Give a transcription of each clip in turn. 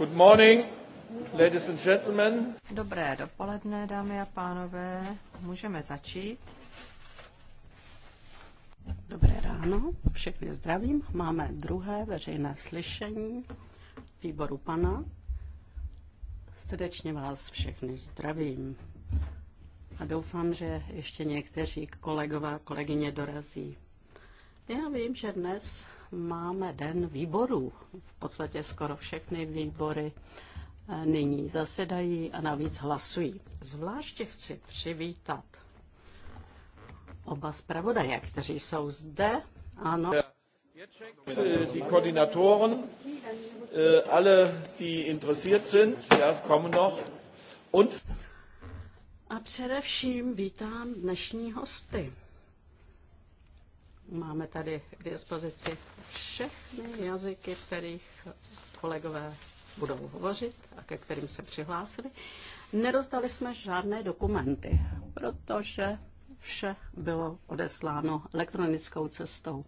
Good morning, ladies and gentlemen. Dobré dopoledne, dámy a pánové. Můžeme začít. Dobré ráno, všechny zdravím. Máme druhé veřejné slyšení výboru pana. Srdečně vás všechny zdravím a doufám, že ještě někteří kolegové a kolegyně dorazí. Já vím, že dnes máme den výborů. V podstatě skoro všechny výbory eh, nyní zasedají a navíc hlasují. Zvláště chci přivítat oba zpravodaje, kteří jsou zde. Ano. Äh, die Koordinatoren, äh, alle, die interessiert sind, ja, kommen noch. Und a především vítám dnešní hosty. Máme tady k dispozici všechny jazyky, kterých kolegové budou hovořit a ke kterým se přihlásili. Nedostali jsme žádné dokumenty, protože vše bylo odesláno elektronickou cestou.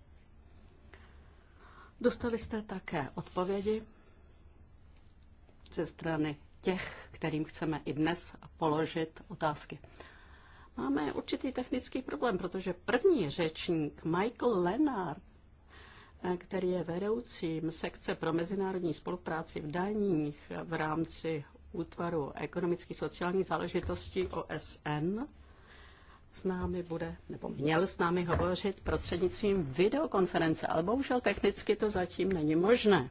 Dostali jste také odpovědi ze strany těch, kterým chceme i dnes položit otázky. Máme určitý technický problém, protože první řečník Michael Lenard, který je vedoucím sekce pro mezinárodní spolupráci v daních v rámci útvaru ekonomických sociální záležitosti OSN, s námi bude, nebo měl s námi hovořit prostřednictvím videokonference, ale bohužel technicky to zatím není možné.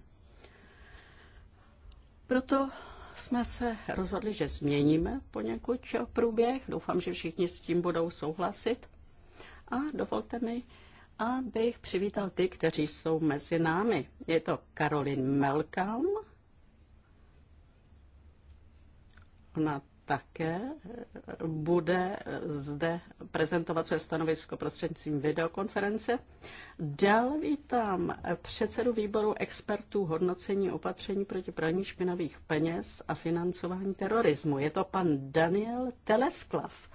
Proto jsme se rozhodli, že změníme poněkud průběh. Doufám, že všichni s tím budou souhlasit. A dovolte mi, abych přivítal ty, kteří jsou mezi námi. Je to Karolin Melkam. Ona také eh, bude eh, zde prezentovat své stanovisko prostřednictvím videokonference. Dále vítám eh, předsedu výboru expertů hodnocení opatření proti praní špinavých peněz a financování terorismu. Je to pan Daniel Telesklav.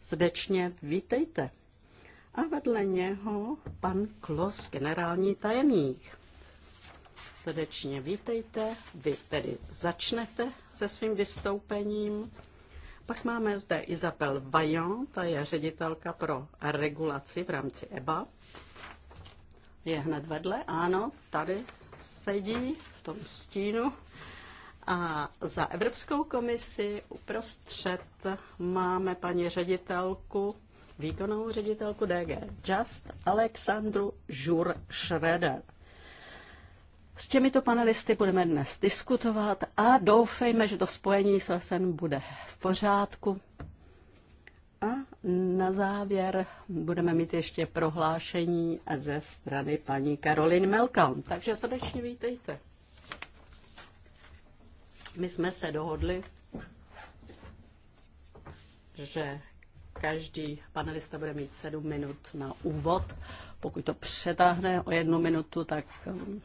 Srdečně vítejte. A vedle něho pan Klos, generální tajemník srdečně vítejte. Vy tedy začnete se svým vystoupením. Pak máme zde Izabel Vajon, ta je ředitelka pro regulaci v rámci EBA. Je hned vedle, ano, tady sedí v tom stínu. A za Evropskou komisi uprostřed máme paní ředitelku, výkonnou ředitelku DG Just, Alexandru Žur Schroeder. S těmito panelisty budeme dnes diskutovat a doufejme, že to spojení s OSN bude v pořádku. A na závěr budeme mít ještě prohlášení ze strany paní Karolin Melkam. Takže srdečně vítejte. My jsme se dohodli, že každý panelista bude mít sedm minut na úvod pokud to přetáhne o jednu minutu, tak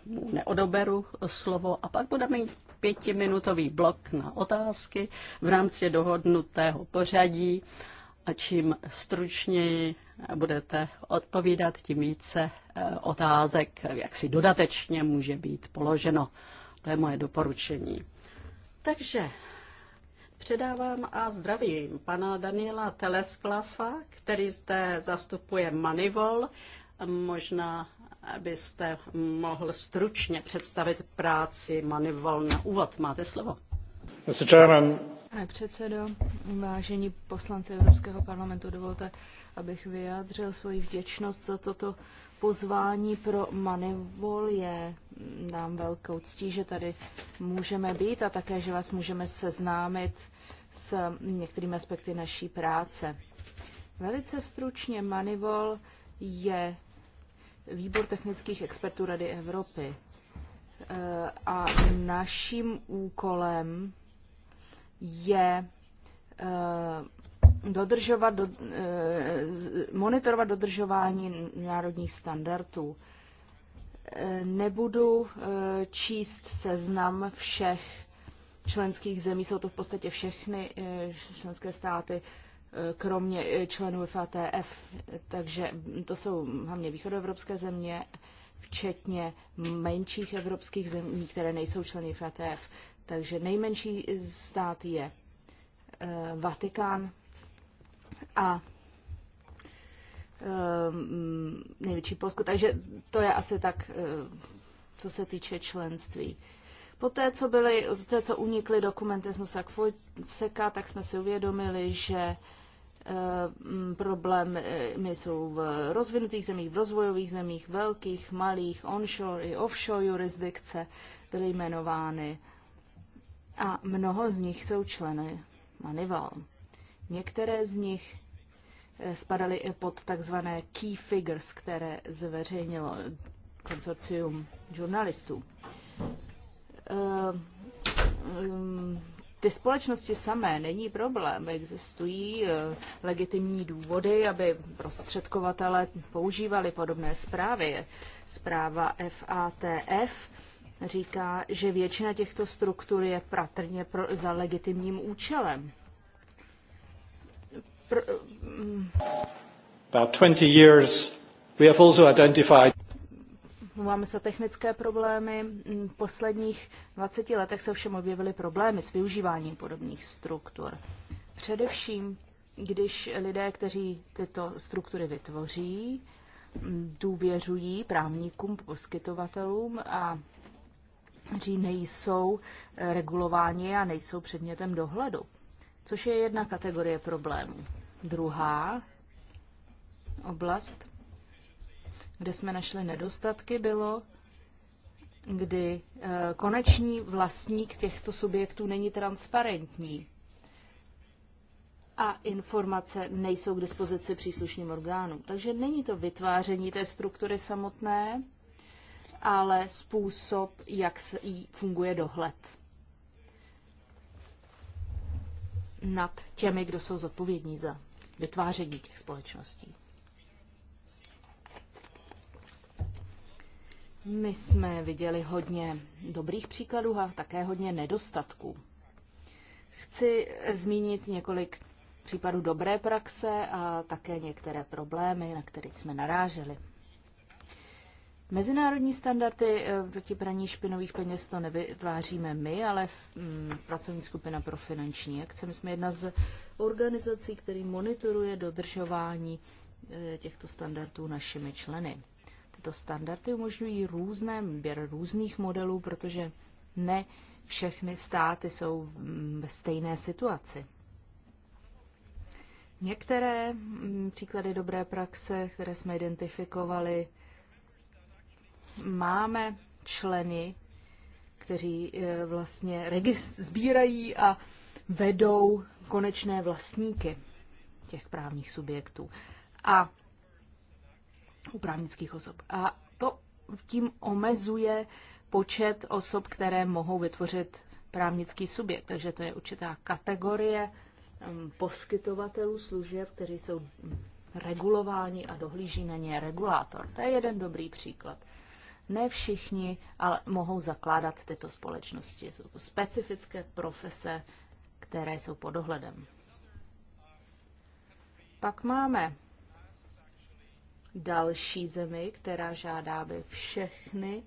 mu neodoberu slovo a pak budeme mít pětiminutový blok na otázky v rámci dohodnutého pořadí a čím stručněji budete odpovídat, tím více eh, otázek, jak si dodatečně může být položeno. To je moje doporučení. Takže předávám a zdravím pana Daniela Telesklafa, který zde zastupuje Manivol Možná byste mohl stručně představit práci Manival na úvod. Máte slovo. Pane předsedo, vážení poslanci Evropského parlamentu, dovolte, abych vyjádřil svoji vděčnost za toto pozvání pro Manivol. Je mm, nám velkou ctí, že tady můžeme být a také, že vás můžeme seznámit s některými aspekty naší práce. Velice stručně Manivol je výbor technických expertů Rady Evropy. E, a naším úkolem je e, dodržovat, e, monitorovat dodržování národních standardů. Nebudu číst seznam všech členských zemí, jsou to v podstatě všechny členské státy, kromě eh, členů FATF, takže to jsou hlavně východoevropské země, včetně menších evropských zemí, které nejsou členy FATF. Takže nejmenší stát je eh, Vatikán a eh, mm, největší Polsko. Takže to je asi tak, co se týče členství. Poté, co, byly, poté, co unikly dokumenty z Mossack Fonseca, tak jsme si uvědomili, že Eh, mm, problémy jsou v rozvinutých zemích, v rozvojových zemích, velkých, malých, onshore i offshore jurisdikce byly jmenovány a mnoho z nich jsou členy Manival. Některé z nich eh, spadaly i pod takzvané key figures, které zveřejnilo konsorcium žurnalistů. Eh, ty společnosti samé není problém. Existují eh, legitimní důvody, aby prostředkovatele používali podobné zprávy. Zpráva FATF říká, že většina těchto struktur je pratrně pro, za legitimním účelem. Pr- mm. About 20 years we have also identified Máme se technické problémy. Mm, v posledních 20 letech se všem objevily problémy s využíváním podobných struktur. Především, když lidé, kteří tyto struktury vytvoří, mm, důvěřují právníkům, poskytovatelům a kteří nejsou eh, regulováni a nejsou předmětem dohledu. Což je jedna kategorie problémů. Druhá oblast kde jsme našli nedostatky, bylo, kdy eh, koneční vlastník těchto subjektů není transparentní a informace nejsou k dispozici příslušným orgánům. Takže není to vytváření té struktury samotné, ale způsob, jak funguje dohled nad těmi, kdo jsou zodpovědní za vytváření těch společností. My jsme viděli hodně dobrých příkladů a také hodně nedostatků. Chci zmínit několik případů dobré praxe a také některé problémy, na které jsme naráželi. Mezinárodní standardy eh, proti praní špinových peněz to nevytváříme my, ale mm, pracovní skupina pro finanční akce. jsme jedna z organizací, který monitoruje dodržování eh, těchto standardů našimi členy. Tyto standardy umožňují různé výběr různých modelů, protože ne všechny státy jsou ve stejné situaci. Některé mm, příklady dobré praxe, které jsme identifikovali, máme členy, kteří e, vlastně sbírají a vedou konečné vlastníky těch právních subjektů. A u právnických osob. A to tím omezuje počet osob, které mohou vytvořit právnický subjekt. Takže to je určitá kategorie poskytovatelů služeb, kteří jsou regulováni a dohlíží na ně regulátor. To je jeden dobrý příklad. Ne všichni, ale mohou zakládat tyto společnosti. Jsou to specifické profese, které jsou pod ohledem. Pak máme další zemi, která žádá, aby všechny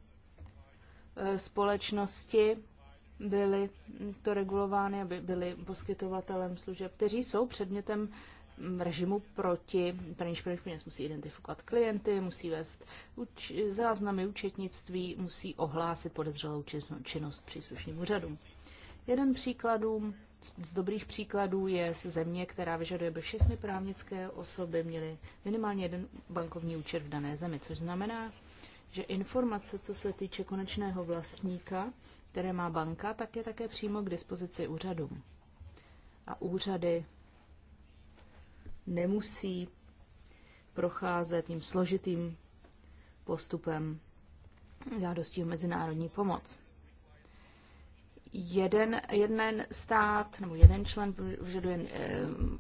e, společnosti byly to regulovány, aby byly poskytovatelem služeb, kteří jsou předmětem režimu proti praní špinavých Musí identifikovat klienty, musí vést uč- záznamy účetnictví, musí ohlásit podezřelou činnost příslušným úřadům. Jeden příkladům z dobrých příkladů je z země, která vyžaduje, aby všechny právnické osoby měly minimálně jeden bankovní účet v dané zemi, což znamená, že informace, co se týče konečného vlastníka, které má banka, tak je také přímo k dispozici úřadům. A úřady nemusí procházet tím složitým postupem žádostí o mezinárodní pomoc jeden, jeden stát nebo jeden člen vyžaduje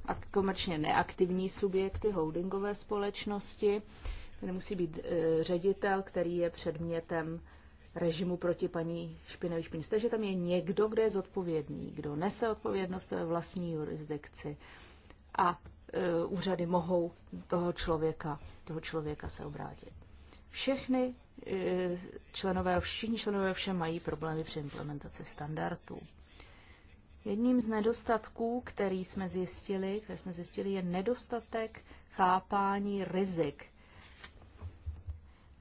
eh, komerčně neaktivní subjekty, holdingové společnosti. Tady musí být eh, ředitel, který je předmětem režimu proti paní špinavých peněz. Takže tam je někdo, kdo je zodpovědný, kdo nese odpovědnost ve vlastní jurisdikci a eh, úřady mohou toho člověka, toho člověka se obrátit. Všechny členové, všichni členové všem mají problémy při implementaci standardů. Jedním z nedostatků, který jsme zjistili, které jsme zjistili, je nedostatek chápání rizik,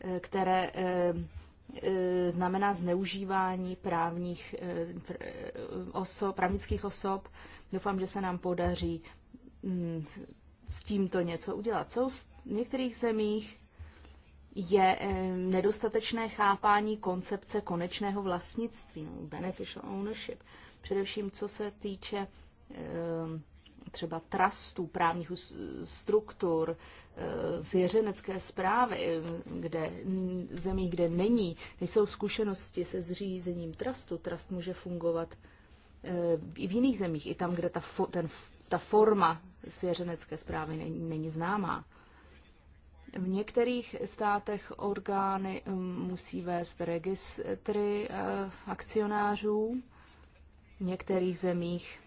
eh, které eh, eh, znamená zneužívání právních osob, právnických osob. Doufám, že se nám podaří mm, s tímto něco udělat. Jsou v některých zemích je nedostatečné chápání koncepce konečného vlastnictví, no, beneficial ownership, především co se týče třeba trustů, právních struktur, zvěřenecké eh, zprávy, kde, v zemích, kde není, nejsou zkušenosti se zřízením trustu. Trust může fungovat eh, i v jiných zemích, i tam, kde ta, ten, ta forma svěřenecké zprávy není, není známá. V některých státech orgány um, musí vést registry eh, akcionářů, v některých zemích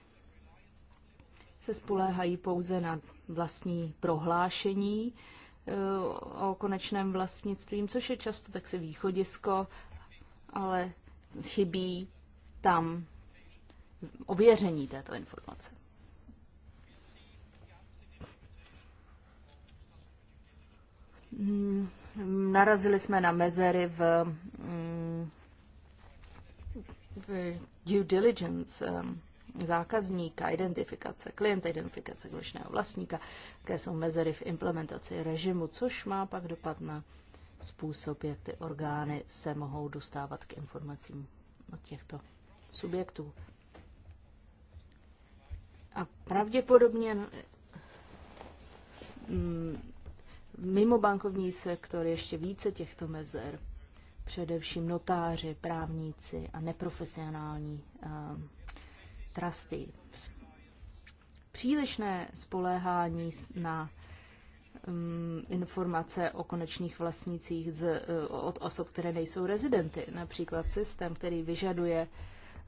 se spoléhají pouze na vlastní prohlášení eh, o konečném vlastnictví, což je často taksi východisko, ale chybí tam ověření této informace. Mm, narazili jsme na mezery v, mm, v due diligence ehm, zákazníka, identifikace klienta, identifikace konečného vlastníka, jaké jsou mezery v implementaci režimu, což má pak dopad na způsob, jak ty orgány se mohou dostávat k informacím od těchto subjektů. A pravděpodobně mm, mimo bankovní sektor ještě více těchto mezer, především notáři, právníci a neprofesionální uh, trusty. Přílišné spoléhání na um, informace o konečných vlastnících z, e, od osob, které nejsou rezidenty. Například systém, který vyžaduje,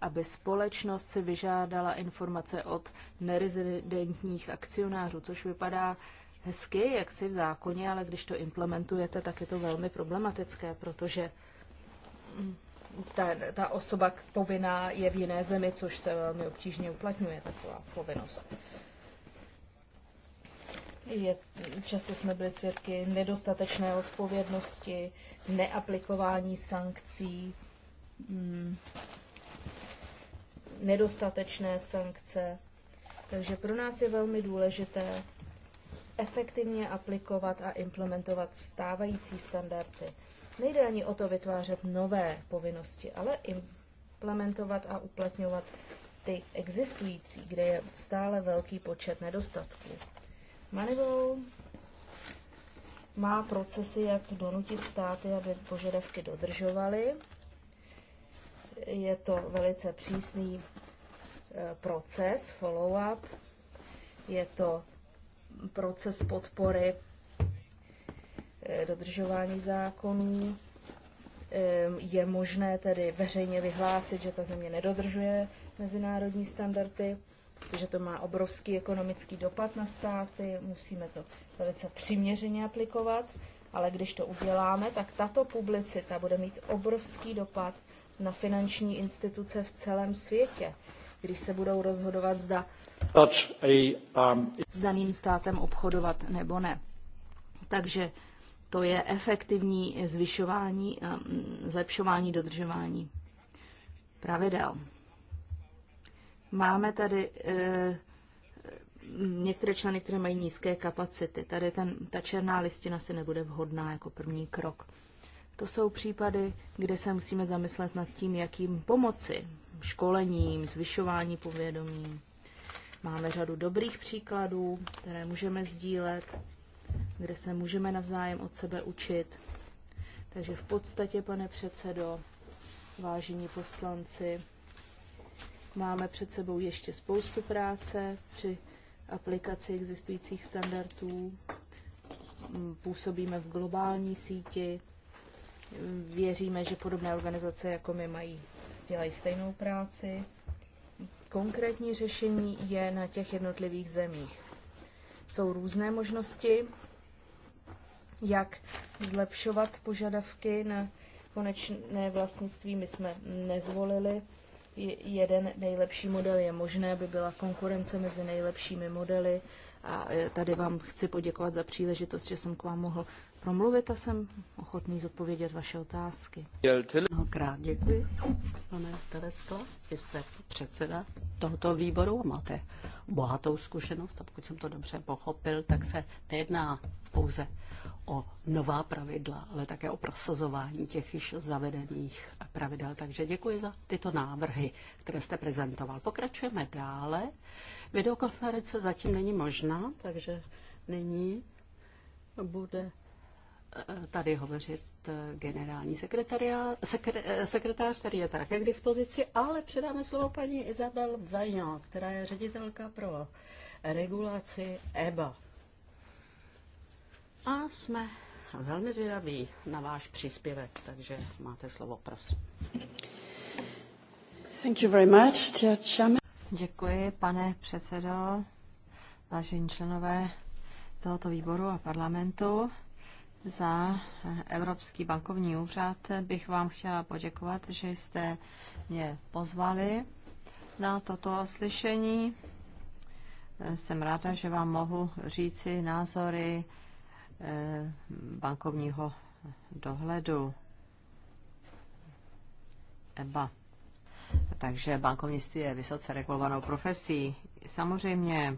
aby společnost si vyžádala informace od nerezidentních akcionářů, což vypadá hezky, jak si v zákoně, ale když to implementujete, tak je to velmi problematické, protože ta, ta osoba povinná je v jiné zemi, což se velmi obtížně uplatňuje, taková povinnost. Je, často jsme byli svědky nedostatečné odpovědnosti, neaplikování sankcí, mm, nedostatečné sankce. Takže pro nás je velmi důležité efektivně aplikovat a implementovat stávající standardy. Nejde ani o to vytvářet nové povinnosti, ale implementovat a uplatňovat ty existující, kde je stále velký počet nedostatků. Manivou má procesy, jak donutit státy, aby požadavky dodržovaly. Je to velice přísný e, proces, follow-up. Je to proces podpory eh, dodržování zákonů. Je možné tedy veřejně vyhlásit, že ta země nedodržuje mezinárodní standardy, protože to má obrovský ekonomický dopad na státy, musíme to velice přiměřeně aplikovat, ale když to uděláme, tak tato publicita bude mít obrovský dopad na finanční instituce v celém světě, když se budou rozhodovat, zda Um, s daným státem obchodovat nebo ne. Takže to je efektivní zvyšování, um, zlepšování dodržování pravidel. Máme tady e, některé členy, které mají nízké kapacity. Tady ten, ta černá listina se nebude vhodná jako první krok. To jsou případy, kde se musíme zamyslet nad tím, jakým pomoci, školením, zvyšování povědomí. Máme řadu dobrých příkladů, které můžeme sdílet, kde se můžeme navzájem od sebe učit. Takže v podstatě, pane předsedo, vážení poslanci, máme před sebou ještě spoustu práce při aplikaci existujících standardů. Působíme v globální síti. Věříme, že podobné organizace jako my mají, dělají stejnou práci. Konkrétní řešení je na těch jednotlivých zemích. Jsou různé možnosti, jak zlepšovat požadavky na konečné vlastnictví. My jsme nezvolili jeden nejlepší model. Je možné, aby byla konkurence mezi nejlepšími modely. A e, tady vám chci poděkovat za příležitost, že jsem k vám mohl promluvit a jsem ochotný zodpovědět vaše otázky. Mnohokrát děkuji, pane Teleskla. jste předseda tohoto výboru a máte bohatou zkušenost a pokud jsem to dobře pochopil, tak se nejedná pouze o nová pravidla, ale také o prosazování těch již zavedených pravidel. Takže děkuji za tyto návrhy, které jste prezentoval. Pokračujeme dále. Videokonference zatím není možná, takže nyní bude tady hovořit eh, generální sekre, eh, sekretář, který je také k dispozici, ale předáme slovo paní Izabel Vajno, která je ředitelka pro regulaci EBA. A jsme velmi zvědaví na váš příspěvek, takže máte slovo, prosím. Thank you very much, Děkuji, pane předsedo, vážení členové tohoto výboru a parlamentu za Evropský bankovní úřad bych vám chtěla poděkovat, že jste mě pozvali na toto slyšení. Jsem ráda, že vám mohu říci názory eh, bankovního dohledu EBA. Takže bankovnictví je vysoce regulovanou profesí. Samozřejmě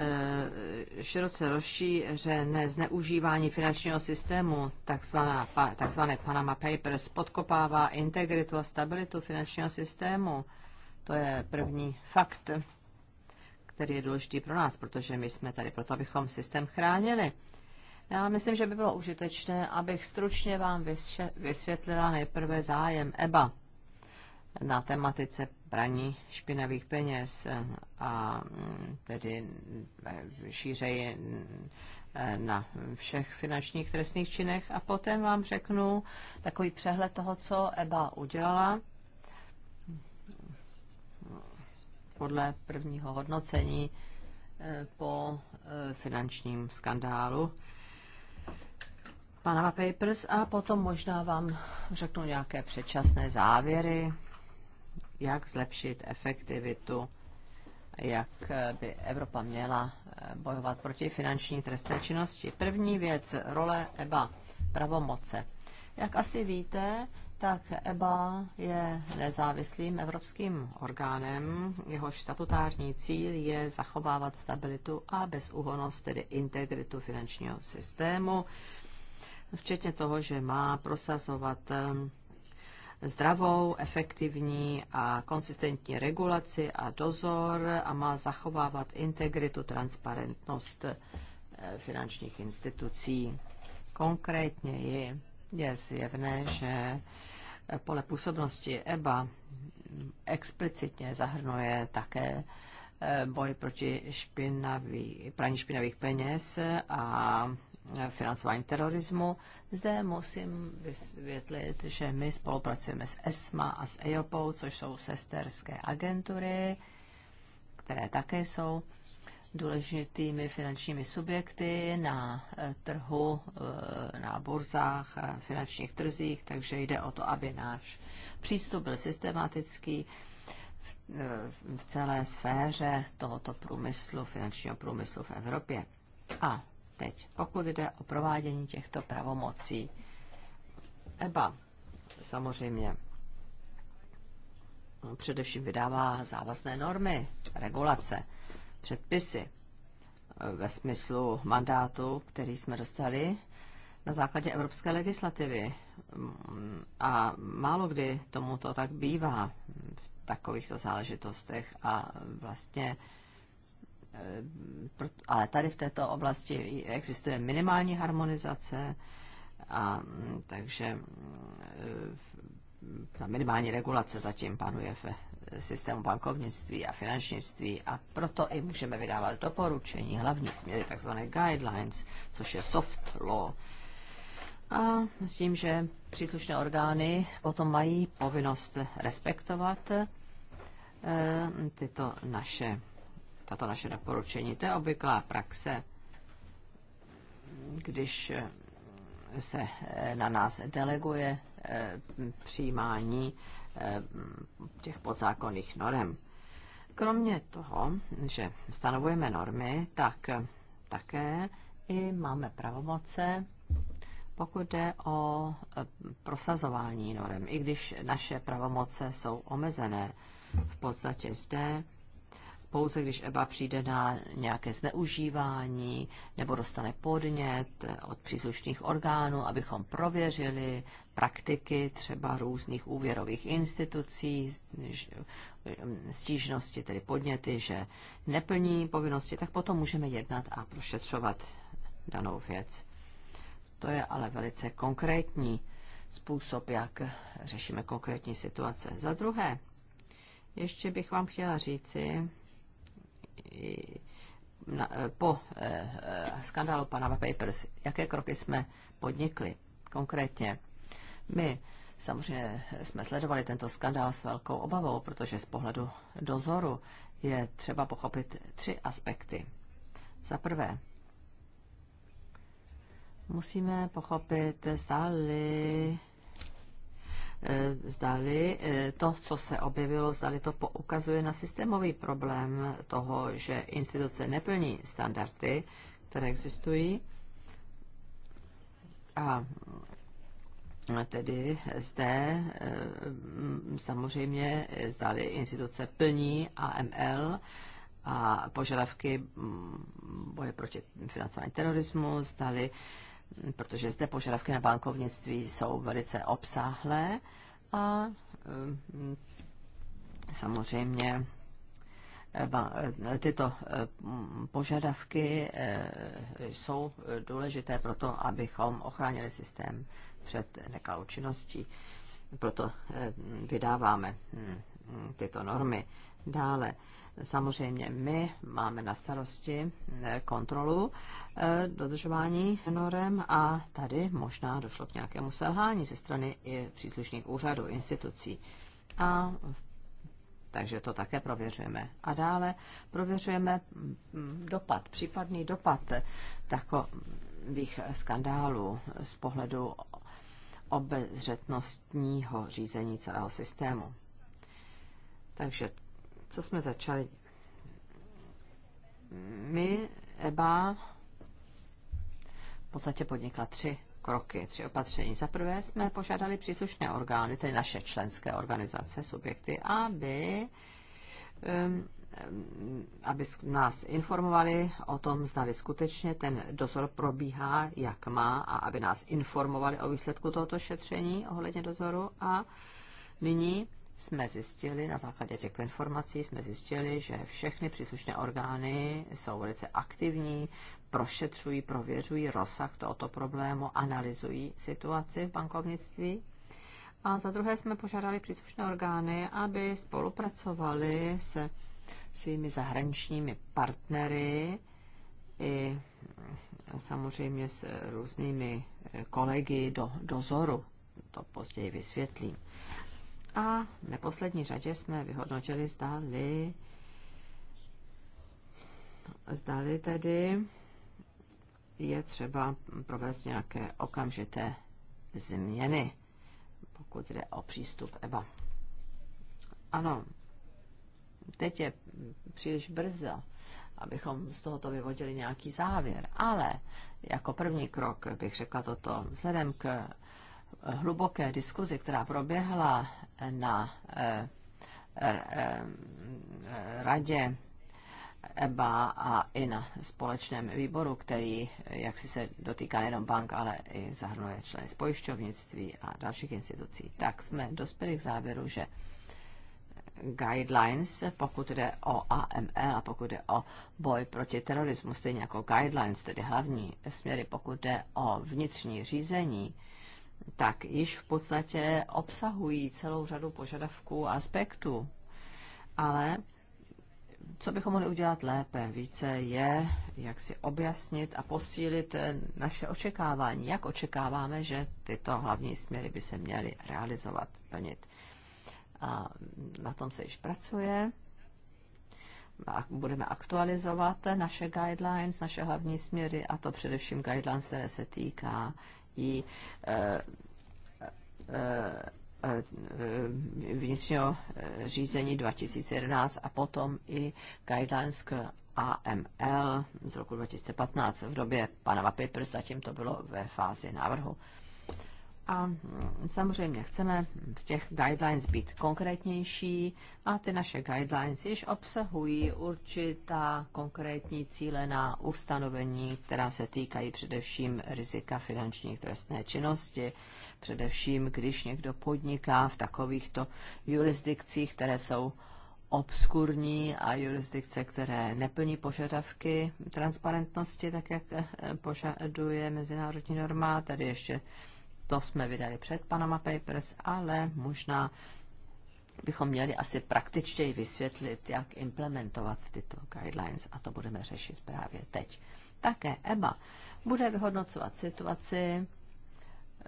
Eh, široce rozšířené zneužívání finančního systému, takzvaná, takzvané Panama Papers, podkopává integritu a stabilitu finančního systému. To je první fakt, který je důležitý pro nás, protože my jsme tady proto, abychom systém chránili. Já myslím, že by bylo užitečné, abych stručně vám vysvětlila nejprve zájem EBA na tematice praní špinavých peněz a tedy e, šířeji e, na všech finančních trestných činech. A potom vám řeknu takový přehled toho, co EBA udělala podle prvního hodnocení e, po finančním skandálu Panama Papers a potom možná vám řeknu nějaké předčasné závěry jak zlepšit efektivitu, jak by Evropa měla eh, bojovat proti finanční trestné činnosti. První věc, role EBA, pravomoce. Jak asi víte, tak EBA je nezávislým evropským orgánem, jehož statutární cíl je zachovávat stabilitu a bezúhonost, tedy integritu finančního systému, včetně toho, že má prosazovat eh, zdravou, efektivní a konsistentní regulaci a dozor a má zachovávat integritu, transparentnost eh, finančních institucí. Konkrétně je, zjevné, že pole působnosti EBA explicitně zahrnuje také eh, boj proti špinavý, praní špinavých peněz a financování terorismu. Zde musím vysvětlit, že my spolupracujeme s ESMA a s EOPou, což jsou sesterské agentury, které také jsou důležitými finančními subjekty na eh, trhu, eh, na burzách, eh, finančních trzích, takže jde o to, aby náš přístup byl systematický v celé sféře tohoto průmyslu, finančního průmyslu v Evropě. A teď, pokud jde o provádění těchto pravomocí. EBA samozřejmě především vydává závazné normy, regulace, předpisy ve smyslu mandátu, který jsme dostali na základě evropské legislativy. A málo kdy tomu to tak bývá v takovýchto záležitostech a vlastně ale tady v této oblasti existuje minimální harmonizace, a mm, takže mm, ta minimální regulace zatím panuje v systému bankovnictví a finančnictví a proto i můžeme vydávat doporučení, hlavní směry, takzvané guidelines, což je soft law. A s tím, že příslušné orgány potom mají povinnost respektovat eh, tyto naše tato naše doporučení. To je obvyklá praxe, když se na nás deleguje eh, přijímání eh, těch podzákonných norm. Kromě toho, že stanovujeme normy, tak také i máme pravomoce, pokud jde o eh, prosazování norm, i když naše pravomoce jsou omezené. V podstatě zde pouze když EBA přijde na nějaké zneužívání nebo dostane podnět od příslušných orgánů, abychom prověřili praktiky třeba různých úvěrových institucí, stížnosti, tedy podněty, že neplní povinnosti, tak potom můžeme jednat a prošetřovat danou věc. To je ale velice konkrétní způsob, jak řešíme konkrétní situace. Za druhé, ještě bych vám chtěla říci, na, eh, po eh, skandálu Panama Papers, jaké kroky jsme podnikli konkrétně. My samozřejmě jsme sledovali tento skandál s velkou obavou, protože z pohledu dozoru je třeba pochopit tři aspekty. Za prvé, musíme pochopit, stále Eh, zdali eh, to, co se objevilo, zdali to poukazuje na systémový problém toho, že instituce neplní standardy, které existují. A tedy zde eh, samozřejmě zdali instituce plní AML a požadavky mm, boje proti financování terorismu, zdali protože zde požadavky na bankovnictví jsou velice obsáhlé a eh, samozřejmě eh, eh, tyto požadavky jsou důležité pro to, abychom ochránili systém před nekalou činností. Proto vydáváme hm, tyto normy. Dále, samozřejmě my máme na starosti eh, kontrolu eh, dodržování norem a tady možná došlo k nějakému selhání ze strany i příslušných úřadů, institucí. A takže to také prověřujeme. A dále prověřujeme mm, dopad, případný dopad takových skandálů z pohledu obezřetnostního řízení celého systému. Takže co jsme začali. My, EBA, v podstatě podnikla tři kroky, tři opatření. Za prvé jsme požádali příslušné orgány, tedy naše členské organizace, subjekty, aby um, aby nás informovali o tom, zdali skutečně ten dozor probíhá, jak má, a aby nás informovali o výsledku tohoto šetření ohledně dozoru. A nyní jsme zjistili, na základě těchto informací jsme zjistili, že všechny příslušné orgány jsou velice aktivní, prošetřují, prověřují rozsah tohoto problému, analyzují situaci v bankovnictví. A za druhé jsme požádali příslušné orgány, aby spolupracovali se svými zahraničními partnery i samozřejmě s různými kolegy do dozoru. To později vysvětlím. A v neposlední řadě jsme vyhodnotili, zdali, zdali tedy je třeba provést nějaké okamžité změny, pokud jde o přístup EBA. Ano, teď je příliš brzo, abychom z tohoto vyvodili nějaký závěr, ale jako první krok bych řekla toto, vzhledem k hluboké diskuzi, která proběhla na eh, eh, eh, radě EBA a i na společném výboru, který jak si se dotýká nejenom bank, ale i zahrnuje členy z pojišťovnictví a dalších institucí, tak jsme dospěli k závěru, že guidelines, pokud jde o AML a pokud jde o boj proti terorismu, stejně jako guidelines, tedy hlavní směry, pokud jde o vnitřní řízení, tak již v podstatě obsahují celou řadu požadavků a aspektů. Ale co bychom mohli udělat lépe, více je, jak si objasnit a posílit naše očekávání, jak očekáváme, že tyto hlavní směry by se měly realizovat, plnit. A na tom se již pracuje. A budeme aktualizovat naše guidelines, naše hlavní směry, a to především guidelines, které se týká i e, e, e, vnitřního řízení 2011 a potom i guidelines k AML z roku 2015 v době Panama Papers, zatím to bylo ve fázi návrhu. A samozřejmě chceme v těch guidelines být konkrétnější a ty naše guidelines již obsahují určitá konkrétní cíle na ustanovení, která se týkají především rizika finanční trestné činnosti, především když někdo podniká v takovýchto jurisdikcích, které jsou obskurní a jurisdikce, které neplní požadavky transparentnosti, tak jak požaduje mezinárodní norma. Tady ještě to jsme vydali před Panama Papers, ale možná bychom měli asi praktičtěji vysvětlit, jak implementovat tyto guidelines a to budeme řešit právě teď. Také EBA bude vyhodnocovat situaci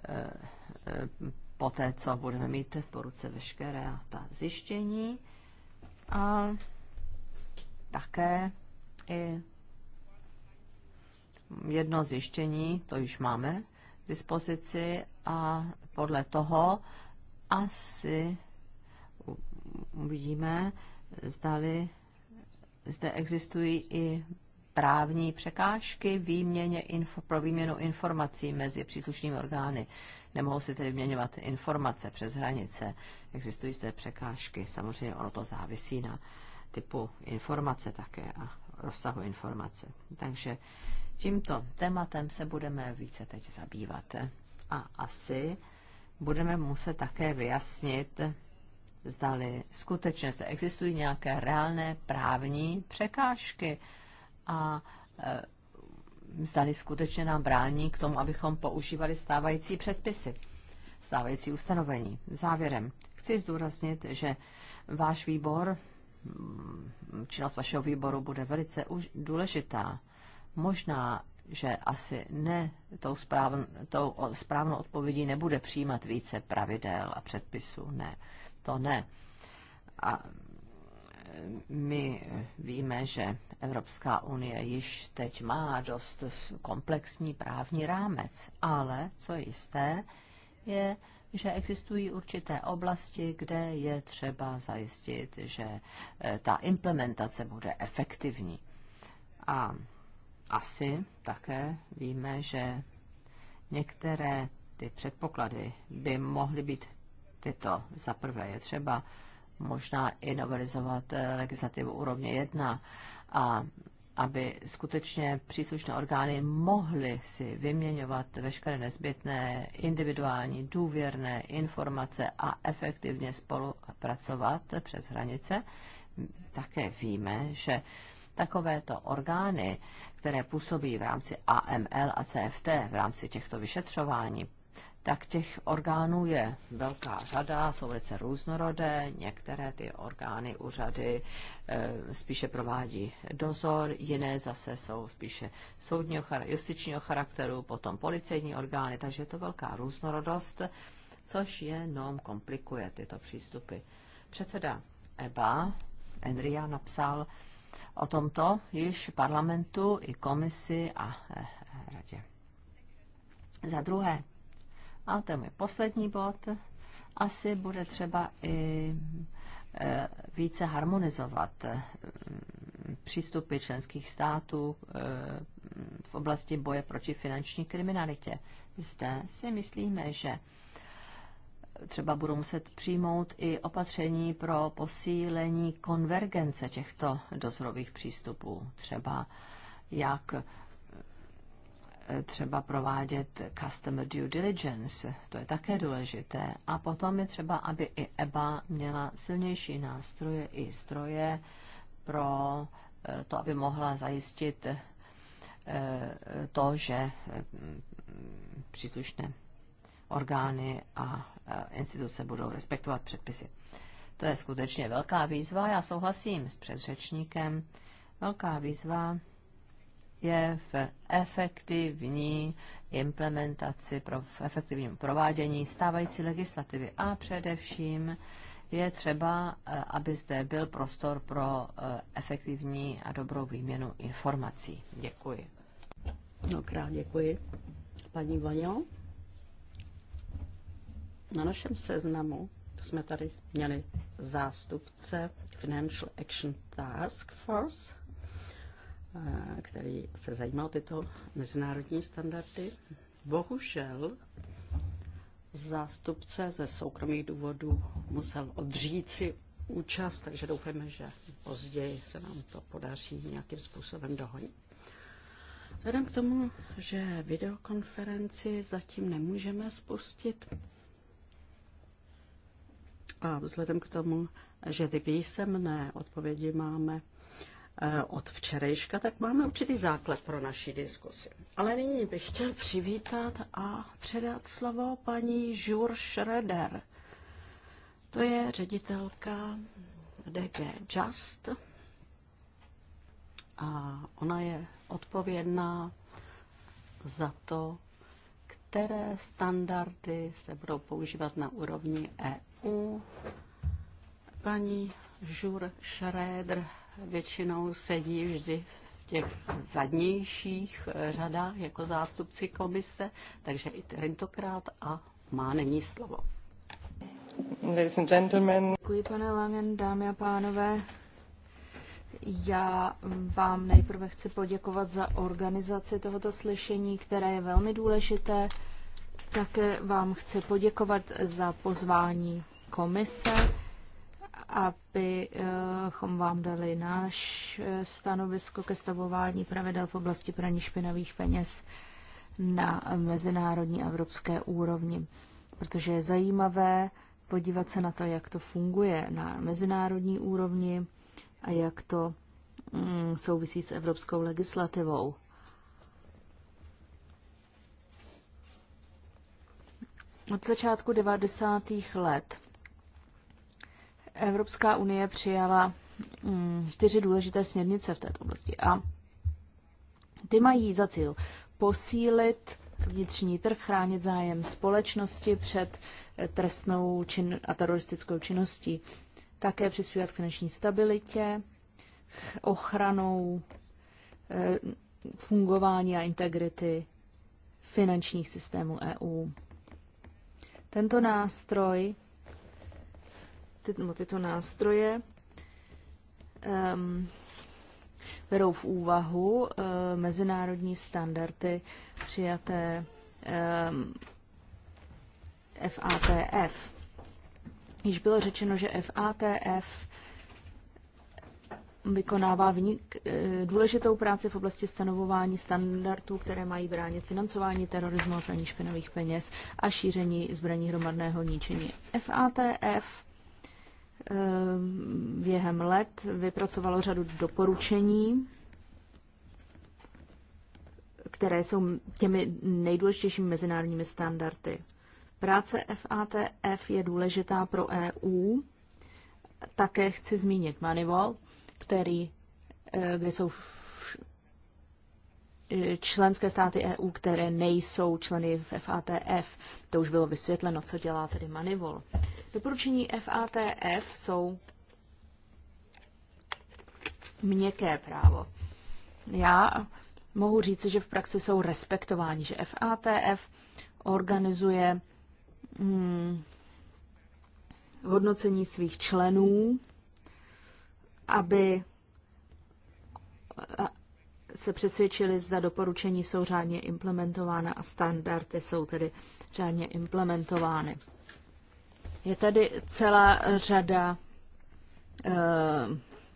eh, eh, po té, co budeme mít po ruce veškeré ta zjištění a také i jedno zjištění, to již máme dispozici a podle toho asi uvidíme, zdali zde existují i právní překážky výměně info, pro výměnu informací mezi příslušnými orgány. Nemohou si tedy vyměňovat informace přes hranice. Existují zde překážky. Samozřejmě ono to závisí na typu informace také a rozsahu informace. Takže Tímto tématem se budeme více teď zabývat. A asi budeme muset také vyjasnit, zdali skutečně se existují nějaké reálné právní překážky a e, zdali skutečně nám brání k tomu, abychom používali stávající předpisy, stávající ustanovení. Závěrem chci zdůraznit, že váš výbor, činnost vašeho výboru bude velice důležitá Možná, že asi ne tou, správn, tou správnou odpovědí nebude přijímat více pravidel a předpisů. Ne, to ne. A my víme, že Evropská unie již teď má dost komplexní právní rámec, ale co je jisté, je, že existují určité oblasti, kde je třeba zajistit, že eh, ta implementace bude efektivní. A asi také víme, že některé ty předpoklady by mohly být tyto. Za prvé je třeba možná i novelizovat eh, legislativu úrovně 1 a aby skutečně příslušné orgány mohly si vyměňovat veškeré nezbytné individuální důvěrné informace a efektivně spolupracovat přes hranice. Také víme, že Takovéto orgány, které působí v rámci AML a CFT, v rámci těchto vyšetřování, tak těch orgánů je velká řada, jsou velice různorodé, některé ty orgány, úřady eh, spíše provádí dozor, jiné zase jsou spíše soudního, justičního charakteru, potom policejní orgány, takže je to velká různorodost, což jenom komplikuje tyto přístupy. Předseda EBA, Enria, napsal, o tomto již parlamentu i komisi a e, e, radě. Za druhé, a to je můj poslední bod, asi bude třeba i e, více harmonizovat přístupy členských států v oblasti boje proti finanční kriminalitě. Zde si myslíme, že třeba budou muset přijmout i opatření pro posílení konvergence těchto dozorových přístupů, třeba jak eh, třeba provádět customer due diligence, to je také důležité. A potom je třeba, aby i EBA měla silnější nástroje i stroje pro eh, to, aby mohla zajistit eh, to, že příslušné orgány a e, instituce budou respektovat předpisy. To je skutečně velká výzva, já souhlasím s předřečníkem. Velká výzva je v efektivní implementaci, v efektivním provádění stávající legislativy a především je třeba, e, aby zde byl prostor pro e, efektivní a dobrou výměnu informací. Děkuji. Mnohokrát děkuji. Paní Vaňo? Na našem seznamu jsme tady měli zástupce Financial Action Task Force, eh, který se zajímal tyto mezinárodní standardy. Bohužel zástupce ze soukromých důvodů musel odřít si účast, takže doufáme, že později se nám to podaří nějakým způsobem dohonit. Vzhledem k tomu, že videokonferenci zatím nemůžeme spustit, a vzhledem k tomu, že ty písemné odpovědi máme eh, od včerejška, tak máme určitý základ pro naši diskusi. Ale nyní bych chtěl přivítat a předat slovo paní Žur Schroeder. To je ředitelka DG Just a ona je odpovědná za to, které standardy se budou používat na úrovni EU u Paní Žur Šrédr většinou sedí vždy v těch zadnějších eh, řadách jako zástupci komise, takže i tentokrát a má není slovo. Ladies and gentlemen. Děkuji, pane Langen, dámy a pánové. Já vám nejprve chci poděkovat za organizaci tohoto slyšení, které je velmi důležité. Také vám chci poděkovat za pozvání komise, abychom vám dali náš eh, stanovisko ke stavování pravidel v oblasti praní špinavých peněz na mezinárodní a evropské úrovni. Protože je zajímavé podívat se na to, jak to funguje na mezinárodní úrovni a jak to mm, souvisí s evropskou legislativou. Od začátku 90. let Evropská unie přijala mm, čtyři důležité směrnice v této oblasti a ty mají za cíl posílit vnitřní trh, chránit zájem společnosti před trestnou čin a teroristickou činností, také přispívat k finanční stabilitě, ochranou eh, fungování a integrity finančních systémů EU. Tento nástroj ty, tyto nástroje um, berou v úvahu uh, mezinárodní standardy přijaté um, ehm, FATF. Již bylo řečeno, že FATF vykonává vnik, eh, důležitou práci v oblasti stanovování standardů, které mají bránit financování terorismu a praní špinavých peněz a šíření zbraní hromadného ničení. FATF Eh, během let vypracovalo řadu doporučení, které jsou těmi nejdůležitějšími mezinárodními standardy. Práce FATF je důležitá pro EU. Také chci zmínit Manivol, který, eh, kde jsou E, členské státy EU, které nejsou členy v FATF. To už bylo vysvětleno, co dělá tedy Manivol. Doporučení FATF jsou měkké právo. Já mohu říci, že v praxi jsou respektováni, že FATF organizuje hmm, hodnocení svých členů, aby se přesvědčili, zda doporučení jsou řádně implementována a standardy jsou tedy řádně implementovány. Je tady celá řada eh,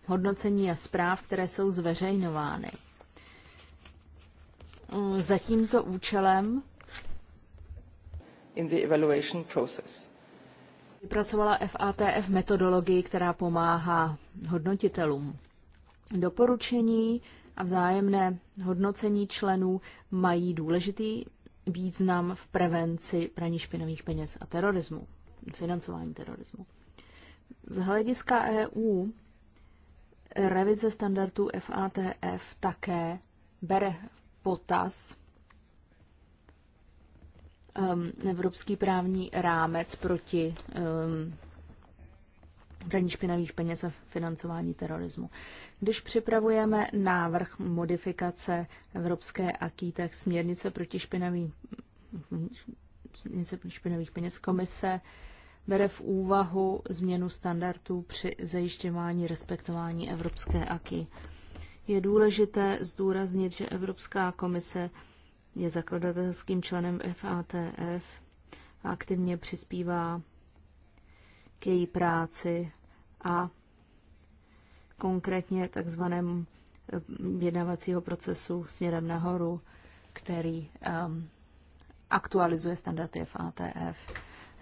hodnocení a zpráv, které jsou zveřejňovány. Za tímto účelem in the evaluation process. Vypracovala FATF metodologii, která pomáhá hodnotitelům. Doporučení a vzájemné hodnocení členů mají důležitý význam v prevenci praní špinavých peněz a terorismu, financování terorismu. Z hlediska EU revize standardů FATF také bere potaz um, evropský právní rámec proti um, praní špinavých peněz a financování terorismu. Když připravujeme návrh modifikace Evropské aký, tak směrnice proti špinavým směrnice proti špinavých peněz komise bere v úvahu změnu standardů při zajišťování respektování Evropské aky. Je důležité zdůraznit, že Evropská komise je zakladatelským členem FATF a aktivně přispívá k její práci a konkrétně takzvaném eh, vědavacího procesu směrem nahoru, který um, aktualizuje standardy FATF.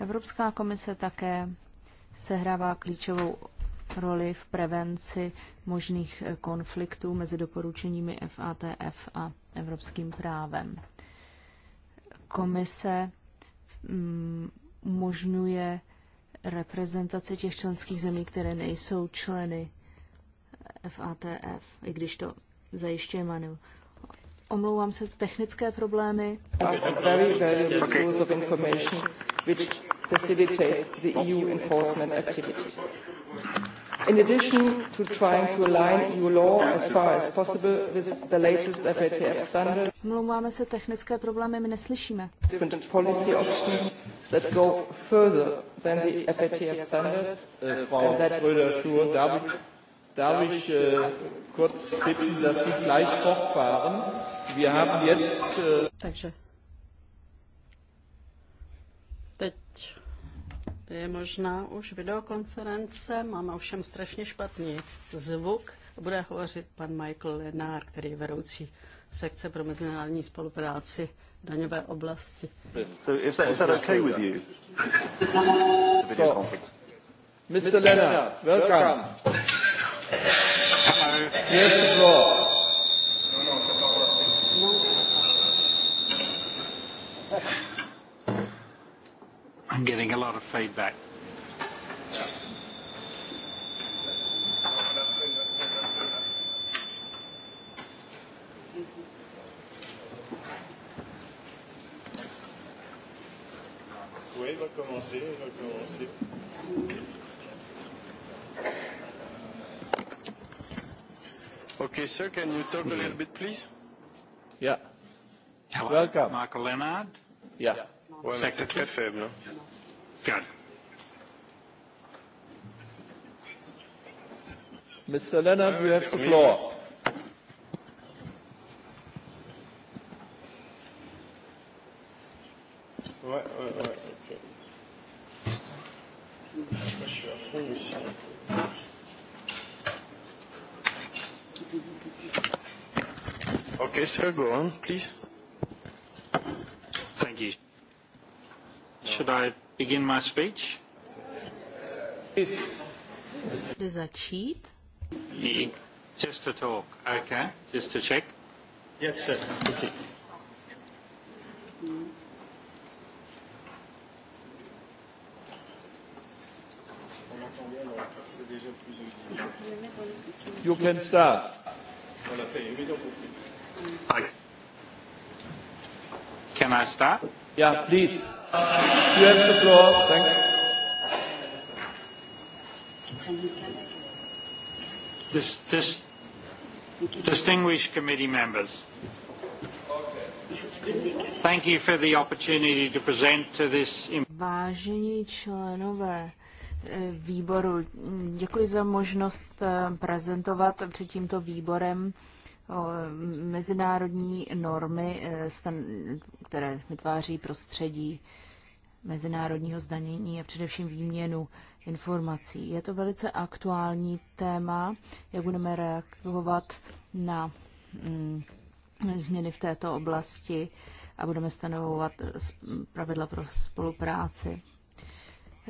Evropská komise také sehrává klíčovou roli v prevenci možných eh, konfliktů mezi doporučeními FATF a evropským právem. Komise mm, umožňuje reprezentace těch členských zemí, které nejsou členy FATF, i když to zajišťuje Manu. Omlouvám se, technické problémy. E In addition to trying to align EU law as far as possible with the latest FATF standard, Mluváme se technické problémy, my neslyšíme. Different policy options that go further than the FATF standards. Äh, Frau Schröder-Schur, darf ich, darf ich äh, kurz bitten, dass Sie gleich fortfahren? Wir haben jetzt... Äh Takže. Teď je možná už videokonference, máme ovšem strašně špatný zvuk. Bude hovořit pan Michael Lenár, který je vedoucí sekce pro mezinárodní spolupráci daňové oblasti. So is that, is that okay with you? so, Mr. Lennart, welcome. Hello. Here's the floor. I'm getting a lot of feedback. Okay, sir, can you talk a little bit, please? Yeah. Hello. Welcome. Michael Leonard. Yeah. Well, it's c'est très no? Good. Mr. Leonard, you ah, have the floor. Okay, sir, go on, please. Thank you. Should I begin my speech? that cheat? Just to talk, okay? Just to check? Yes, sir. Okay. You can start. Voilà, ça y est, Hi. Can I start? Yeah, please. You have the floor. Thank you. This, this, distinguished committee members, thank you for the opportunity to present to this. Vážení členové eh, výboru, děkuji za možnost eh, prezentovat před tímto výborem mezinárodní normy, e, které vytváří prostředí mezinárodního zdanění a především výměnu informací. Je to velice aktuální téma, jak budeme reagovat na mm, změny v této oblasti a budeme stanovovat pravidla pro spolupráci.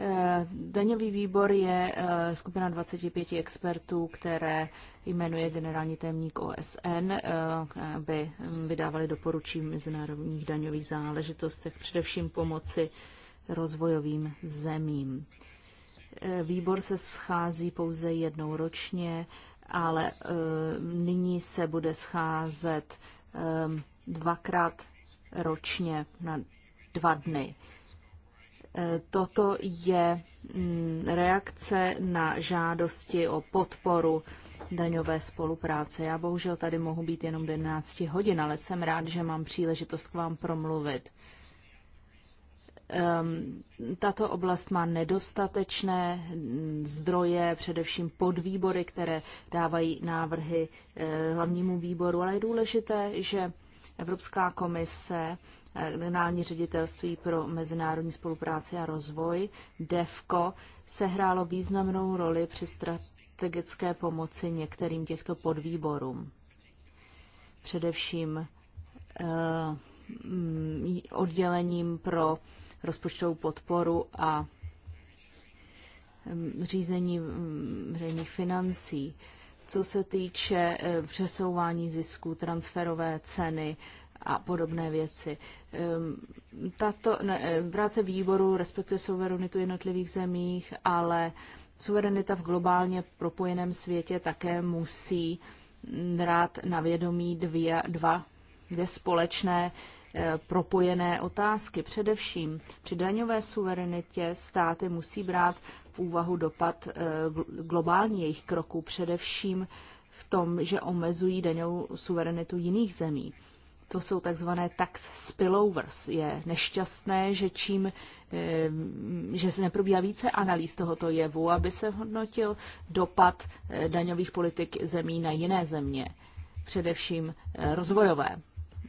Eh, daňový výbor je eh, skupina 25 expertů, které jmenuje generální témník OSN, eh, aby vydávali doporučí mezinárodních daňových záležitostech, především pomoci rozvojovým zemím. Výbor se schází pouze jednou ročně, ale nyní se bude scházet dvakrát ročně na dva dny. Toto je mm, reakce na žádosti o podporu daňové spolupráce. Já bohužel tady mohu být jenom do 11 hodin, ale jsem rád, že mám příležitost k vám promluvit. Ehm, tato oblast má nedostatečné mm, zdroje, především podvýbory, které dávají návrhy eh, hlavnímu výboru, ale je důležité, že Evropská komise generální ředitelství pro mezinárodní spolupráci a rozvoj, DEFCO, sehrálo významnou roli při strategické pomoci některým těchto podvýborům. Především eh, oddělením pro rozpočtovou podporu a řízení veřejných financí. Co se týče eh, přesouvání zisků, transferové ceny, a podobné věci. Ehm, tato eh, práce výboru respektuje suverenitu jednotlivých zemích, ale suverenita v globálně propojeném světě také musí brát na vědomí dvě, dva, dvě společné eh, propojené otázky. Především při daňové suverenitě státy musí brát v úvahu dopad eh, globální jejich kroků, především v tom, že omezují daňovou suverenitu jiných zemí to jsou takzvané tax spillovers. Je nešťastné, že čím, eh, že se neprobíhá více analýz tohoto jevu, aby se hodnotil dopad eh, daňových politik zemí na jiné země, především eh, rozvojové.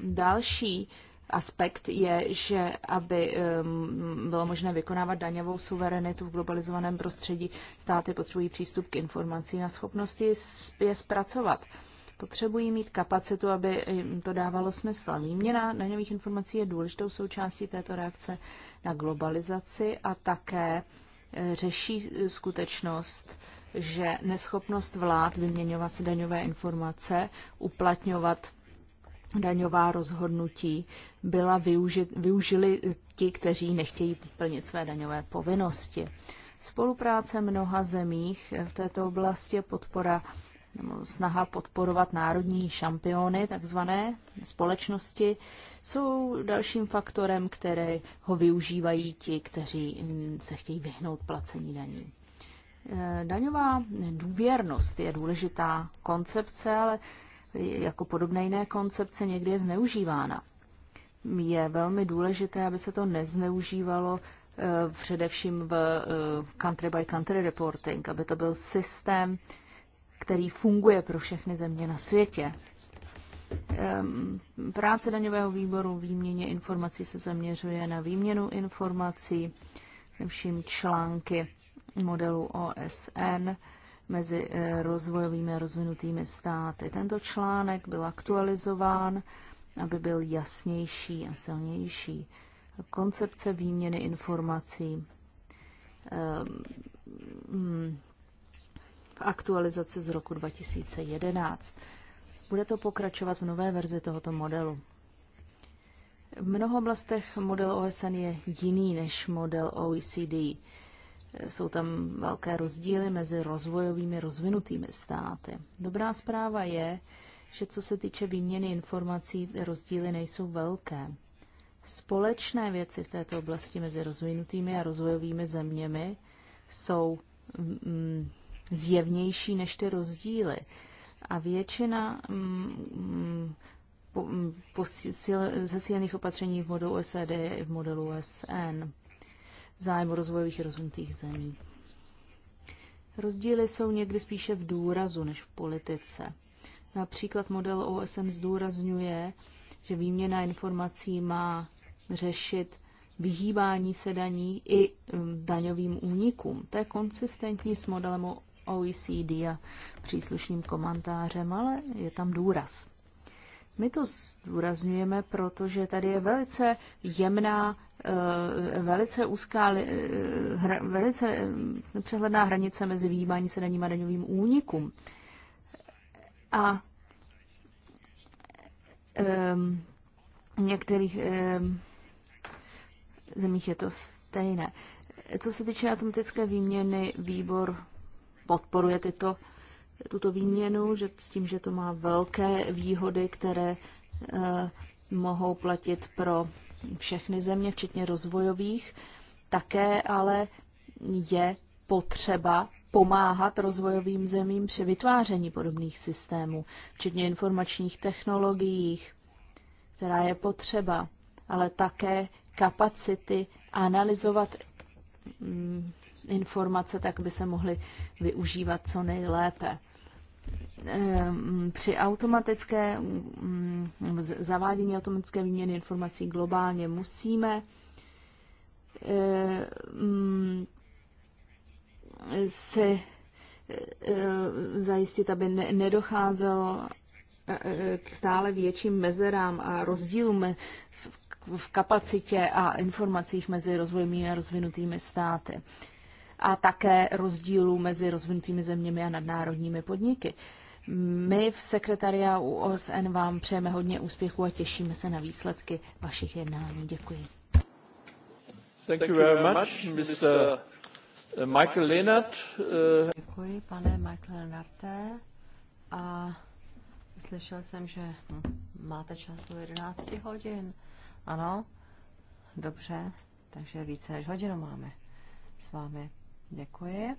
Další aspekt je, že aby ehm, bylo možné vykonávat daňovou suverenitu v globalizovaném prostředí, státy potřebují přístup k informacím a schopnosti je zpracovat. Potřebují mít kapacitu, aby jim to dávalo smysl. Výměna daňových informací je důležitou součástí této reakce na globalizaci a také eh, řeší skutečnost, že neschopnost vlád vyměňovat si daňové informace, uplatňovat daňová rozhodnutí byla využit, využili ti, kteří nechtějí plnit své daňové povinnosti. Spolupráce mnoha zemích v této oblasti podpora nebo snaha podporovat národní šampiony, takzvané společnosti, jsou dalším faktorem, které ho využívají ti, kteří se chtějí vyhnout placení daní. Eh, daňová důvěrnost je důležitá koncepce, ale jako podobné jiné koncepce někdy je zneužívána. Je velmi důležité, aby se to nezneužívalo eh, především v eh, country by country reporting, aby to byl systém, který funguje pro všechny země na světě. Práce daňového výboru výměně informací se zaměřuje na výměnu informací, vším články modelu OSN mezi eh, rozvojovými a rozvinutými státy. Tento článek byl aktualizován, aby byl jasnější a silnější. Koncepce výměny informací hmm, Aktualizace aktualizaci z roku 2011. Bude to pokračovat v nové verzi tohoto modelu. V mnoha oblastech model OSN je jiný než model OECD. Jsou tam velké rozdíly mezi rozvojovými rozvinutými státy. Dobrá zpráva je, že co se týče výměny informací, rozdíly nejsou velké. Společné věci v této oblasti mezi rozvinutými a rozvojovými zeměmi jsou mm, zjevnější než ty rozdíly. A většina mm, mm, mm zesílených opatření v modelu OSD e i v modelu OSN v zájmu rozvojových rozvinutých zemí. Rozdíly jsou někdy spíše v důrazu než v politice. Například model OSN zdůrazňuje, že výměna informací má řešit vyhýbání se daní i mm, daňovým únikům. To je konsistentní s modelem OECD a příslušným komentářem, ale je tam důraz. My to zdůrazňujeme, protože tady je velice jemná, eh, velice úzká, eh, velice eh, přehledná hranice mezi výjímání se daním a daňovým únikům. A ehm, v některých ehm, zemích je to stejné. Co se týče automatické výměny, výbor podporuje tyto, tuto výměnu, že s tím, že to má velké výhody, které eh, mohou platit pro všechny země, včetně rozvojových. Také ale je potřeba pomáhat rozvojovým zemím při vytváření podobných systémů, včetně informačních technologií, která je potřeba, ale také kapacity analyzovat mm, informace, tak by se mohly využívat co nejlépe. Ehm, při automatické mm, zavádění automatické výměny informací globálně musíme ehm, si e, e, zajistit, aby nedocházelo e, k stále větším mezerám a rozdílům v kapacitě a informacích mezi rozvojovými a rozvinutými státy a také rozdílů mezi rozvinutými zeměmi a nadnárodními podniky. My v sekretariátu OSN vám přejeme hodně úspěchu a těšíme se na výsledky vašich jednání. Děkuji. Thank you very much, Mr. Uh, Michael Leonard. Uh, Děkuji, pane Michael Leonarde. A slyšel jsem, že hm, máte čas o 11 hodin. Ano, dobře, takže více než hodinu máme s vámi. Děkuji.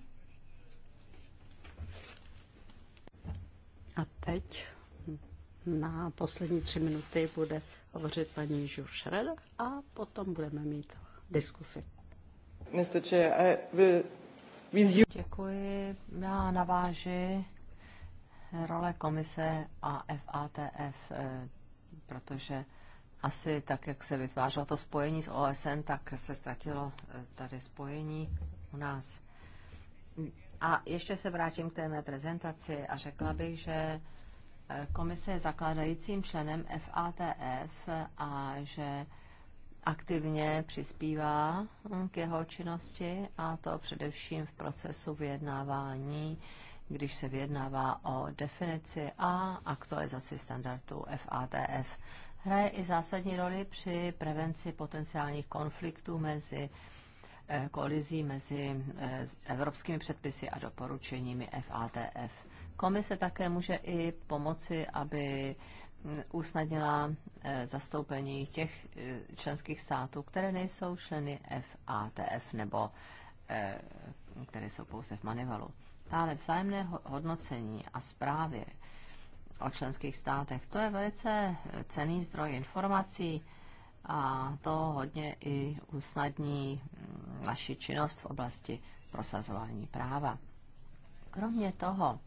A teď na poslední tři minuty bude hovořit paní Žur a potom budeme mít diskusi. Děkuji. Já naváži role komise a FATF, eh, protože asi tak, jak se vytvářelo to spojení s OSN, tak se ztratilo eh, tady spojení u nás. A ještě se vrátím k té mé prezentaci a řekla bych, že eh, komise je zakládajícím členem FATF a že aktivně přispívá hm, k jeho činnosti a to především v procesu vyjednávání, když se vyjednává o definici a aktualizaci standardů FATF. Hraje i zásadní roli při prevenci potenciálních konfliktů mezi Eh, kolizí mezi eh, evropskými předpisy a doporučeními FATF. Komise také může i pomoci, aby mm, usnadnila eh, zastoupení těch členských států, které nejsou členy FATF nebo které jsou pouze v Manivalu. Ale vzájemné hodnocení a zprávy o členských státech, to je velice cený zdroj informací, a to hodně i usnadní mm, naši činnost v oblasti prosazování práva. Kromě toho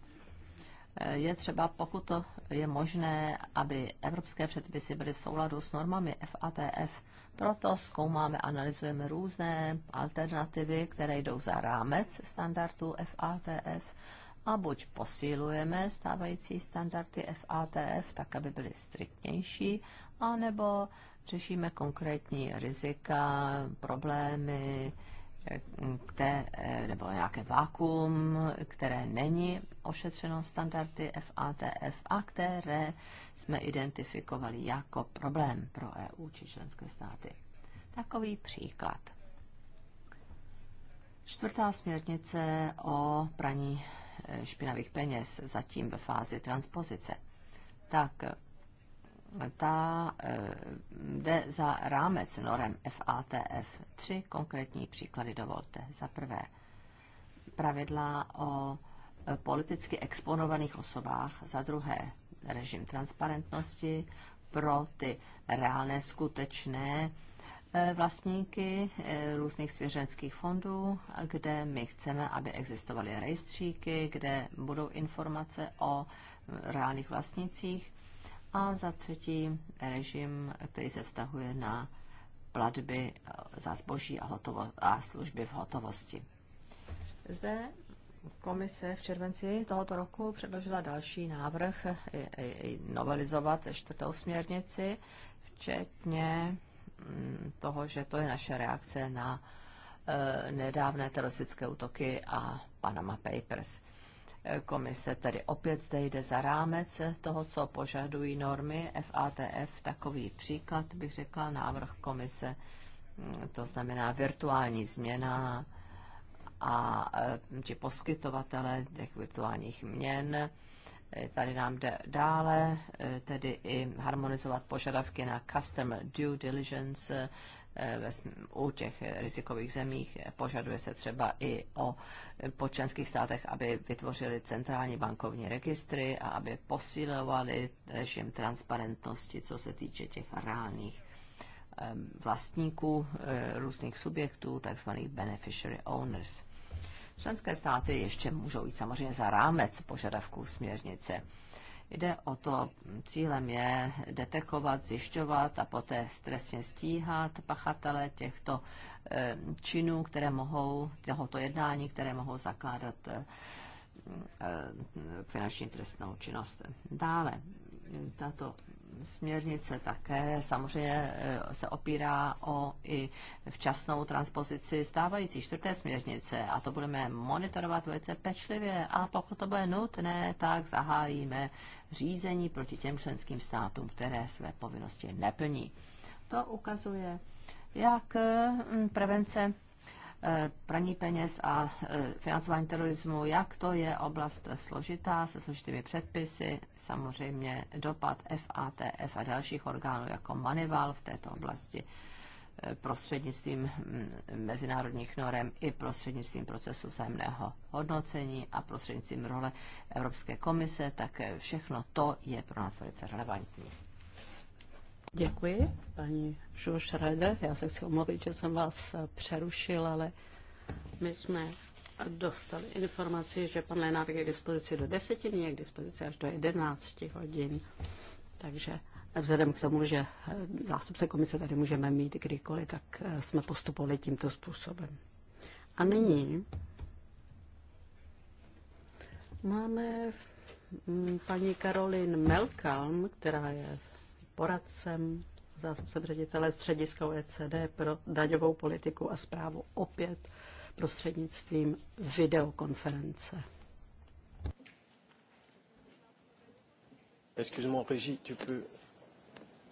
eh, je třeba, pokud to je možné, aby evropské předpisy byly v souladu s normami FATF, proto zkoumáme, analyzujeme různé alternativy, které jdou za rámec standardů FATF a buď posílujeme stávající standardy FATF tak, aby byly striktnější, anebo řešíme konkrétní rizika, problémy, které, nebo nějaké vákuum, které není ošetřeno standardy FATF a které jsme identifikovali jako problém pro EU či členské státy. Takový příklad. Čtvrtá směrnice o praní špinavých peněz zatím ve fázi transpozice. Tak ta e, jde za rámec norem FATF. Tři konkrétní příklady dovolte. Za prvé, pravidla o e, politicky exponovaných osobách, za druhé režim transparentnosti pro ty reálné, skutečné e, vlastníky různých svěřenských fondů, kde my chceme, aby existovaly rejstříky, kde budou informace o reálných vlastnicích a za třetí režim, který se vztahuje na platby za zboží a, hotovo- a služby v hotovosti. Zde komise v červenci tohoto roku předložila další návrh novelizovat čtvrtou směrnici, včetně mm, toho, že to je naše reakce na e, nedávné teroristické útoky a Panama Papers. Komise tedy opět zde jde za rámec toho, co požadují normy FATF. Takový příklad bych řekla návrh komise, mm, to znamená virtuální změna a e, ti poskytovatele těch virtuálních měn. E, tady nám jde dále, e, tedy i harmonizovat požadavky na customer due diligence, Eh, u těch rizikových zemích. Požaduje se třeba i o počlenských státech, aby vytvořili centrální bankovní registry a aby posilovali režim transparentnosti, co se týče těch reálných vlastníků eh, různých subjektů, takzvaných beneficiary owners. Členské státy ještě můžou jít samozřejmě za rámec požadavků směrnice. Jde o to, cílem je detekovat, zjišťovat a poté trestně stíhat pachatele těchto eh, činů, které mohou, tohoto jednání, které mohou zakládat eh, eh, finanční trestnou činnost. Dále, tato směrnice také samozřejmě eh, se opírá o i včasnou transpozici stávající čtvrté směrnice a to budeme monitorovat velice pečlivě a pokud to bude nutné, tak zahájíme řízení proti těm členským státům, které své povinnosti neplní. To ukazuje, jak mm, prevence Eh, praní peněz a eh, financování terorismu, jak to je oblast složitá, se složitými předpisy, samozřejmě dopad FATF a dalších orgánů jako Manival v této oblasti eh, prostřednictvím mm, mezinárodních norem i prostřednictvím procesu vzájemného hodnocení a prostřednictvím role Evropské komise, tak všechno to je pro nás velice relevantní. Děkuji, paní Žul Schrader. Já se chci omluvit, že jsem vás přerušil, ale my jsme dostali informaci, že pan Lenár je k dispozici do deseti je k dispozici až do 11 hodin. Takže vzhledem k tomu, že eh, zástupce komise tady můžeme mít kdykoliv, tak eh, jsme postupovali tímto způsobem. A nyní máme mm, paní Karolin Melkalm, která je poradcem, zástupcem ředitele střediska OECD pro daňovou politiku a zprávu opět prostřednictvím videokonference. Excuse-moi, Régis, tu peux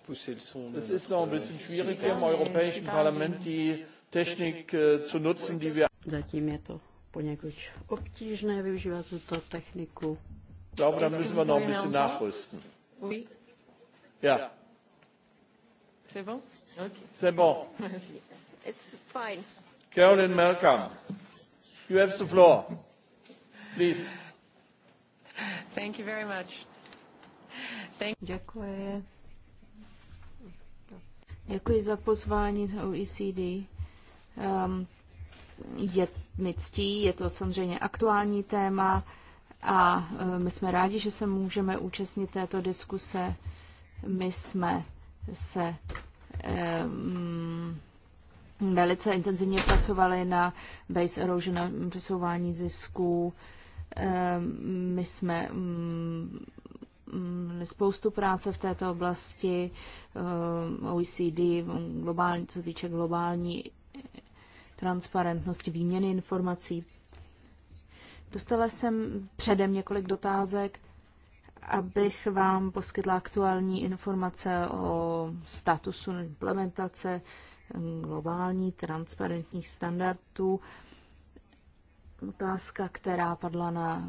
pousser le son. Es ist noch ein bisschen schwierig hier im Europäischen Parlament die Technik äh, zu nutzen, die wir. Zatím je to poněkud obtížné využívat tuto techniku. Ich glaube, da müssen wir noch ein bisschen nachrüsten. Oui. Yeah. C'est bon? Okay. C'est bon. it's fine. Carolyn Malcolm, you have the floor. Please. Thank you very much. Thank Děkuji. Děkuji za pozvání na OECD. Um, je mi ctí, je to samozřejmě aktuální téma a uh, my jsme rádi, že se můžeme účastnit této diskuse. My jsme se um, velice intenzivně pracovali na base erosion, na přesouvání zisků. Um, my jsme um, spoustu práce v této oblasti, OECD, globální, co týče globální transparentnosti, výměny informací. Dostala jsem předem několik dotázek abych vám poskytla aktuální informace o statusu implementace globální transparentních standardů. Otázka, která padla na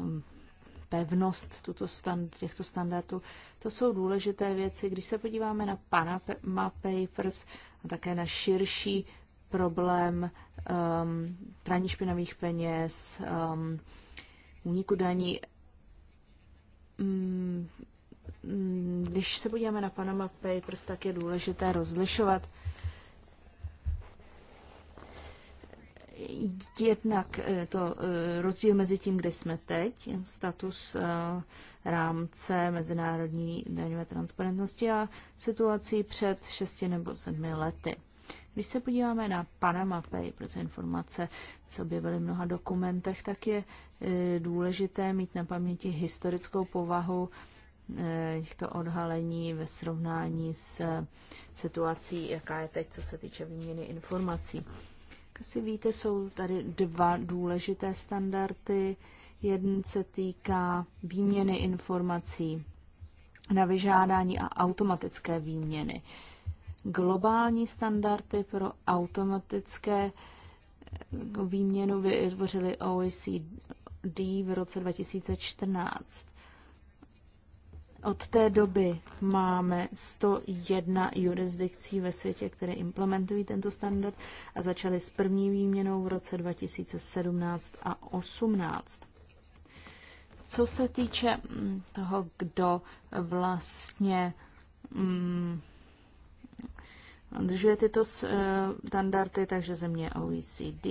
pevnost tuto stand, těchto standardů, to jsou důležité věci. Když se podíváme na Panama Papers a také na širší problém um, praní špinavých peněz, um, úniku daní, Mm, mm, když se podíváme na Panama Papers, tak je důležité rozlišovat jednak eh, to eh, rozdíl mezi tím, kde jsme teď, status eh, rámce mezinárodní daňové transparentnosti a situací před šesti nebo sedmi lety. Když se podíváme na Panama Papers informace, co by byly v mnoha dokumentech, tak je E, důležité mít na paměti historickou povahu e, těchto odhalení ve srovnání s e, situací, jaká je teď, co se týče výměny informací. Jak si víte, jsou tady dva důležité standardy. Jeden se týká výměny informací na vyžádání a automatické výměny. Globální standardy pro automatické výměnu vytvořili OECD, D v roce 2014. Od té doby máme 101 jurisdikcí ve světě, které implementují tento standard a začaly s první výměnou v roce 2017 a 2018. Co se týče mm, toho, kdo vlastně mm, Držuje tyto eh, standardy, takže země OECD,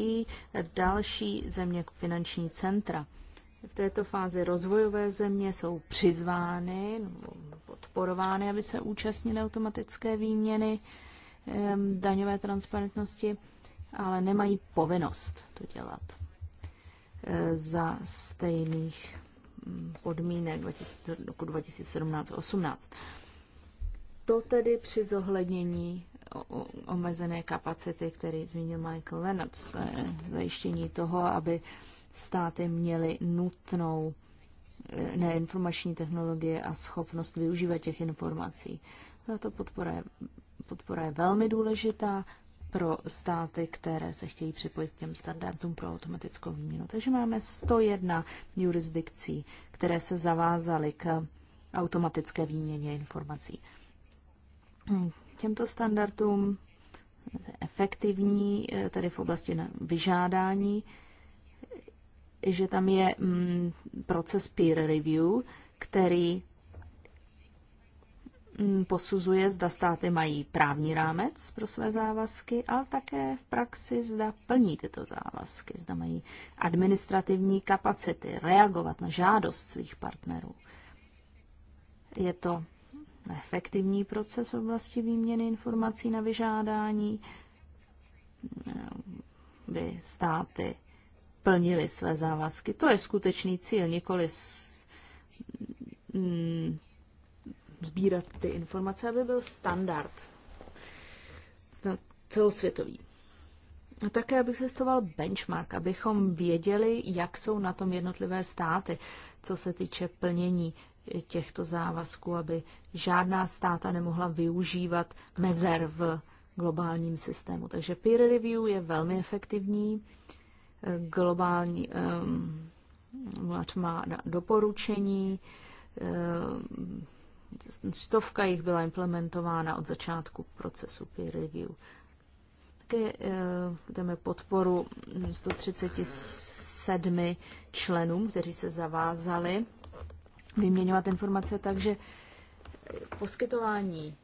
další země finanční centra. V této fázi rozvojové země jsou přizvány, podporovány, aby se účastnily automatické výměny daňové transparentnosti, ale nemají povinnost to dělat eh, za stejných mm, podmínek roku 2017-18. To tedy při zohlednění omezené kapacity, který zmínil Michael Lennox, eh, zajištění toho, aby státy měly nutnou eh, neinformační technologie a schopnost využívat těch informací. Tato podpora je, podpora je velmi důležitá pro státy, které se chtějí připojit k těm standardům pro automatickou výměnu. Takže máme 101 jurisdikcí, které se zavázaly k automatické výměně informací těmto standardům, efektivní eh, tady v oblasti vyžádání, že tam je mm, proces peer review, který mm, posuzuje, zda státy mají právní rámec pro své závazky, ale také v praxi zda plní tyto závazky, zda mají administrativní kapacity reagovat na žádost svých partnerů. Je to efektivní proces v oblasti výměny informací na vyžádání, by státy plnily své závazky. To je skutečný cíl, nikoli s, mm, sbírat ty informace, aby byl standard na celosvětový. A také, aby stoval benchmark, abychom věděli, jak jsou na tom jednotlivé státy, co se týče plnění těchto závazků, aby žádná státa nemohla využívat mezer v globálním systému. Takže peer review je velmi efektivní. Globální um, má doporučení, um, stovka jich byla implementována od začátku procesu peer review. Také jdeme eh, podporu 137 členům, kteří se zavázali vyměňovat informace, takže eh, poskytování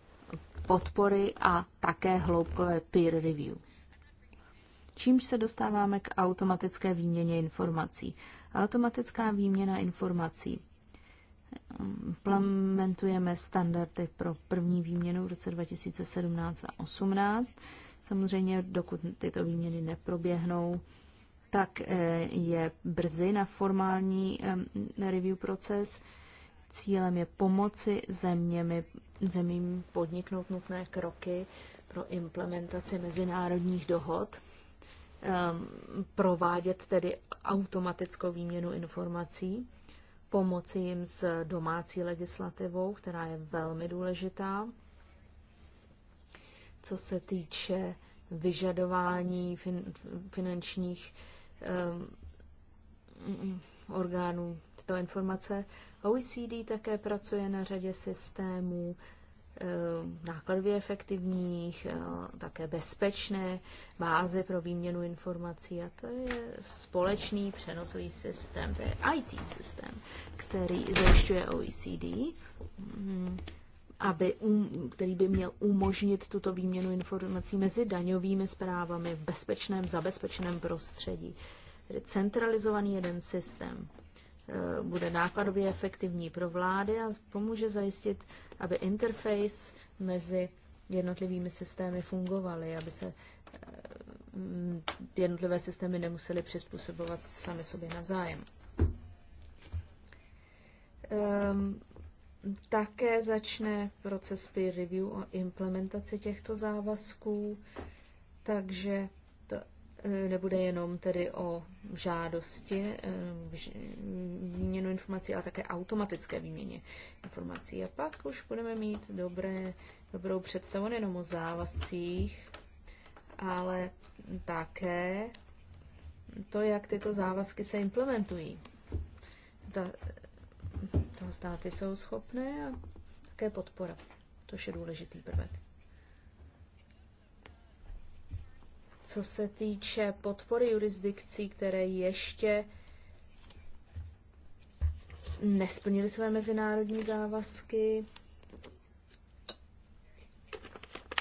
podpory a také hloubkové peer review. Čímž se dostáváme k automatické výměně informací. Automatická výměna informací. Implementujeme standardy pro první výměnu v roce 2017 a 2018. Samozřejmě, dokud tyto výměny neproběhnou, tak eh, je brzy na formální review proces. Cílem je pomoci zeměmi, zemím podniknout nutné kroky pro implementaci mezinárodních dohod, ehm, provádět tedy automatickou výměnu informací, pomoci jim s domácí legislativou, která je velmi důležitá. Co se týče vyžadování fin, finančních um, orgánů tyto informace. OECD také pracuje na řadě systémů eh, nákladově efektivních, eh, také bezpečné báze pro výměnu informací a to je společný přenosový systém, to je IT systém, který zajišťuje OECD, mm, aby, um, který by měl umožnit tuto výměnu informací mezi daňovými zprávami v bezpečném, zabezpečeném prostředí. Tedy centralizovaný jeden systém. Eh, bude nákladově efektivní pro vlády a pomůže zajistit, aby interface mezi jednotlivými systémy fungovaly, aby se eh, jednotlivé systémy nemusely přizpůsobovat sami sobě navzájem. Um, také začne proces peer review o implementaci těchto závazků, takže nebude jenom tedy o žádosti, eh, výměnu informací, ale také automatické výměně informací. A pak už budeme mít dobré, dobrou představu nejenom o závazcích, ale také to, jak tyto závazky se implementují. Zda, eh, toho státy jsou schopné a také podpora, což je důležitý prvek. Co se týče podpory jurisdikcí, které ještě nesplnily své mezinárodní závazky,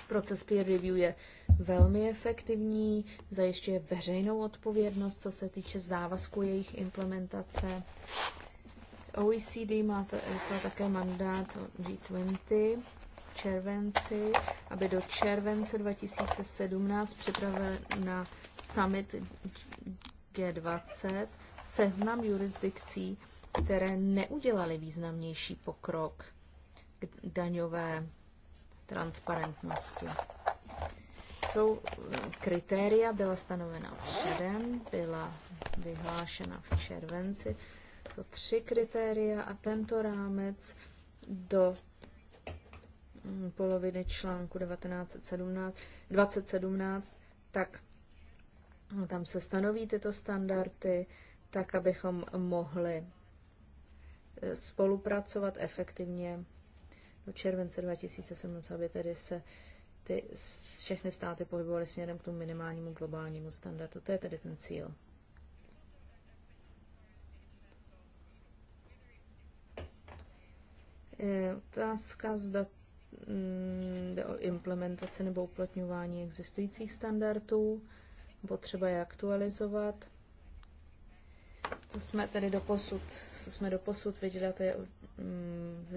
proces peer review je velmi efektivní, zajišťuje veřejnou odpovědnost, co se týče závazku jejich implementace. OECD má, dostala také mandát G20 červenci, aby do července 2017 připravil na summit G20 seznam jurisdikcí, které neudělaly významnější pokrok k daňové transparentnosti. Jsou kritéria, byla stanovena předem, byla vyhlášena v červenci. To tři kritéria a tento rámec do Mm, poloviny článku 1917, 2017, tak tam se stanoví tyto standardy, tak abychom mohli eh, spolupracovat efektivně do července 2017, aby tedy se ty všechny státy pohybovaly směrem k tomu minimálnímu globálnímu standardu. To je tedy ten cíl. Otázka, zda Mm, jde o implementaci nebo uplatňování existujících standardů, nebo třeba je aktualizovat. To jsme tedy doposud, co jsme doposud viděli, a to je mm,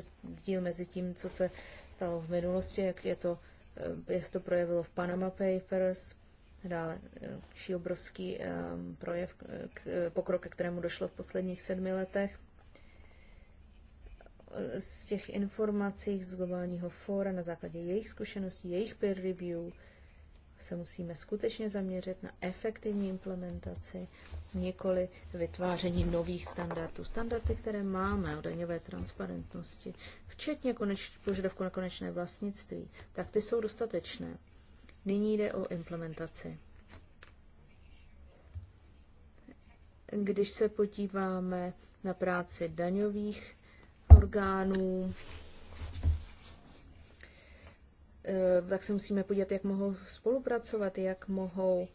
díl mezi tím, co se stalo v minulosti, jak je to, eh, jak to projevilo v Panama Papers, dále eh, obrovský eh, projev, k, pokrok, ke kterému došlo v posledních sedmi letech z těch informací z globálního fóra, na základě jejich zkušeností, jejich peer review, se musíme skutečně zaměřit na efektivní implementaci, nikoli vytváření nových standardů. Standardy, které máme o daňové transparentnosti, včetně koneč, požadavku na konečné vlastnictví, tak ty jsou dostatečné. Nyní jde o implementaci. Když se podíváme na práci daňových orgánů, eh, tak se musíme podívat, jak mohou spolupracovat, jak mohou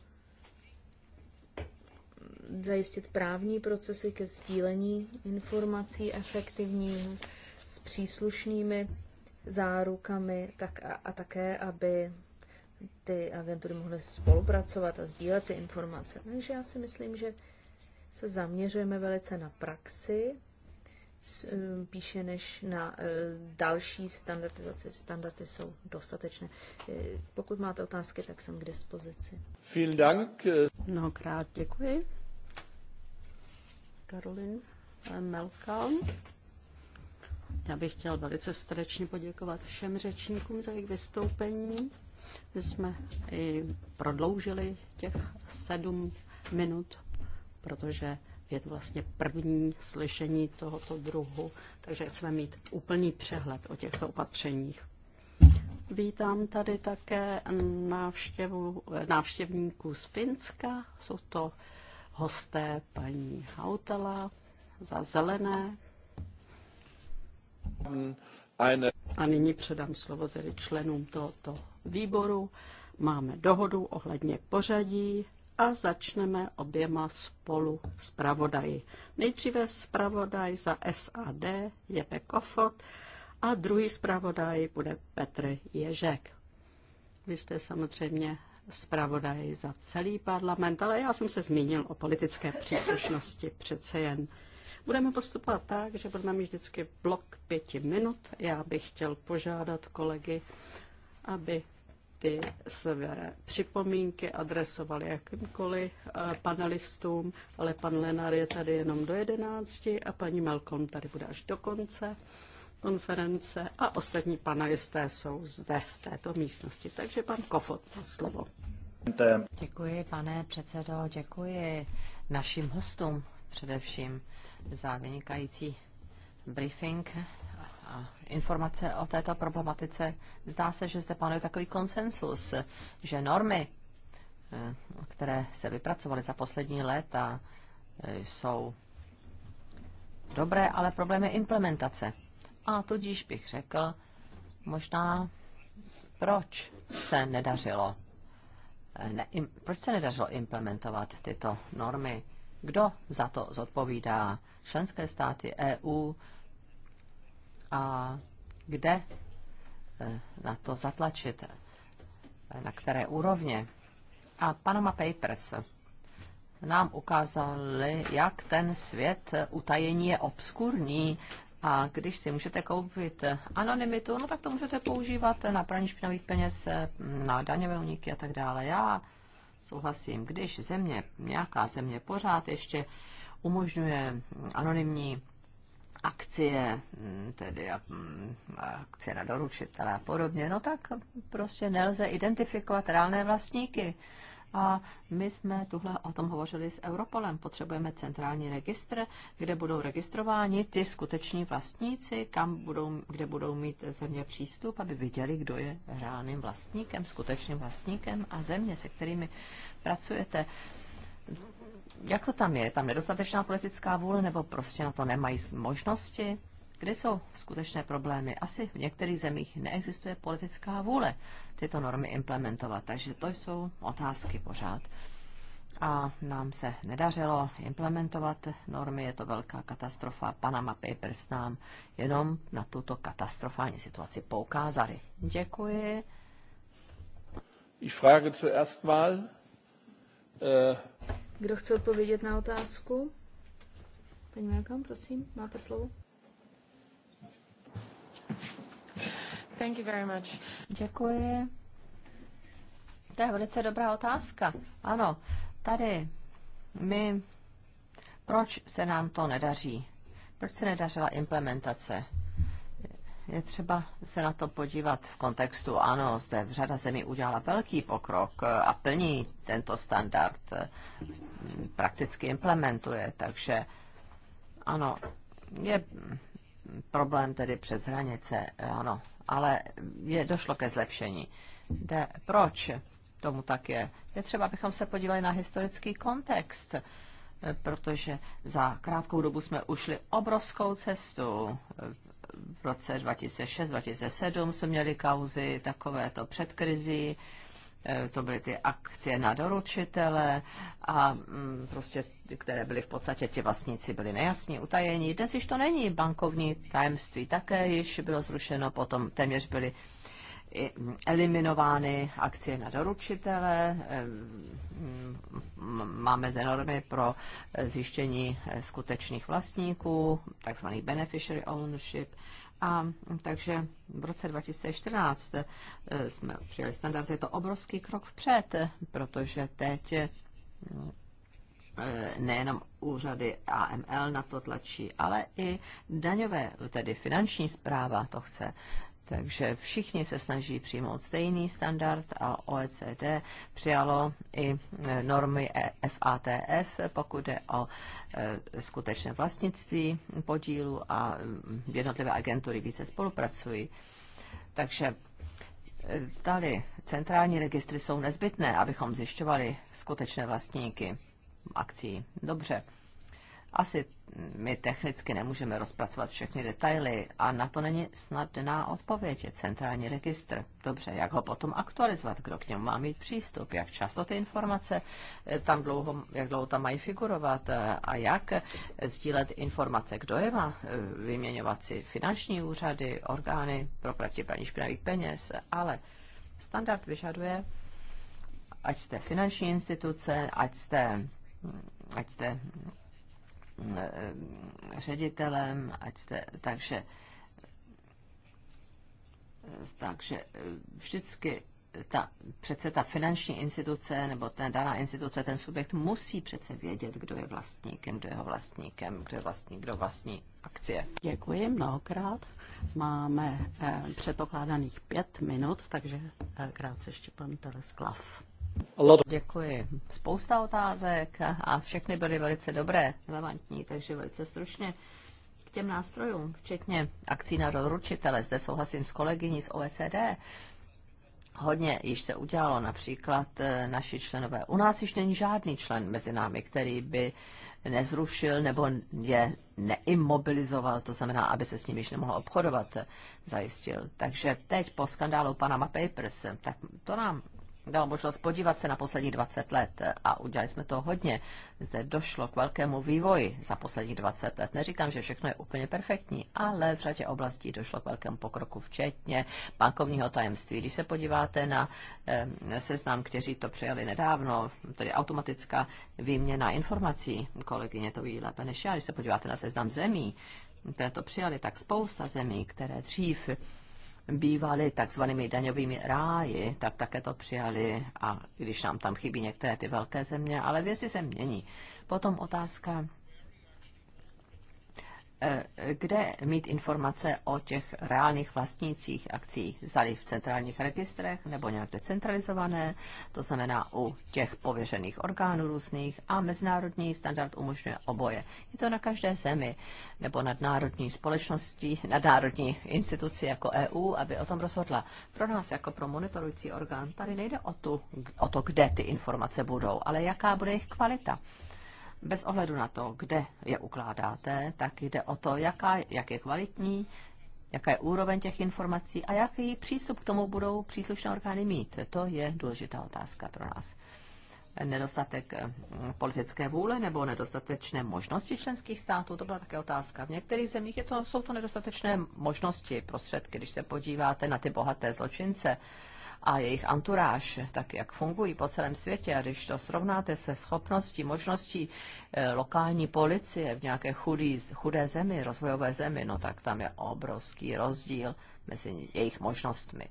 zajistit právní procesy ke sdílení informací efektivním s příslušnými zárukami tak a, a také, aby ty agentury mohly spolupracovat a sdílet ty informace. Takže já si myslím, že se zaměřujeme velice na praxi Eh, píše než na eh, další standardizaci. Standardy jsou dostatečné. Eh, pokud máte otázky, tak jsem k dispozici. Vielen Dank. Mnohokrát děkuji. Karolin Melkal. Já bych chtěl velice srdečně poděkovat všem řečníkům za jejich vystoupení. My jsme i prodloužili těch sedm minut, protože je to vlastně první slyšení tohoto druhu, takže chceme mít úplný přehled o těchto opatřeních. Vítám tady také návštěvu, návštěvníků z Finska. Jsou to hosté paní Hautala za zelené. A nyní předám slovo tedy členům tohoto výboru. Máme dohodu ohledně pořadí a začneme oběma spolu zpravodaji. Nejdříve zpravodaj za SAD je Pekofot a druhý zpravodaj bude Petr Ježek. Vy jste samozřejmě zpravodaj za celý parlament, ale já jsem se zmínil o politické příslušnosti přece jen. Budeme postupovat tak, že budeme mít vždycky blok pěti minut. Já bych chtěl požádat kolegy, aby ty své připomínky adresoval jakýmkoliv eh, panelistům, ale pan Lenár je tady jenom do 11 a paní Malcolm tady bude až do konce konference a ostatní panelisté jsou zde v této místnosti. Takže pan Kofot má slovo. Děkuji, pane předsedo, děkuji našim hostům především za vynikající briefing informace o této problematice. Zdá se, že zde panuje takový konsensus, že normy, eh, které se vypracovaly za poslední léta, eh, jsou dobré, ale problém je implementace. A tudíž bych řekl, možná proč se nedařilo eh, ne, im, proč se nedařilo implementovat tyto normy? Kdo za to zodpovídá? Členské státy EU, a kde eh, na to zatlačit, eh, na které úrovně. A Panama Papers nám ukázali, jak ten svět utajení je obskurní a když si můžete koupit anonymitu, no tak to můžete používat na praní špinavých peněz, eh, na daňové uniky a tak dále. Já souhlasím, když země, nějaká země pořád ještě umožňuje anonymní akcie, mm, tedy mm, akcie na doručitele a podobně, no tak prostě nelze identifikovat reálné vlastníky. A my jsme tuhle o tom hovořili s Europolem. Potřebujeme centrální registr, kde budou registrováni ty skuteční vlastníci, kam budou, kde budou mít země přístup, aby viděli, kdo je reálným vlastníkem, skutečným vlastníkem a země, se kterými pracujete jak to tam je? Tam nedostatečná politická vůle nebo prostě na to nemají možnosti? Kde jsou skutečné problémy? Asi v některých zemích neexistuje politická vůle tyto normy implementovat, takže to jsou otázky pořád. A nám se nedařilo implementovat normy, je to velká katastrofa. Panama Papers nám jenom na tuto katastrofální situaci poukázali. Děkuji. Ich frage zuerst mal, äh... Kdo chce odpovědět na otázku? Paní Melkam, prosím, máte slovo. Thank you very much. Děkuji. To je velice dobrá otázka. Ano, tady my, proč se nám to nedaří? Proč se nedařila implementace? je třeba se na to podívat v kontextu. Ano, zde v řada zemí udělala velký pokrok a plní tento standard, prakticky implementuje, takže ano, je problém tedy přes hranice, ano, ale je došlo ke zlepšení. De, proč tomu tak je? Je třeba, abychom se podívali na historický kontext protože za krátkou dobu jsme ušli obrovskou cestu v roce 2006-2007 jsme měli kauzy takovéto před krizí, eh, to byly ty akcie na doručitele a mm, prostě, které byly v podstatě, ti vlastníci byli nejasní, utajení. Dnes již to není bankovní tajemství, také již bylo zrušeno, potom téměř byly Mm, eliminovány akcie na doručitele, mm, máme ze normy pro eh, zjištění eh, skutečných vlastníků, takzvaný beneficiary ownership, a mm, takže v roce 2014 eh, jsme přijali standard. Je to obrovský krok vpřed, protože teď nejenom úřady AML na to tlačí, ale i daňové, tedy finanční zpráva to chce. Takže všichni se snaží přijmout stejný standard a OECD přijalo i e, normy FATF, e, pokud jde o e, skutečné vlastnictví podílu a mm, jednotlivé agentury více spolupracují. Takže zdali centrální registry jsou nezbytné, abychom zjišťovali skutečné vlastníky akcí. Dobře. Asi my technicky nemůžeme rozpracovat všechny detaily a na to není snadná odpověď. Je centrální registr. Dobře, jak ho potom aktualizovat, kdo k němu má mít přístup, jak často ty informace eh, tam dlouho, jak dlouho tam mají figurovat eh, a jak eh, sdílet informace, kdo je má vyměňovat si finanční úřady, orgány pro praní špinavých peněz, ale standard vyžaduje, ať jste finanční instituce, ať jste, hm, ať jste Eh, ředitelem, ať jste, takže, takže eh, vždycky ta, přece ta finanční instituce nebo ta daná instituce, ten subjekt musí přece vědět, kdo je vlastníkem, kdo je jeho vlastníkem, kdo je vlastník kdo vlastní akcie. Děkuji mnohokrát. Máme eh, předpokládaných pět minut, takže eh, krátce ještě pan Telesklav. Děkuji. Spousta otázek a všechny byly velice dobré, relevantní, takže velice stručně k těm nástrojům, včetně akcí na rozručitele. Zde souhlasím s kolegyní z OECD. Hodně již se udělalo, například eh, naši členové. U nás již není žádný člen mezi námi, který by nezrušil nebo je neimobilizoval, to znamená, aby se s ním již nemohl obchodovat, zajistil. Takže teď po skandálu Panama Papers, tak to nám dal možnost podívat se na poslední 20 let a udělali jsme to hodně. Zde došlo k velkému vývoji za poslední 20 let. Neříkám, že všechno je úplně perfektní, ale v řadě oblastí došlo k velkému pokroku, včetně bankovního tajemství. Když se podíváte na seznam, kteří to přijali nedávno, tedy automatická výměna informací, kolegyně to ví lépe než já, když se podíváte na seznam zemí, které to přijali, tak spousta zemí, které dřív bývali takzvanými daňovými ráji, tak také to přijali a když nám tam chybí některé ty velké země, ale věci se mění. Potom otázka Eh, kde mít informace o těch reálných vlastnících akcí, zdali v centrálních registrech nebo nějak decentralizované, to znamená u těch pověřených orgánů různých a mezinárodní standard umožňuje oboje. Je to na každé zemi nebo nadnárodní společnosti, nadnárodní instituci jako EU, aby o tom rozhodla. Pro nás jako pro monitorující orgán tady nejde o, tu, o to, kde ty informace budou, ale jaká bude jejich kvalita bez ohledu na to, kde je ukládáte, tak jde o to, jaká, jak je kvalitní, jaká je úroveň těch informací a jaký přístup k tomu budou příslušné orgány mít. To je důležitá otázka pro nás. Nedostatek eh, politické vůle nebo nedostatečné možnosti členských států, to byla také otázka. V některých zemích je to, jsou to nedostatečné možnosti, prostředky. Když se podíváte na ty bohaté zločince, a jejich anturáž, tak jak fungují po celém světě, a když to srovnáte se schopností, možností eh, lokální policie v nějaké chudý, chudé zemi, rozvojové zemi, no tak tam je obrovský rozdíl mezi jejich možnostmi.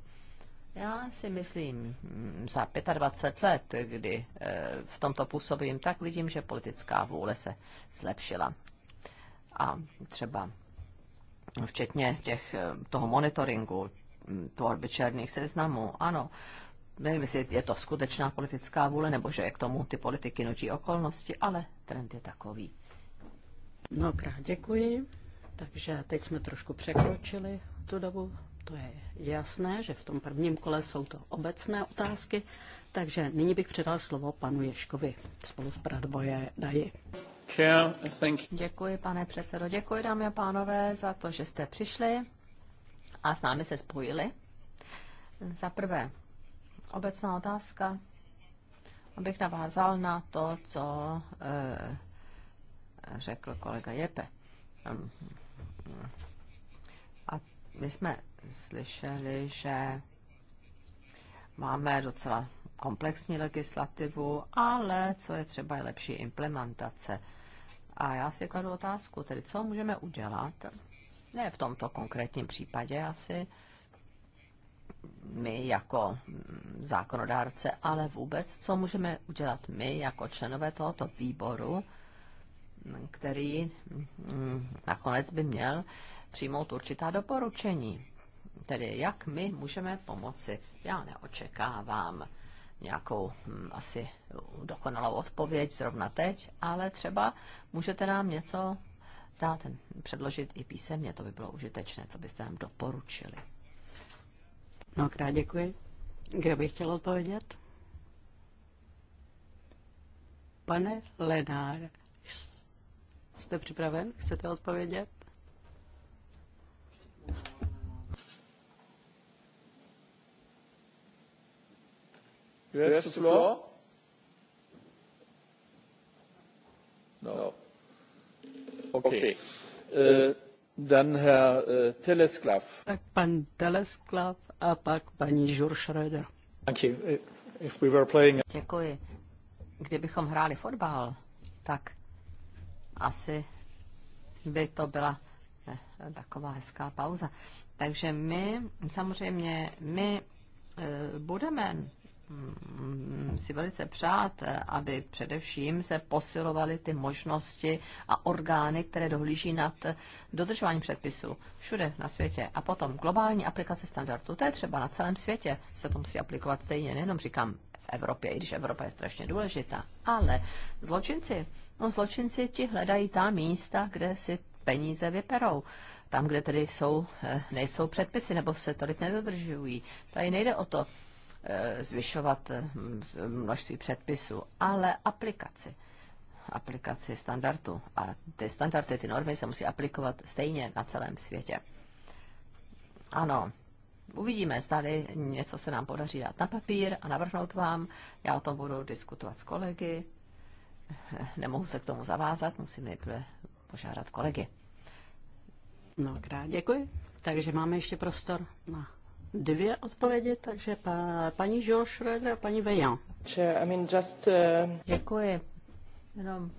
Já si myslím, hm, za 25 let, kdy eh, v tomto působím, tak vidím, že politická vůle se zlepšila. A třeba včetně těch, eh, toho monitoringu, tvorby černých seznamů. Ano, nevím, jestli je to skutečná politická vůle, nebo že je k tomu ty politiky nutí okolnosti, ale trend je takový. No, krát děkuji. Takže teď jsme trošku překročili tu dobu. To je jasné, že v tom prvním kole jsou to obecné otázky. Takže nyní bych předal slovo panu Ješkovi spolu s Pradboje Daji. Děkuji, pane předsedo. Děkuji, dámy a pánové, za to, že jste přišli a s námi se spojili. Za prvé, obecná otázka, abych navázal na to, co e, řekl kolega Jepe. Ehm, a my jsme slyšeli, že máme docela komplexní legislativu, ale co je třeba je lepší implementace. A já si kladu otázku, tedy co můžeme udělat, ne v tomto konkrétním případě asi my jako zákonodárce, ale vůbec, co můžeme udělat my jako členové tohoto výboru, který mm, nakonec by měl přijmout určitá doporučení. Tedy jak my můžeme pomoci. Já neočekávám nějakou mm, asi dokonalou odpověď zrovna teď, ale třeba můžete nám něco Dáte předložit i písemně, to by bylo užitečné, co byste nám doporučili. No, krát děkuji. Kdo by chtěl odpovědět? Pane Lenár, jste připraven? Chcete odpovědět? You have floor? No. no. Eh, eh, tak pan Telesklav a pak paní Žur Schroeder. Eh, Děkuji. Kdybychom hráli fotbal, tak asi by to byla taková hezká pauza. Takže my, samozřejmě, my budeme Mm, si velice přát, eh, aby především se posilovaly ty možnosti a orgány, které dohlíží nad eh, dodržováním předpisů všude na světě. A potom globální aplikace standardů, to je třeba na celém světě, se to musí aplikovat stejně, nejenom říkám v Evropě, i když Evropa je strašně důležitá, ale zločinci, no zločinci ti hledají ta místa, kde si peníze vyperou tam, kde tedy jsou, eh, nejsou předpisy nebo se tolik nedodržují. Tady nejde o to Eh, zvyšovat eh, množství předpisů, ale aplikaci aplikaci standardu. A ty standardy, ty normy se musí aplikovat stejně na celém světě. Ano, uvidíme, zdali něco se nám podaří dát na papír a navrhnout vám. Já o tom budu diskutovat s kolegy. Eh, nemohu se k tomu zavázat, musím nejprve požádat kolegy. No, krát děkuji. Takže máme ještě prostor na dvě odpovědi, takže pa, paní Jo Schroeder a paní Vejan. I mean just, uh... Děkuji. Jenom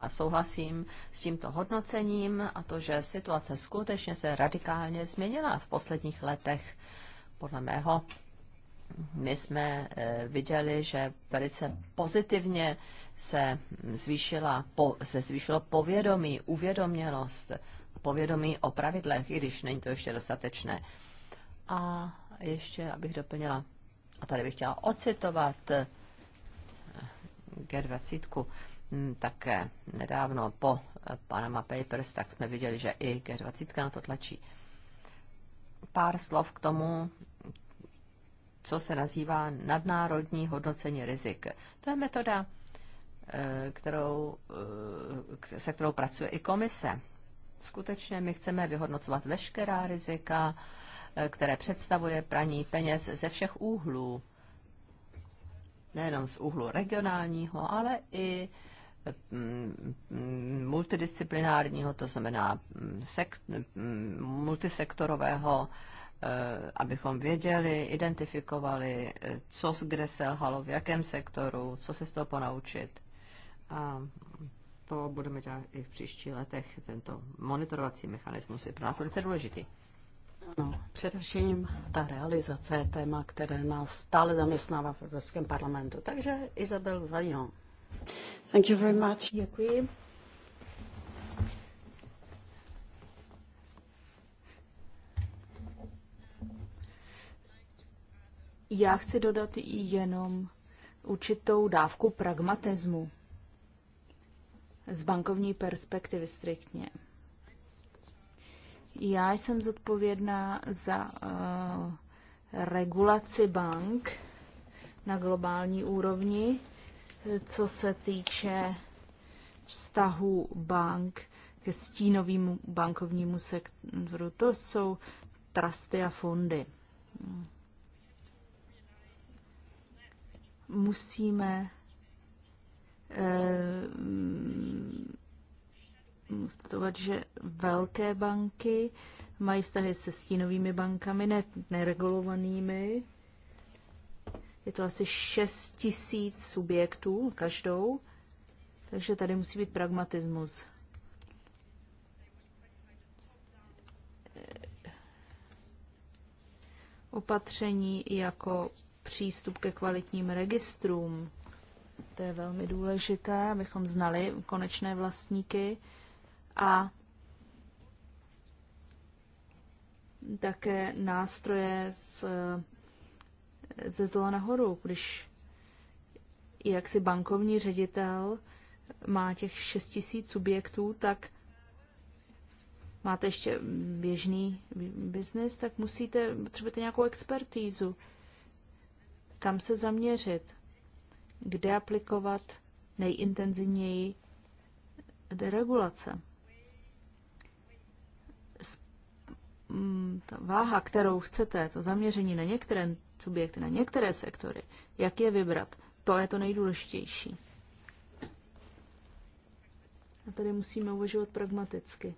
a souhlasím s tímto hodnocením a to, že situace skutečně se radikálně změnila v posledních letech. Podle mého my jsme eh, viděli, že velice pozitivně se, zvýšila, se zvýšilo povědomí, uvědomělost povědomí o pravidlech, i když není to ještě dostatečné. A ještě, abych doplnila, a tady bych chtěla ocitovat eh, G20, hm, také nedávno po eh, Panama Papers, tak jsme viděli, že i G20 na to tlačí. Pár slov k tomu, co se nazývá nadnárodní hodnocení rizik. To je metoda, eh, kterou, se kterou pracuje i komise skutečně my chceme vyhodnocovat veškerá rizika, eh, které představuje praní peněz ze všech úhlů. Nejenom z úhlu regionálního, ale i mm, mm, multidisciplinárního, to znamená mm, sekt, multisektorového, eh, abychom věděli, identifikovali, eh, co kde lhalo, v jakém sektoru, co se z toho ponaučit. A to budeme dělat i v příštích letech. Tento monitorovací mechanismus je pro nás velice důležitý. No, především ta realizace je téma, které nás stále zaměstnává v Evropském parlamentu. Takže Isabel Vajon. Thank you very much. Děkuji. Já chci dodat i jenom určitou dávku pragmatismu z bankovní perspektivy striktně. Já jsem zodpovědná za uh, regulaci bank na globální úrovni, co se týče vztahu bank ke stínovému bankovnímu sektoru. To jsou trusty a fondy. Musíme Eh, mm, konstatovat, že velké banky mají vztahy se stínovými bankami, ne, neregulovanými. Je to asi 6 tisíc subjektů každou, takže tady musí být pragmatismus. Eh, opatření jako přístup ke kvalitním registrům, to je velmi důležité, abychom znali konečné vlastníky a také nástroje z, ze zdola nahoru, když jak si bankovní ředitel má těch 6 tisíc subjektů, tak máte ještě běžný biznis, tak musíte, potřebujete nějakou expertízu, kam se zaměřit kde aplikovat nejintenzivněji deregulace. Mm, ta váha, kterou chcete, to zaměření na některé subjekty, na některé sektory, jak je vybrat, to je to nejdůležitější. A tady musíme uvažovat pragmaticky.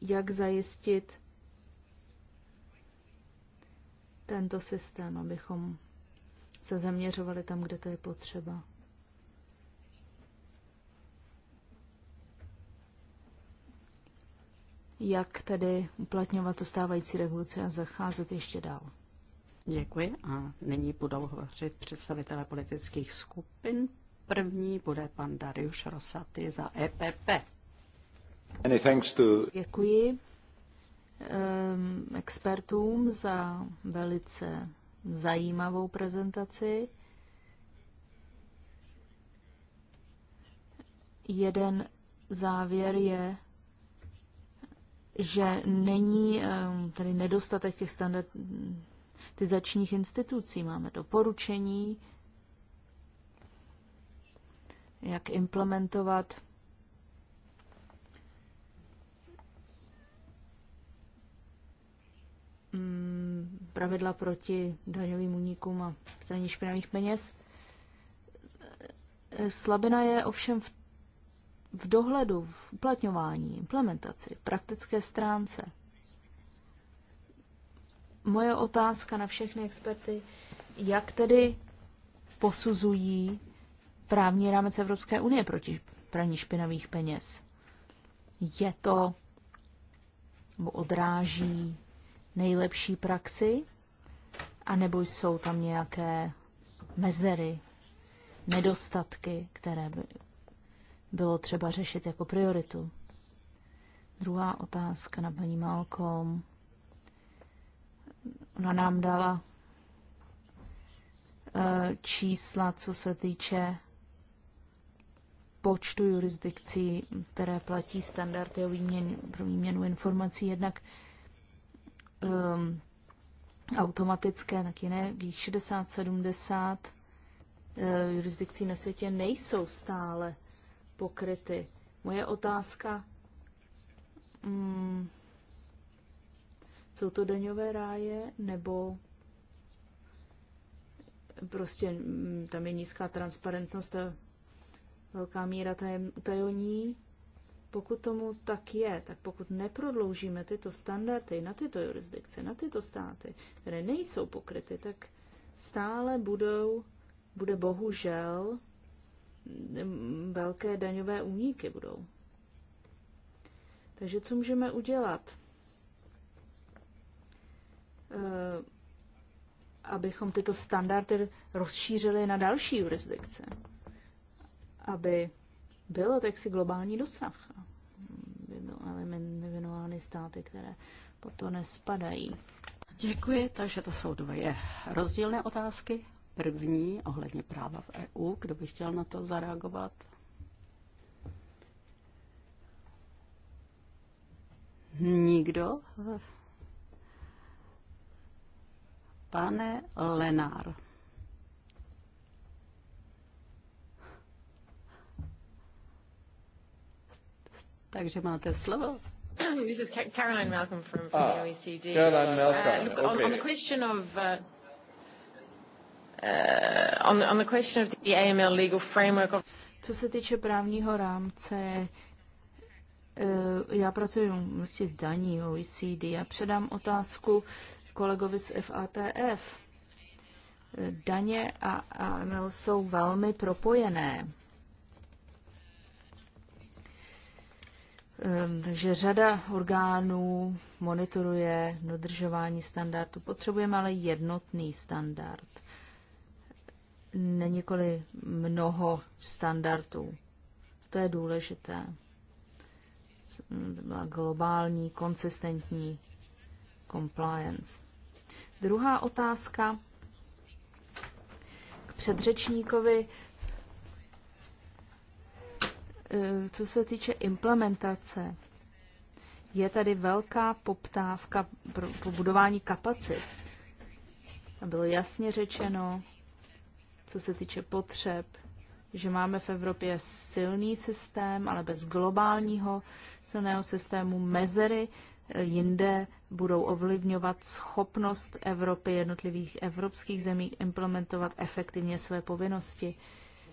Jak zajistit tento systém, abychom se zaměřovali tam, kde to je potřeba. Jak tedy uplatňovat tu stávající revoluci a zacházet ještě dál? Děkuji a nyní budou hovořit představitelé politických skupin. První bude pan Darius Rosaty za EPP. Děkuji um, expertům za velice zajímavou prezentaci. Jeden závěr je, že není ehm, tady nedostatek těch standardizačních institucí. Máme doporučení, jak implementovat pravidla proti daňovým únikům a praní špinavých peněz. Slabina je ovšem v, v dohledu, v uplatňování, implementaci, praktické stránce. Moje otázka na všechny experty, jak tedy posuzují právní rámec Evropské unie proti praní špinavých peněz. Je to, odráží nejlepší praxi, anebo jsou tam nějaké mezery, nedostatky, které by bylo třeba řešit jako prioritu. Druhá otázka na paní Malkom. Ona nám dala eh, čísla, co se týče počtu jurisdikcí, které platí standardy o výměnu, pro výměnu informací. Jednak um, automatické, tak jiné, 60-70 uh, eh, jurisdikcí na světě nejsou stále pokryty. Moje otázka, um, jsou to daňové ráje nebo prostě um, tam je nízká transparentnost a velká míra tajem, tajoní? Pokud tomu tak je, tak pokud neprodloužíme tyto standardy na tyto jurisdikce, na tyto státy, které nejsou pokryty, tak stále budou, bude bohužel mm, velké daňové úniky budou. Takže co můžeme udělat? Eh, abychom tyto standardy rozšířili na další jurisdikce, aby byl jaksi globální dosah. By byly eliminovány státy, které po to nespadají. Děkuji, takže to jsou dvě rozdílné otázky. První ohledně práva v EU, kdo by chtěl na to zareagovat? Nikdo? Pane Lenár. takže máte slovo. This is Caroline Malcolm from, from ah, the OECD. Caroline uh, Malcolm. Uh, look, okay. on, on the question of uh, uh, on, on the question of the AML legal framework of co se týče právního rámce, eh, já pracuji v vlastně daní OECD a předám otázku kolegovi z FATF. Eh, daně a AML jsou velmi propojené. Ehm, takže řada orgánů monitoruje dodržování standardu. Potřebujeme ale jednotný standard. Není koli mnoho standardů. To je důležité. Byla globální, konsistentní compliance. Druhá otázka k předřečníkovi Eh, co se týče implementace, je tady velká poptávka pro, pro budování kapacit. A bylo jasně řečeno, co se týče potřeb, že máme v Evropě silný systém, ale bez globálního silného systému mezery eh, jinde budou ovlivňovat schopnost Evropy, jednotlivých evropských zemí implementovat efektivně své povinnosti.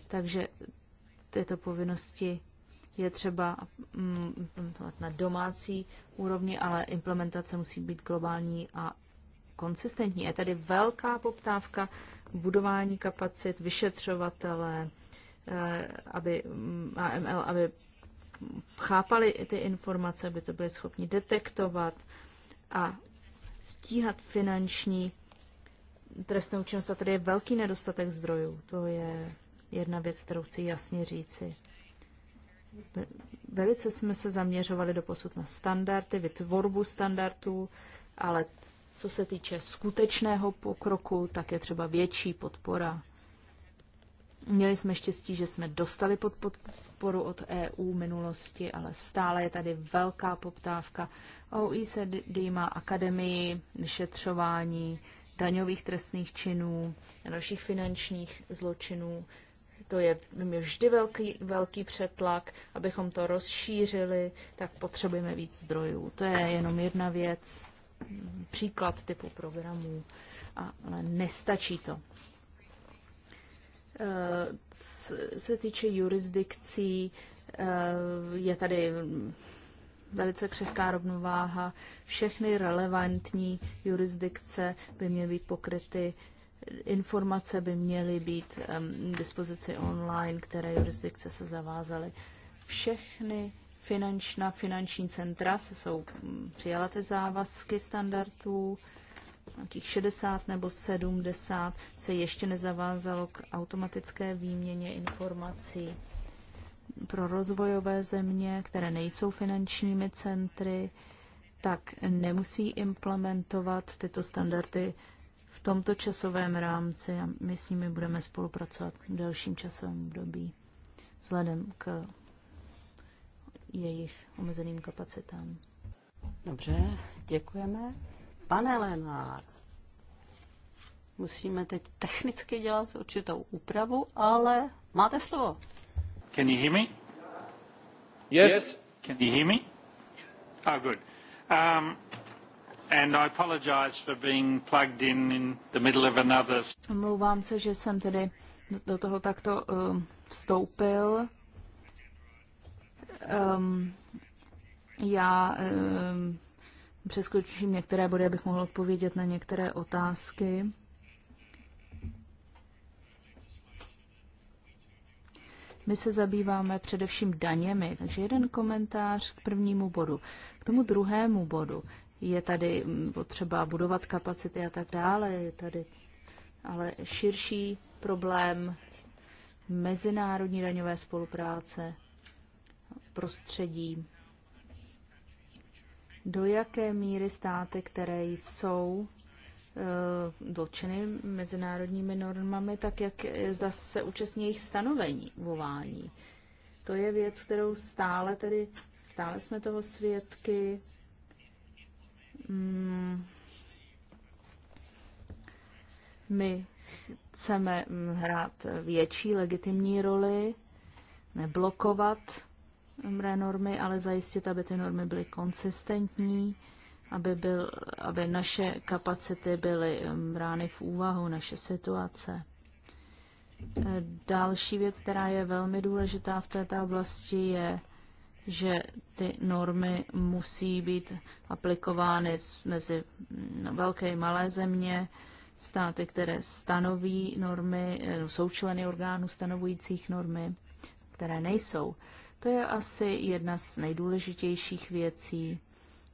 Takže tyto povinnosti je třeba mm, implementovat na domácí úrovni, ale implementace musí být globální a konsistentní. Je tady velká poptávka budování kapacit, vyšetřovatele, eh, aby mm, AML, aby chápali ty informace, aby to byli schopni detektovat a stíhat finanční trestnou činnost. A tady je velký nedostatek zdrojů. To je jedna věc, kterou chci jasně říci. Velice jsme se zaměřovali do posud na standardy, vytvorbu standardů, ale co se týče skutečného pokroku, tak je třeba větší podpora. Měli jsme štěstí, že jsme dostali pod podporu od EU minulosti, ale stále je tady velká poptávka. OECD má akademii vyšetřování daňových trestných činů a dalších finančních zločinů to je vždy velký, velký přetlak. Abychom to rozšířili, tak potřebujeme víc zdrojů. To je jenom jedna věc, příklad typu programů, ale nestačí to. Eh, co se týče jurisdikcí, eh, je tady velice křehká rovnováha. Všechny relevantní jurisdikce by měly být pokryty Informace by měly být k dispozici online, které jurisdikce se zavázaly. Všechny finančná, finanční centra se jsou mm, přijala ty závazky standardů, těch 60 nebo 70 se ještě nezavázalo k automatické výměně informací pro rozvojové země, které nejsou finančními centry, tak nemusí implementovat tyto standardy v tomto časovém rámci a my s nimi budeme spolupracovat v delším časovém období vzhledem k jejich omezeným kapacitám. Dobře, děkujeme. Pane Lenár, musíme teď technicky dělat určitou úpravu, ale máte slovo. Can you hear me? Yes. yes. Can you hear me? Ah, oh, good. Um, And I apologize for being plugged in in the middle of another. Omlouvám se, že jsem tedy do toho takto um, vstoupil. Um, já um, přeskočím některé body, abych mohl odpovědět na některé otázky. My se zabýváme především daněmi, takže jeden komentář k prvnímu bodu. K tomu druhému bodu je tady potřeba budovat kapacity a tak dále, je tady ale širší problém mezinárodní daňové spolupráce, prostředí. Do jaké míry státy, které jsou eh, dotčeny mezinárodními normami, tak jak eh, zda se účastní jejich stanovení, volání. To je věc, kterou stále tedy, stále jsme toho svědky, Mm. My chceme hrát větší legitimní roli, neblokovat mré normy, ale zajistit, aby ty normy byly konsistentní, aby, byl, aby naše kapacity byly brány v úvahu, naše situace. Další věc, která je velmi důležitá v této oblasti, je že ty normy musí být aplikovány mezi mm, velké i malé země, státy, které stanoví normy, eh, no, jsou členy orgánů stanovujících normy, které nejsou. To je asi jedna z nejdůležitějších věcí,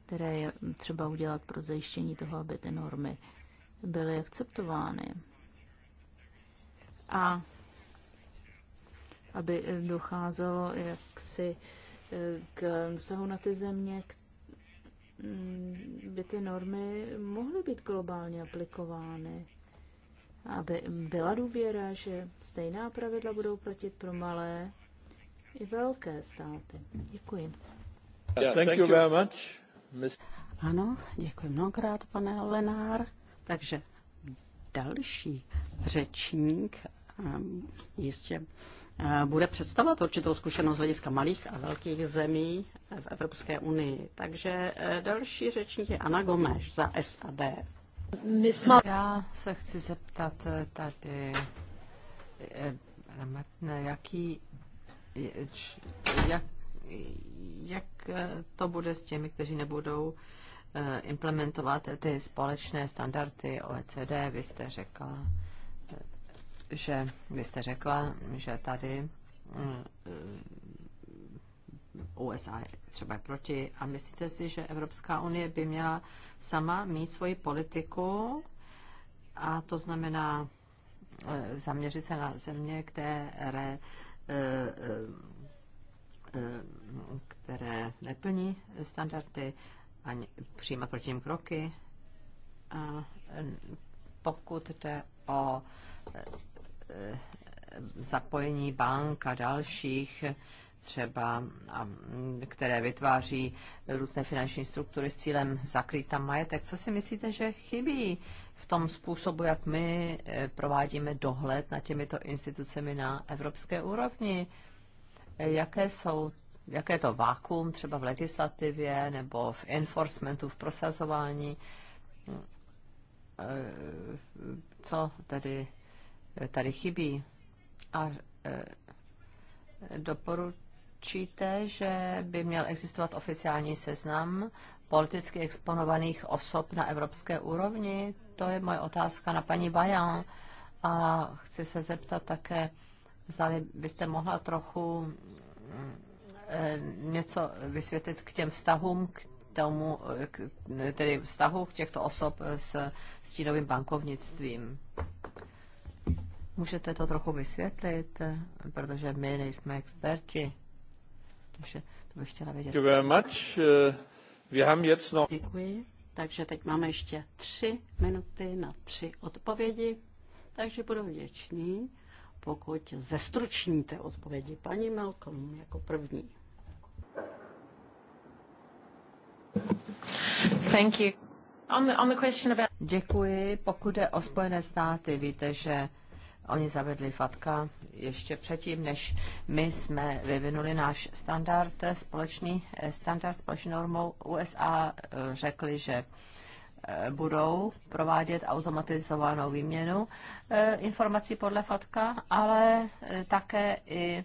které je třeba udělat pro zajištění toho, aby ty normy byly akceptovány. A aby eh, docházelo jaksi k vztahu na ty země, by ty normy mohly být globálně aplikovány, aby byla důvěra, že stejná pravidla budou platit pro malé i velké státy. Děkuji. Thank you very much. Ano, děkuji mnohokrát, pane Lenár. Takže další řečník jistě Eh, bude představovat určitou zkušenost z hlediska malých a velkých zemí v Evropské unii. Takže eh, další řečník je Ana Gomeš za SAD. Já se chci zeptat eh, tady, jaký, jak, jak to bude s těmi, kteří nebudou implementovat ty společné standardy OECD, vy jste řekla že vy jste řekla, že tady mm, eh, USA je třeba proti a myslíte si, že Evropská unie by měla sama mít svoji politiku a to znamená eh, zaměřit se na země, které eh, které neplní standardy a přijímat proti ním kroky. A pokud jde o Eh, zapojení bank a dalších, třeba, a, které vytváří různé finanční struktury s cílem zakrýt tam majetek. Co si myslíte, že chybí v tom způsobu, jak my eh, provádíme dohled nad těmito institucemi na evropské úrovni? Eh, jaké jsou jaké to vákuum třeba v legislativě nebo v enforcementu, v prosazování, co tedy tady chybí. A e, doporučíte, že by měl existovat oficiální seznam politicky exponovaných osob na evropské úrovni? To je moje otázka na paní Bajan. A chci se zeptat také, zda byste mohla trochu e, něco vysvětlit k těm vztahům, k tomu, k, tedy vztahu k těchto osob s stínovým bankovnictvím. Můžete to trochu vysvětlit, protože my nejsme experti. Takže to bych chtěla vědět. Děkuji. Takže teď máme ještě tři minuty na tři odpovědi. Takže budu vděčný, pokud zestručníte odpovědi. Paní Malcolm jako první. Thank you. On the, on the question about... Děkuji. Pokud jde o Spojené státy, víte, že Oni zavedli FATKA ještě předtím, než my jsme vyvinuli náš standard společný, eh, standard společnou normou USA, eh, řekli, že eh, budou provádět automatizovanou výměnu informací podle FATKA, ale také i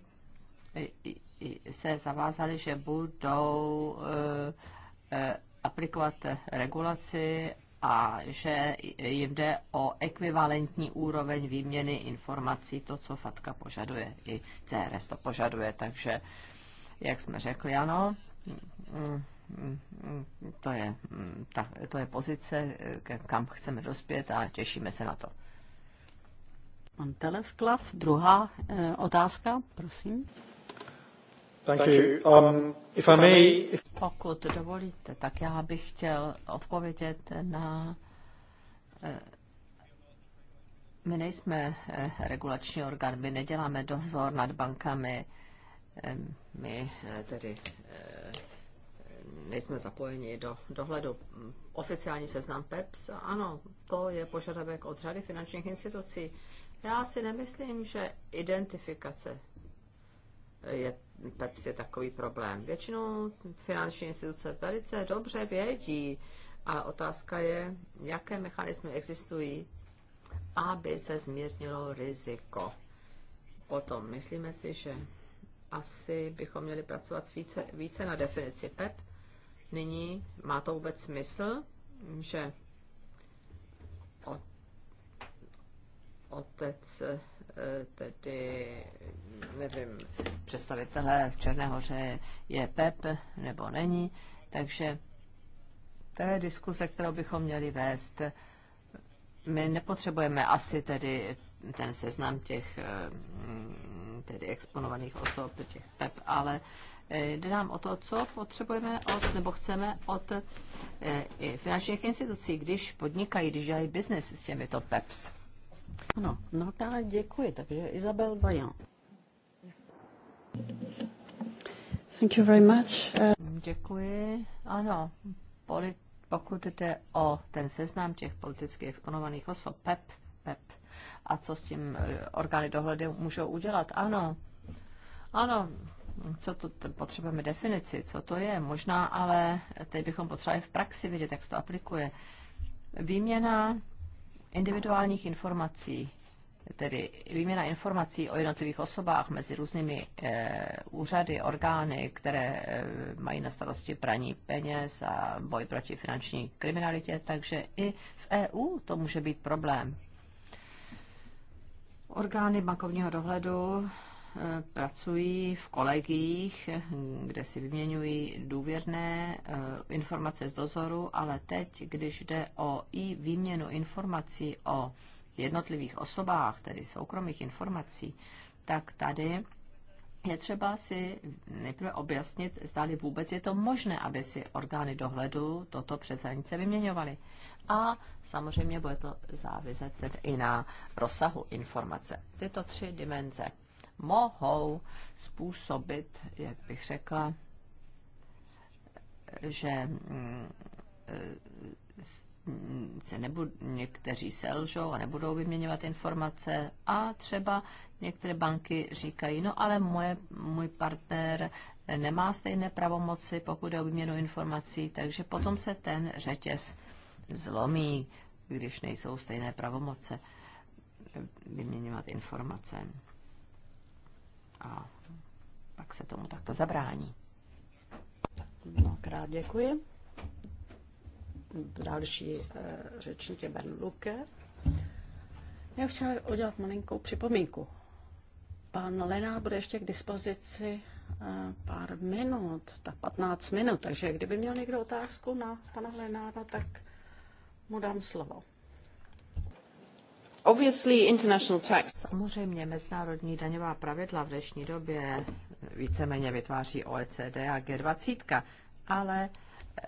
se zavázali, že budou aplikovat regulaci a že jim jde o ekvivalentní úroveň výměny informací, to, co FATKA požaduje, i CRS to požaduje, takže jak jsme řekli, ano, to je, ta, to je pozice, kam chceme dospět a těšíme se na to. Pan Telesklav, druhá eh, otázka, prosím. Thank you. Um, um, if I may... Pokud dovolíte, tak já bych chtěl odpovědět na... Eh, my nejsme eh, regulační orgán, my neděláme dozor nad bankami, eh, my tedy nejsme zapojeni do dohledu. Oficiální seznam PEPS, ano, to je požadavek od řady finančních institucí. Já si nemyslím, že identifikace je PEPS je takový problém. Většinou finanční instituce velice dobře vědí, ale otázka je, jaké mechanismy existují, aby se zmírnilo riziko. Potom myslíme si, že asi bychom měli pracovat více, více na definici PEP. Nyní má to vůbec smysl, že otec eh, tedy, nevím, představitelé v Černé hoře je PEP nebo není, takže to je diskuse, kterou bychom měli vést. My nepotřebujeme asi tedy ten seznam těch eh, mm, tedy exponovaných osob, těch PEP, ale eh, jde nám o to, co potřebujeme od, nebo chceme od i finančních institucí, když podnikají, když dělají biznis s těmito PEPs. Ano, no tak děkuji. Takže Isabel Bajan. Thank you very much. Uh... Děkuji. Ano, polit, pokud jde o ten seznam těch politicky exponovaných osob, PEP, PEP, a co s tím eh, orgány dohledu můžou udělat? Ano, ano, co to, potřebujeme definici, co to je, možná, ale teď bychom potřebovali v praxi vidět, jak se to aplikuje. Výměna individuálních informací, tedy výměna informací o jednotlivých osobách mezi různými e, úřady, orgány, které e, mají na starosti praní peněz a boj proti finanční kriminalitě, takže i v EU to může být problém. Orgány bankovního dohledu Eh, pracují v kolegiích, kde si vyměňují důvěrné eh, informace z dozoru, ale teď, když jde o i výměnu informací o jednotlivých osobách, tedy soukromých informací, tak tady je třeba si nejprve objasnit, zdali vůbec je to možné, aby si orgány dohledu toto přes hranice vyměňovaly. A samozřejmě bude to záviset i na rozsahu informace. Tyto tři dimenze mohou způsobit, jak bych řekla, že mm, eh, se nebud, někteří selžou a nebudou vyměňovat informace a třeba některé banky říkají, no ale moje, můj partner nemá stejné pravomoci, pokud je o vyměnu informací, takže potom se ten řetěz zlomí, když nejsou stejné pravomoce vyměňovat informace a pak se tomu takto zabrání. Mnohokrát děkuji. Další e, řečník je Ben Luke. Já bych chtěla udělat malinkou připomínku. Pan Lená bude ještě k dispozici eh, pár minut, tak 15 minut, takže kdyby měl někdo otázku na pana Lenára, tak mu dám slovo. Samozřejmě mezinárodní daňová pravidla v dnešní době víceméně vytváří OECD a G20, ale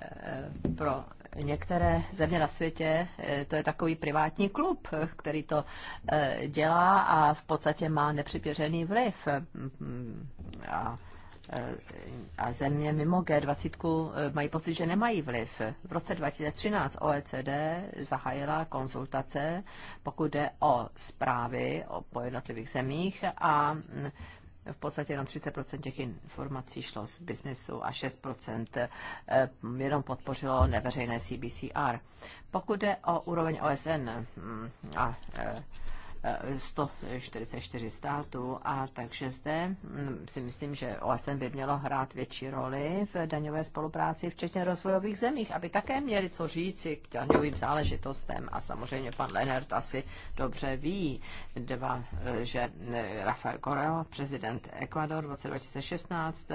e, pro některé země na světě e, to je takový privátní klub, který to e, dělá a v podstatě má nepřiměřený vliv. Mm, mm, a a země mimo G20 mají pocit, že nemají vliv. V roce 2013 OECD zahájila konzultace, pokud jde o zprávy o, po jednotlivých zemích a v podstatě jenom 30% těch informací šlo z biznesu a 6% eh, jenom podpořilo neveřejné CBCR. Pokud jde o úroveň OSN mm, a eh, 144 států a takže zde mm, si myslím, že OSN by mělo hrát větší roli v daňové spolupráci, včetně rozvojových zemích, aby také měli co říci k daňovým záležitostem a samozřejmě pan Lenert asi dobře ví, dva, eh, že eh, Rafael Correa, prezident Ecuador v roce 2016,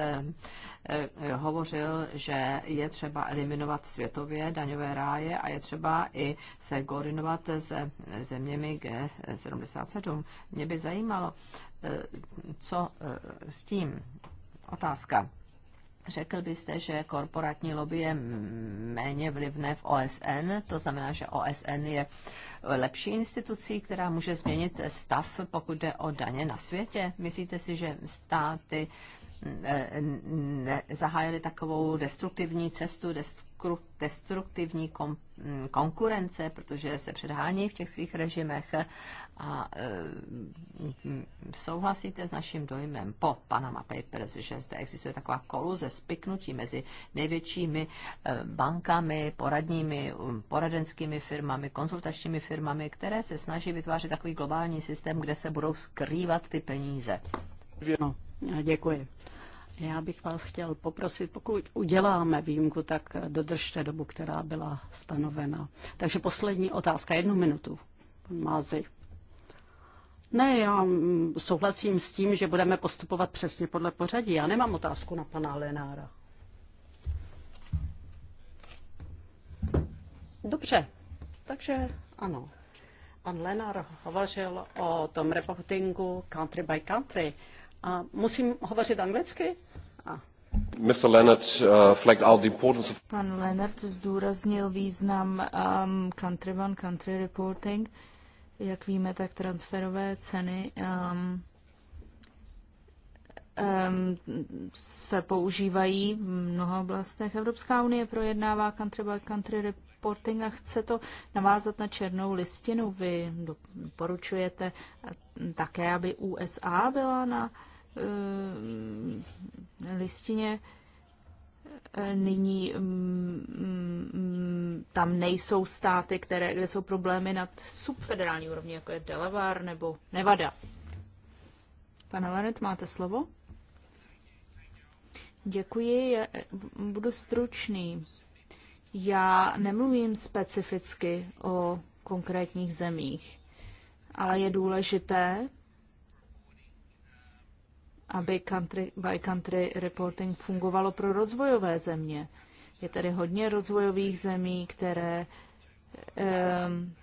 Eh, hovořil, že je třeba eliminovat světově daňové ráje a je třeba i se koordinovat se zeměmi G77. Mě by zajímalo, eh, co eh, s tím. Otázka. Řekl byste, že korporátní lobby je méně vlivné v OSN, to znamená, že OSN je lepší institucí, která může změnit stav, pokud jde o daně na světě. Myslíte si, že státy zahájili takovou destruktivní cestu, destruktivní mm, konkurence, protože se předhání v těch svých režimech a e, souhlasíte s naším dojmem po Panama Papers, že zde existuje taková koluze, spiknutí mezi největšími e, bankami, poradními, um, poradenskými firmami, konzultačními firmami, které se snaží vytvářet takový globální systém, kde se budou skrývat ty peníze. No, děkuji. Já bych vás chtěl poprosit, pokud uděláme výjimku, tak dodržte dobu, která byla stanovena. Takže poslední otázka, jednu minutu, pan Mázy. Ne, já souhlasím s tím, že budeme postupovat přesně podle pořadí. Já nemám otázku na pana Lenára. Dobře, takže ano. Pan Lenár hovořil o tom reportingu country by country. A musím hovořit anglicky? A. Mr. Leonard, uh, flagged out the importance of... Pan Leonard zdůraznil význam um, country one country reporting. Jak víme, tak transferové ceny um, um, se používají v mnoha oblastech. Evropská unie projednává country by country reporting reporting a chce to navázat na černou listinu. Vy doporučujete také, aby USA byla na uh, listině. Eh, nyní mm, mm, tam nejsou státy, které, kde jsou problémy nad subfederální úrovni, jako je Delaware nebo Nevada. Pane Lenet, máte slovo? Děkuji, budu stručný. Já nemluvím specificky o konkrétních zemích, ale je důležité, aby country by country reporting fungovalo pro rozvojové země. Je tady hodně rozvojových zemí, které, ehm,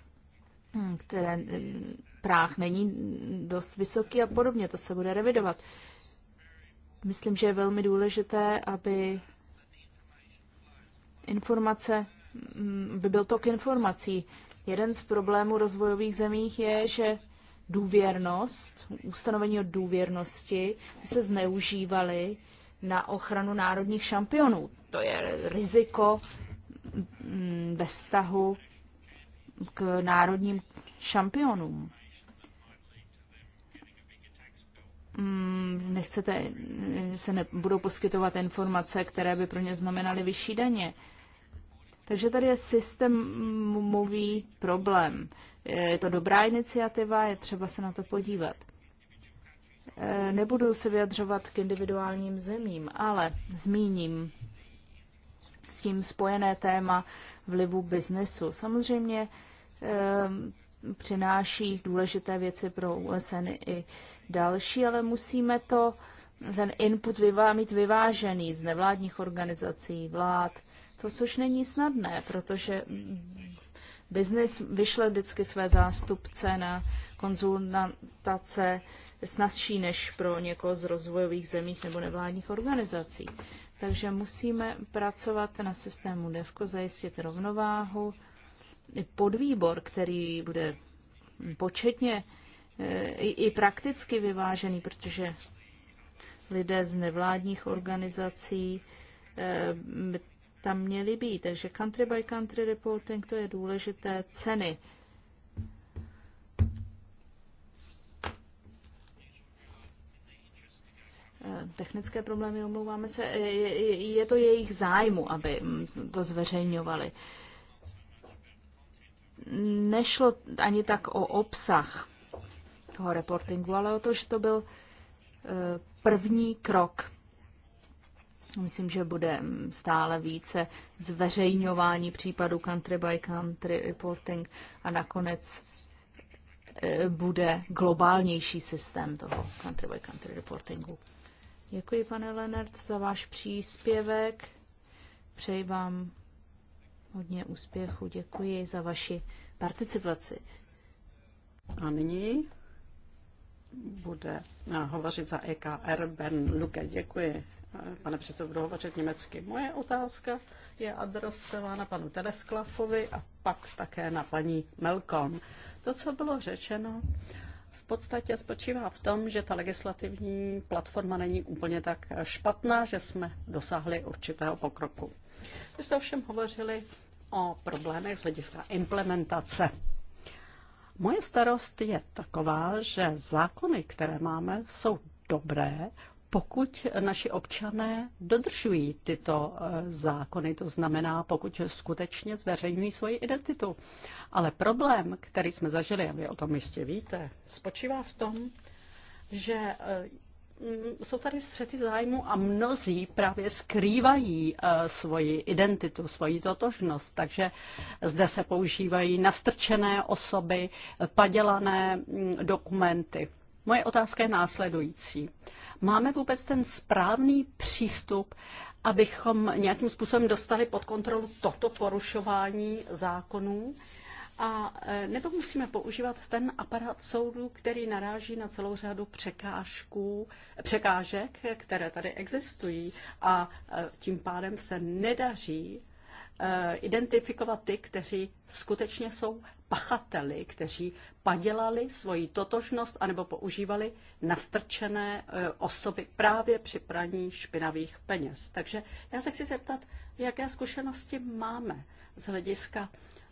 které ehm, práh není dost vysoký a podobně. To se bude revidovat. Myslím, že je velmi důležité, aby informace, mm, by byl tok informací. Jeden z problémů rozvojových zemích je, že důvěrnost, ustanovení o důvěrnosti se zneužívaly na ochranu národních šampionů. To je riziko mm, ve vztahu k národním šampionům. Mm, nechcete, se nebudou poskytovat informace, které by pro ně znamenaly vyšší daně. Takže tady je systémový problém. Je to dobrá iniciativa, je třeba se na to podívat. E, nebudu se vyjadřovat k individuálním zemím, ale zmíním s tím spojené téma vlivu biznesu. Samozřejmě e, přináší důležité věci pro USN i další, ale musíme to ten input vyvá, mít vyvážený z nevládních organizací, vlád, to, což není snadné, protože biznis vyšle vždycky své zástupce na konzultace snazší než pro někoho z rozvojových zemí nebo nevládních organizací. Takže musíme pracovat na systému DEVKO, zajistit rovnováhu. Podvýbor, který bude početně eh, i, prakticky vyvážený, protože lidé z nevládních organizací eh, tam měly být. Takže country by country reporting, to je důležité. Ceny. Eh, technické problémy, omlouváme se, je to jejich zájmu, aby mm, to zveřejňovali. Nešlo ani tak o obsah toho reportingu, ale o to, že to byl eh, první krok Myslím, že bude mm, stále více zveřejňování případů country by country reporting a nakonec e, bude globálnější systém toho country by country reportingu. Děkuji, pane Lenert, za váš příspěvek. Přeji vám hodně úspěchu. Děkuji za vaši participaci. A nyní bude hovořit za EKR Ben Luke. Děkuji, Pane předsedo, budu hovořit německy. Moje otázka je adresována panu Telesklafovi a pak také na paní Melkom. To, co bylo řečeno, v podstatě spočívá v tom, že ta legislativní platforma není úplně tak špatná, že jsme dosáhli určitého pokroku. Vy jste ovšem hovořili o problémech z hlediska implementace. Moje starost je taková, že zákony, které máme, jsou dobré, pokud naši občané dodržují tyto eh, zákony, to znamená, pokud skutečně zveřejňují svoji identitu. Ale problém, který jsme zažili, a vy o tom jistě víte, spočívá v tom, že eh, mm, jsou tady střety zájmu a mnozí právě skrývají eh, svoji identitu, svoji totožnost, takže zde se používají nastrčené osoby, padělané mm, dokumenty. Moje otázka je následující. Máme vůbec ten správný přístup, abychom nějakým způsobem dostali pod kontrolu toto porušování zákonů? A e, nebo musíme používat ten aparát soudu, který naráží na celou řadu překážků, překážek, které tady existují a e, tím pádem se nedaří e, identifikovat ty, kteří skutečně jsou pachateli, kteří padělali svoji totožnost anebo používali nastrčené e, osoby právě při praní špinavých peněz. Takže já se chci zeptat, jaké zkušenosti máme z hlediska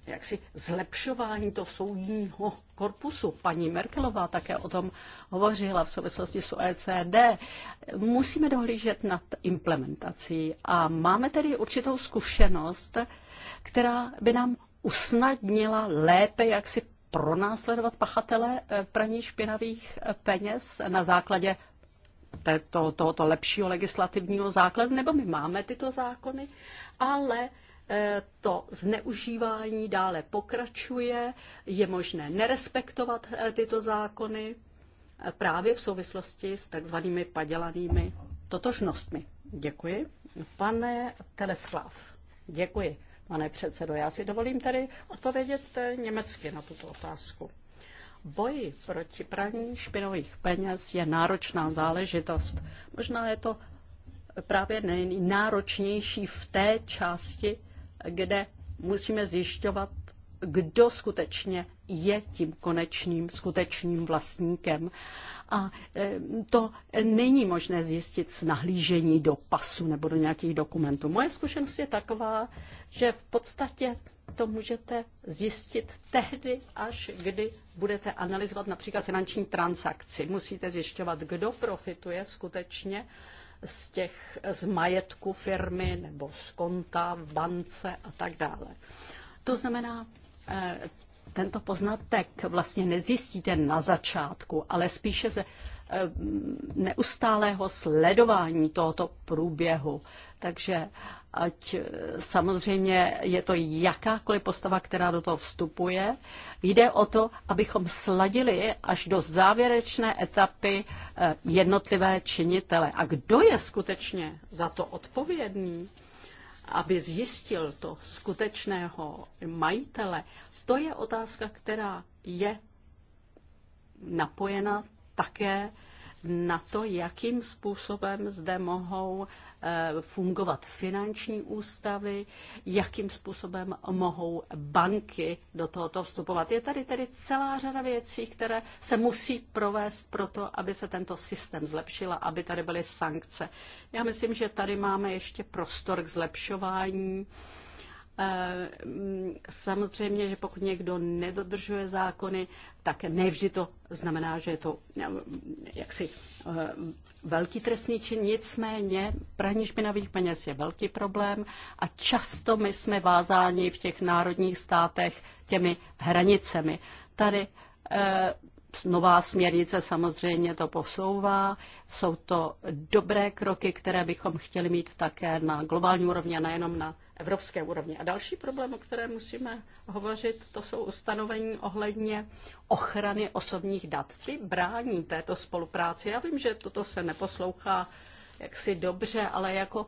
jaksi zlepšování toho soudního korpusu. Paní Merkelová také o tom hovořila v souvislosti s OECD. Musíme dohlížet nad implementací a máme tedy určitou zkušenost, která by nám usnadnila lépe, jak si pronásledovat pachatele eh, praní špinavých eh, peněz na základě této, tohoto lepšího legislativního základu, nebo my máme tyto zákony, ale eh, to zneužívání dále pokračuje, je možné nerespektovat tyto zákony právě v souvislosti s takzvanými padělanými totožnostmi. Děkuji. Pane Telesklav, děkuji pane předsedo. Já si dovolím tedy odpovědět eh, německy na tuto otázku. Boj proti praní špinových peněz je náročná záležitost. Možná je to právě nejnáročnější v té části, kde musíme zjišťovat, kdo skutečně je tím konečným, skutečným vlastníkem. A e, to není možné zjistit s nahlížení do pasu nebo do nějakých dokumentů. Moje zkušenost je taková, že v podstatě to můžete zjistit tehdy, až kdy budete analyzovat například finanční transakci. Musíte zjišťovat, kdo profituje skutečně z, těch, z majetku firmy nebo z konta v bance a tak dále. To znamená, e, tento poznatek vlastně nezjistíte na začátku, ale spíše ze eh, neustálého sledování tohoto průběhu. Takže ať eh, samozřejmě je to jakákoliv postava, která do toho vstupuje, jde o to, abychom sladili až do závěrečné etapy eh, jednotlivé činitele. A kdo je skutečně za to odpovědný? aby zjistil to skutečného majitele, to je otázka, která je napojena také na to, jakým způsobem zde mohou eh, fungovat finanční ústavy, jakým způsobem mohou banky do tohoto vstupovat. Je tady tedy celá řada věcí, které se musí provést pro to, aby se tento systém zlepšila, aby tady byly sankce. Já myslím, že tady máme ještě prostor k zlepšování. Eh, samozřejmě, že pokud někdo nedodržuje zákony, tak nevždy to znamená, že je to eh, jaksi eh, velký trestný čin. Nicméně praní špinavých peněz je velký problém a často my jsme vázáni v těch národních státech těmi hranicemi. Tady Nová směrnice samozřejmě to posouvá. Jsou to dobré kroky, které bychom chtěli mít také na globální úrovni a nejenom na evropské úrovni. A další problém, o kterém musíme hovořit, to jsou ustanovení ohledně ochrany osobních dat. Ty brání této spolupráci. Já vím, že toto se neposlouchá jaksi dobře, ale jako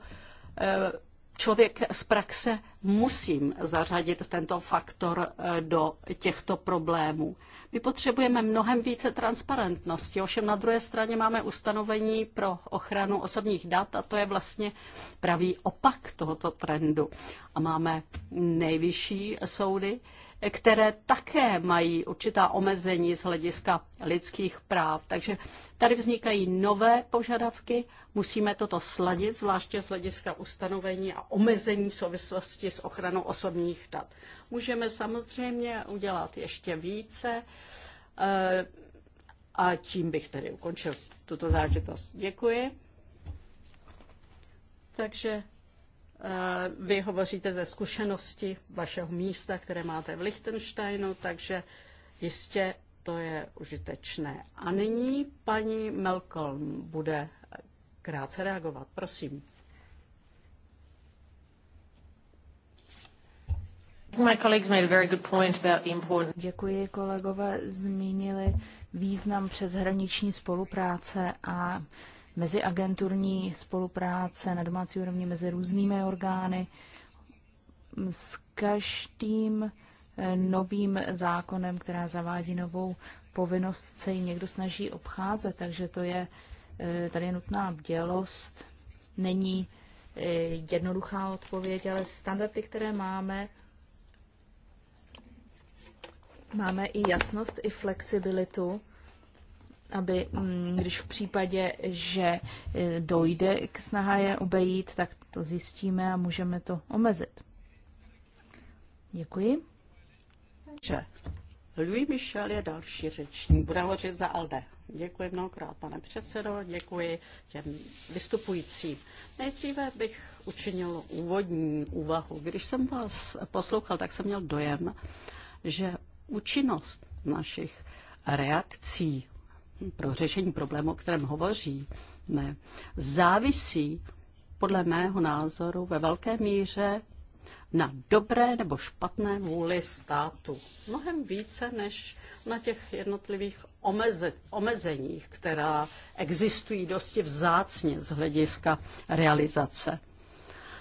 eh, člověk z praxe musím zařadit tento faktor eh, do těchto problémů. My potřebujeme mnohem více transparentnosti, ovšem na druhé straně máme ustanovení pro ochranu osobních dat a to je vlastně pravý opak tohoto trendu. A máme nejvyšší soudy, které také mají určitá omezení z hlediska lidských práv. Takže tady vznikají nové požadavky, musíme toto sladit, zvláště z hlediska ustanovení a omezení v souvislosti s ochranou osobních dat. Můžeme samozřejmě udělat ještě více eh, a tím bych tedy ukončil tuto zážitost. Děkuji. Takže Eh, vy hovoříte ze zkušenosti vašeho místa, které máte v Lichtensteinu, takže jistě to je užitečné. A nyní paní Melkolm bude krátce reagovat. Prosím. Děkuji, kolegové zmínili význam přeshraniční spolupráce a meziagenturní spolupráce na domácí úrovni mezi různými orgány. S každým eh, novým zákonem, která zavádí novou povinnost, se ji někdo snaží obcházet, takže to je, eh, tady je nutná bdělost. Není eh, jednoduchá odpověď, ale standardy, které máme, máme i jasnost, i flexibilitu aby mm, když v případě, že e, dojde k snaha je obejít, tak to zjistíme a můžeme to omezit. Děkuji. Že. Louis Michel je další řečník, bude hovořit za Alde. Děkuji mnohokrát, pane předsedo, děkuji těm vystupujícím. Nejdříve bych učinil úvodní úvahu. Když jsem vás poslouchal, tak jsem měl dojem, že účinnost našich reakcí pro řešení problému, o kterém hovoříme, závisí podle mého názoru ve velké míře na dobré nebo špatné vůli státu. Mnohem více než na těch jednotlivých omeze, omezeních, která existují dosti vzácně z hlediska realizace.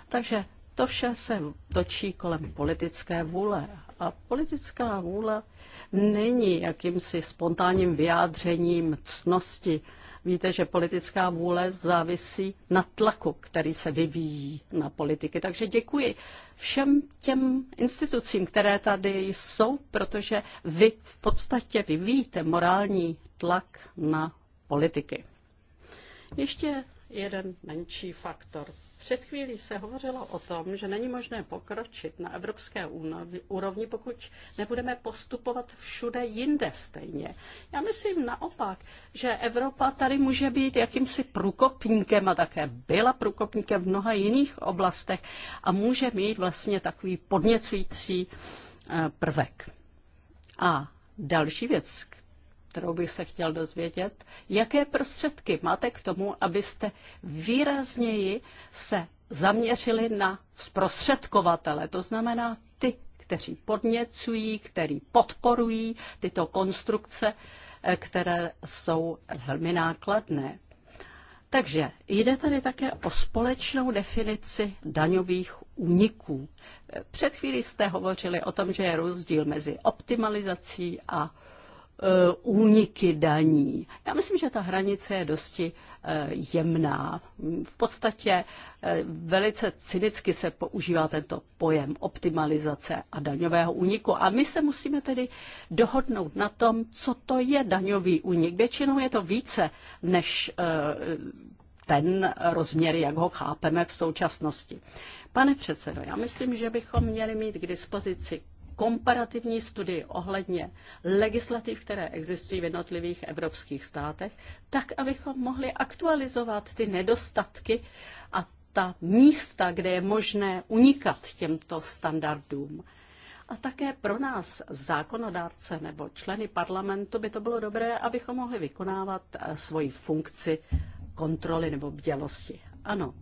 Takže to vše se točí kolem politické vůle. A politická vůle není jakýmsi spontánním vyjádřením cnosti. Víte, že politická vůle závisí na tlaku, který se vyvíjí na politiky. Takže děkuji všem těm institucím, které tady jsou, protože vy v podstatě vyvíjíte morální tlak na politiky. Ještě jeden menší faktor. Před chvílí se hovořilo o tom, že není možné pokročit na evropské úrovni, pokud nebudeme postupovat všude jinde stejně. Já myslím naopak, že Evropa tady může být jakýmsi průkopníkem a také byla průkopníkem v mnoha jiných oblastech a může mít vlastně takový podněcující eh, prvek. A další věc, kterou bych se chtěl dozvědět. Jaké prostředky máte k tomu, abyste výrazněji se zaměřili na zprostředkovatele, to znamená ty, kteří podněcují, kteří podporují tyto konstrukce, eh, které jsou velmi nákladné. Takže jde tady také o společnou definici daňových úniků. Eh, před chvílí jste hovořili o tom, že je rozdíl mezi optimalizací a Eh, úniky daní. Já myslím, že ta hranice je dosti eh, jemná. V podstatě eh, velice cynicky se používá tento pojem optimalizace a daňového úniku. A my se musíme tedy dohodnout na tom, co to je daňový únik. Většinou je to více než ten rozměr, jak ho chápeme v současnosti. Pane předsedo, já myslím, že bychom měli mít k dispozici komparativní studii ohledně legislativ, které existují v jednotlivých evropských státech, tak abychom mohli aktualizovat ty nedostatky a ta místa, kde je možné unikat těmto standardům. A také pro nás, zákonodárce nebo členy parlamentu, by to bylo dobré, abychom mohli vykonávat eh, svoji funkci kontroly nebo bdělosti. Ano,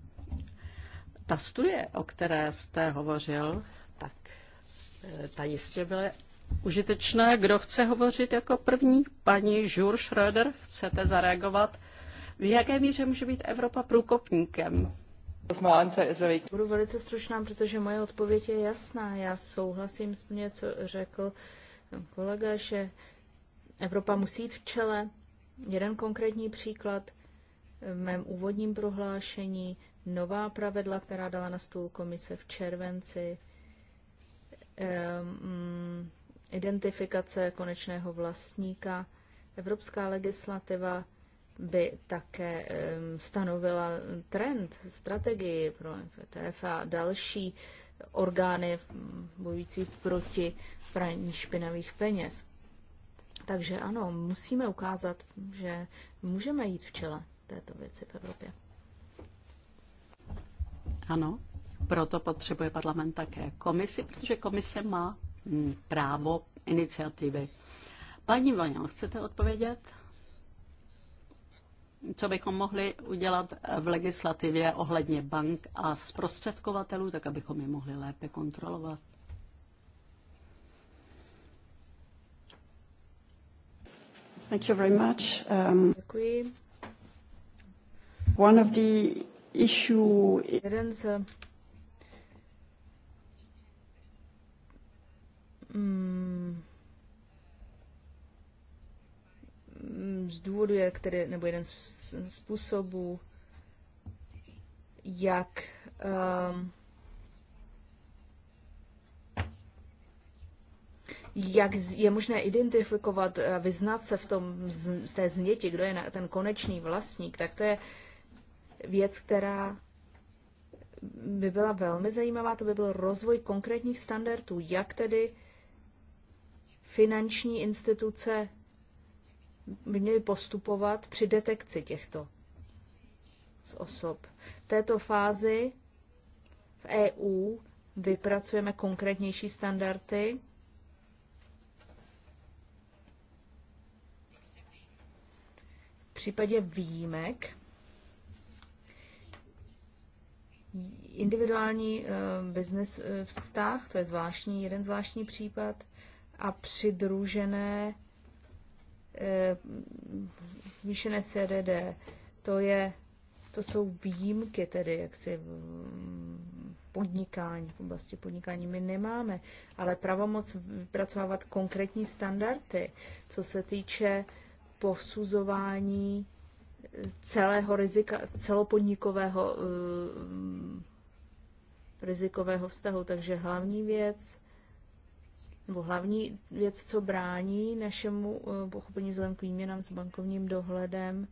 ta studie, o které jste hovořil, ta jistě byla užitečná. Kdo chce hovořit jako první? Paní Žur Schröder, chcete zareagovat? V jaké míře může být Evropa průkopníkem? Budu velice stručná, protože moje odpověď je jasná. Já souhlasím s mě, co řekl kolega, že Evropa musí jít v čele. Jeden konkrétní příklad v mém úvodním prohlášení, nová pravidla, která dala na stůl komise v červenci, Eh, mm, identifikace konečného vlastníka. Evropská legislativa by také stanovila trend, strategii pro FTF a další orgány mm, bojující proti praní špinavých peněz. Takže ano, musíme ukázat, že můžeme jít v čele této věci v Evropě. Ano, proto potřebuje parlament také komisi, protože komise má mm, právo iniciativy. Paní Vaňan, chcete odpovědět? Co bychom mohli udělat v legislativě ohledně bank a zprostředkovatelů, tak abychom je mohli lépe kontrolovat? Thank you very much. Um, One of the issue... Jeden z Mm. z důvodu, jak tedy, nebo jeden z způsobů, jak um, jak je možné identifikovat, eh, vyznat se v tom, z, z té změti, kdo je na, ten konečný vlastník, tak to je věc, která by byla velmi zajímavá, to by byl rozvoj konkrétních standardů, jak tedy finanční instituce by měly postupovat při detekci těchto osob. V této fázi v EU vypracujeme konkrétnější standardy. V případě výjimek individuální eh, business eh, vztah, to je zvláštní, jeden zvláštní případ, a přidružené zvýšené eh, CDD. To, je, to jsou výjimky tedy, jak si mm, podnikání, v oblasti podnikání my nemáme, ale pravomoc vypracovávat konkrétní standardy, co se týče posuzování eh, celého rizika, celopodnikového eh, mm, rizikového vztahu. Takže hlavní věc nebo hlavní věc, co brání našemu eh, pochopení vzhledem k výměnám s bankovním dohledem,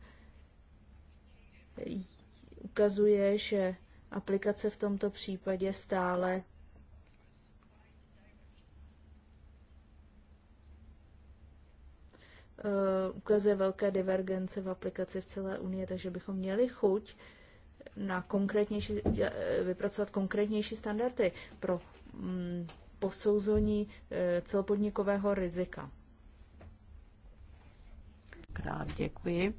ukazuje, že aplikace v tomto případě stále eh, ukazuje velké divergence v aplikaci v celé Unii, takže bychom měli chuť na konkrétnější, eh, vypracovat konkrétnější standardy pro mm, posouzení eh, celopodnikového rizika. Krát děkuji.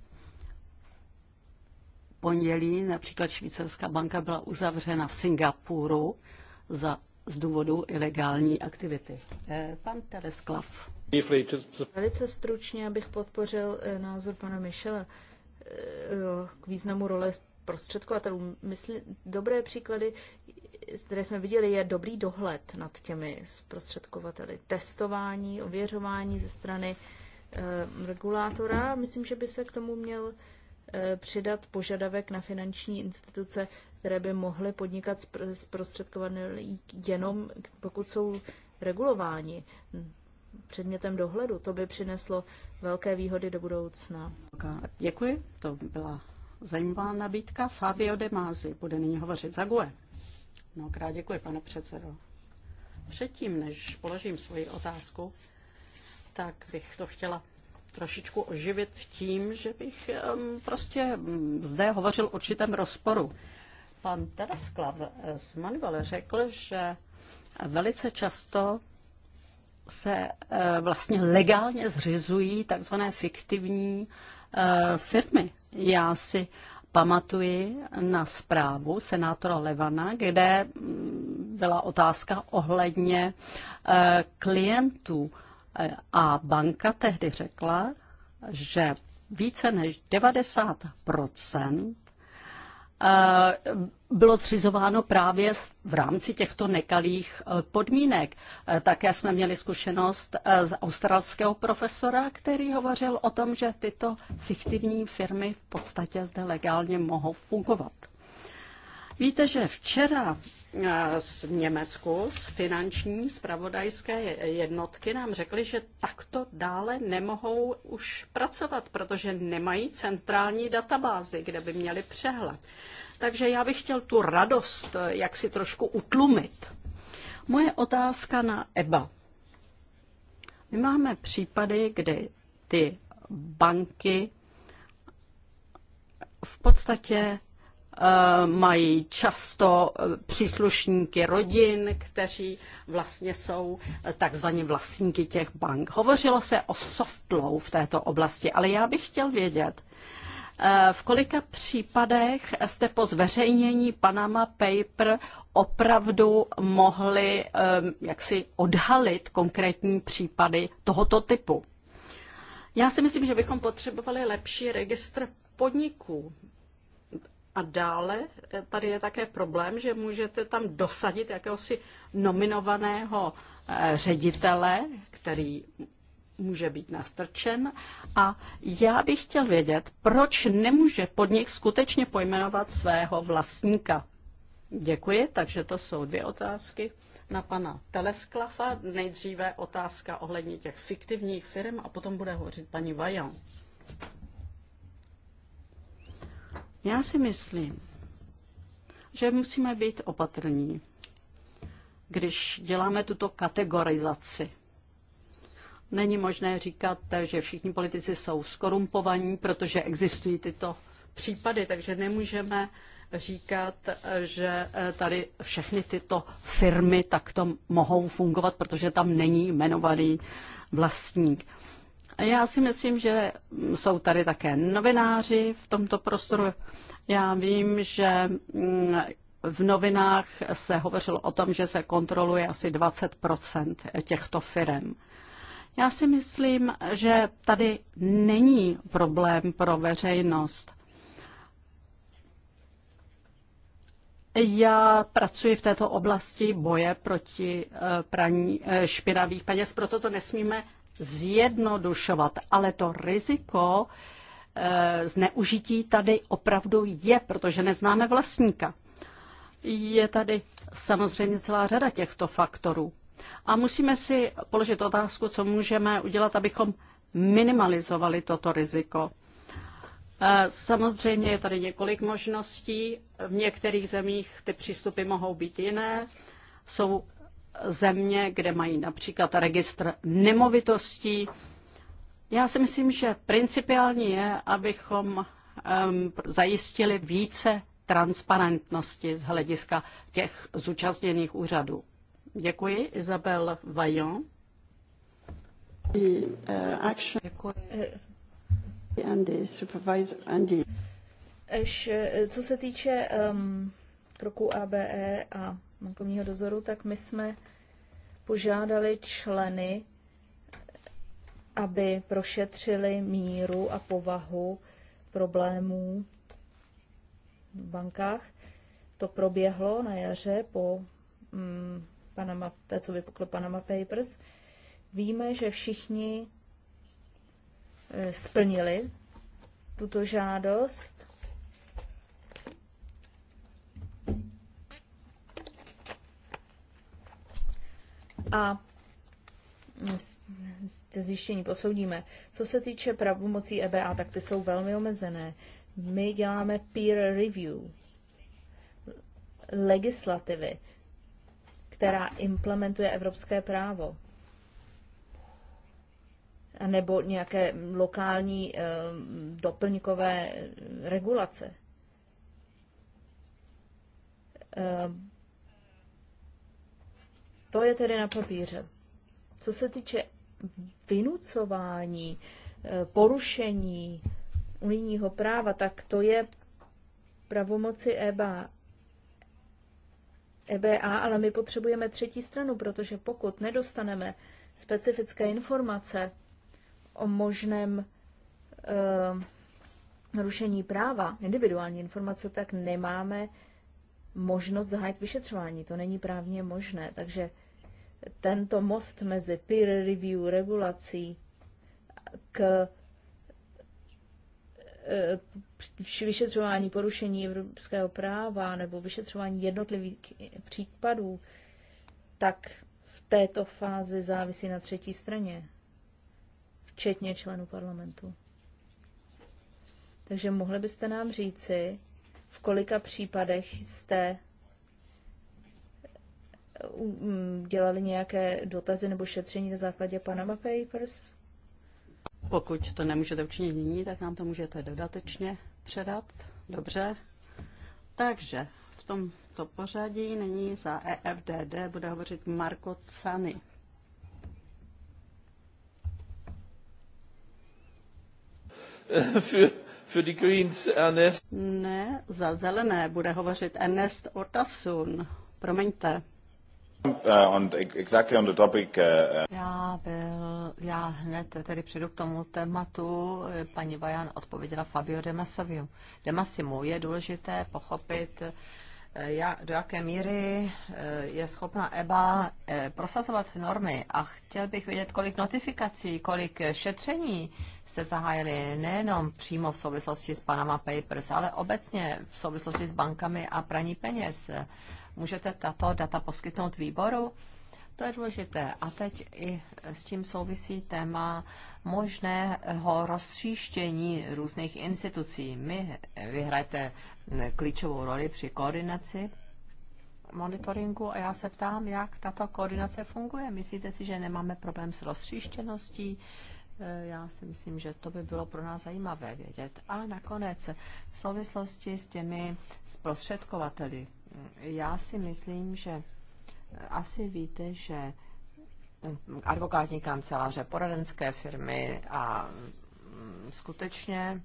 Pondělí například švýcarská banka byla uzavřena v Singapuru za z důvodu ilegální aktivity. Eh, pan Teresklav. Velice stručně abych podpořil eh, názor pana Michela k významu role prostředkovatelů. Myslím, dobré příklady které jsme viděli, je dobrý dohled nad těmi zprostředkovateli. Testování, ověřování ze strany eh, regulátora. Myslím, že by se k tomu měl eh, přidat požadavek na finanční instituce, které by mohly podnikat zprostředkovateli jenom pokud jsou regulováni předmětem dohledu. To by přineslo velké výhody do budoucna. Děkuji, to byla zajímavá nabídka. Fabio De Masi bude nyní hovořit za GUE. Mnohokrát děkuji, pane předsedo. Předtím, než položím svoji otázku, tak bych to chtěla trošičku oživit tím, že bych prostě zde hovořil o určitém rozporu. Pan Terasklav z Manuel řekl, že velice často se eh, vlastně legálně zřizují takzvané fiktivní eh, firmy. Já si pamatuji na zprávu senátora Levana, kde byla otázka ohledně eh, klientů eh, a banka tehdy řekla, že více než 90 Eh, bylo zřizováno právě v rámci těchto nekalých eh, podmínek. Eh, také jsme měli zkušenost z australského profesora, který hovořil o tom, že tyto fiktivní firmy v podstatě zde legálně mohou fungovat. Víte, že včera eh, z Německu, z finanční zpravodajské jednotky nám řekli, že takto dále nemohou už pracovat, protože nemají centrální databázi, kde by měli přehled. Takže já bych chtěl tu radost eh, jak si trošku utlumit. Moje otázka na EBA. My máme případy, kdy ty banky v podstatě Eh, mají často eh, příslušníky rodin, kteří vlastně jsou eh, takzvaní vlastníky těch bank. Hovořilo se o soft law v této oblasti, ale já bych chtěl vědět, v kolika případech jste po zveřejnění Panama Paper opravdu mohli jaksi odhalit konkrétní případy tohoto typu? Já si myslím, že bychom potřebovali lepší registr podniků. A dále eh, tady je také problém, že můžete tam dosadit jakéhosi nominovaného eh, ředitele, který může být nastrčen. A já bych chtěl vědět, proč nemůže podnik skutečně pojmenovat svého vlastníka. Děkuji, takže to jsou dvě otázky na pana Telesklafa. Nejdříve otázka ohledně těch fiktivních firm a potom bude hovořit paní Vajan. Já si myslím, že musíme být opatrní, když děláme tuto kategorizaci. Není možné říkat, že všichni politici jsou skorumpovaní, protože existují tyto případy, takže nemůžeme říkat, že eh, tady všechny tyto firmy takto mohou fungovat, protože tam není jmenovaný vlastník. Já si myslím, že jsou tady také novináři v tomto prostoru. Já vím, že mm, v novinách se hovořilo o tom, že se kontroluje asi 20 těchto firm. Já si myslím, že tady není problém pro veřejnost. Já pracuji v této oblasti boje proti eh, praní eh, špinavých peněz, proto to nesmíme zjednodušovat, ale to riziko eh, zneužití tady opravdu je, protože neznáme vlastníka. Je tady samozřejmě celá řada těchto faktorů. A musíme si položit otázku, co můžeme udělat, abychom minimalizovali toto riziko. Eh, samozřejmě je tady několik možností. V některých zemích ty přístupy mohou být jiné. Jsou země, kde mají například registr nemovitostí. Já si myslím, že principiální je, abychom um, zajistili více transparentnosti z hlediska těch zúčastněných úřadů. Děkuji, Isabel Vajon. Uh, Děkuji. Andy, supervisor Andy. Eh, co se týče um, kroku ABE a e bankovního dozoru, tak my jsme požádali členy, aby prošetřili míru a povahu problémů v bankách. To proběhlo na jaře po mm, Panama, té, co vypuklo Panama Papers. Víme, že všichni eh, splnili tuto žádost a zjištění posoudíme. Co se týče pravomocí EBA, tak ty jsou velmi omezené. My děláme peer review legislativy, která implementuje evropské právo. A nebo nějaké lokální e, doplňkové regulace. E, to je tedy na papíře. Co se týče vynucování, eh, porušení unijního práva, tak to je pravomoci EBA. EBA, ale my potřebujeme třetí stranu, protože pokud nedostaneme specifické informace o možném e, narušení práva, individuální informace, tak nemáme možnost zahájit vyšetřování. To není právně možné. Takže tento most mezi peer review, regulací k e, vyšetřování porušení evropského práva nebo vyšetřování jednotlivých případů, tak v této fázi závisí na třetí straně, včetně členů parlamentu. Takže mohli byste nám říci, v kolika případech jste dělali nějaké dotazy nebo šetření na základě Panama Papers? Pokud to nemůžete učinit nyní, tak nám to můžete dodatečně předat. Dobře. Takže v tomto pořadí nyní za EFDD bude hovořit Marko Cany. Für Für die Greens, Ernest. Ne, za zelené bude hovořit Ernest Otasun. Promiňte. Uh, uh, uh, já byl, já hned tedy přijdu k tomu tématu. Paní Bajan odpověděla Fabio Demasimu. Demasimu je důležité pochopit, Eh, já, do jaké míry eh, je schopna EBA eh, prosazovat normy a chtěl bych vědět, kolik notifikací, kolik šetření jste zahájili nejenom přímo v souvislosti s Panama Papers, ale obecně v souvislosti s bankami a praní peněz. Můžete tato data poskytnout výboru? To je důležité. A teď i s tím souvisí téma možného roztříštění různých institucí. My vyhrajete Eh, klíčovou roli při koordinaci monitoringu a já se ptám, jak tato koordinace funguje. Myslíte si, že nemáme problém s roztříštěností? Eh, já si myslím, že to by bylo pro nás zajímavé vědět. A nakonec v souvislosti s těmi zprostředkovateli. Hm, já si myslím, že eh, asi víte, že hm, advokátní kanceláře, poradenské firmy a hm, skutečně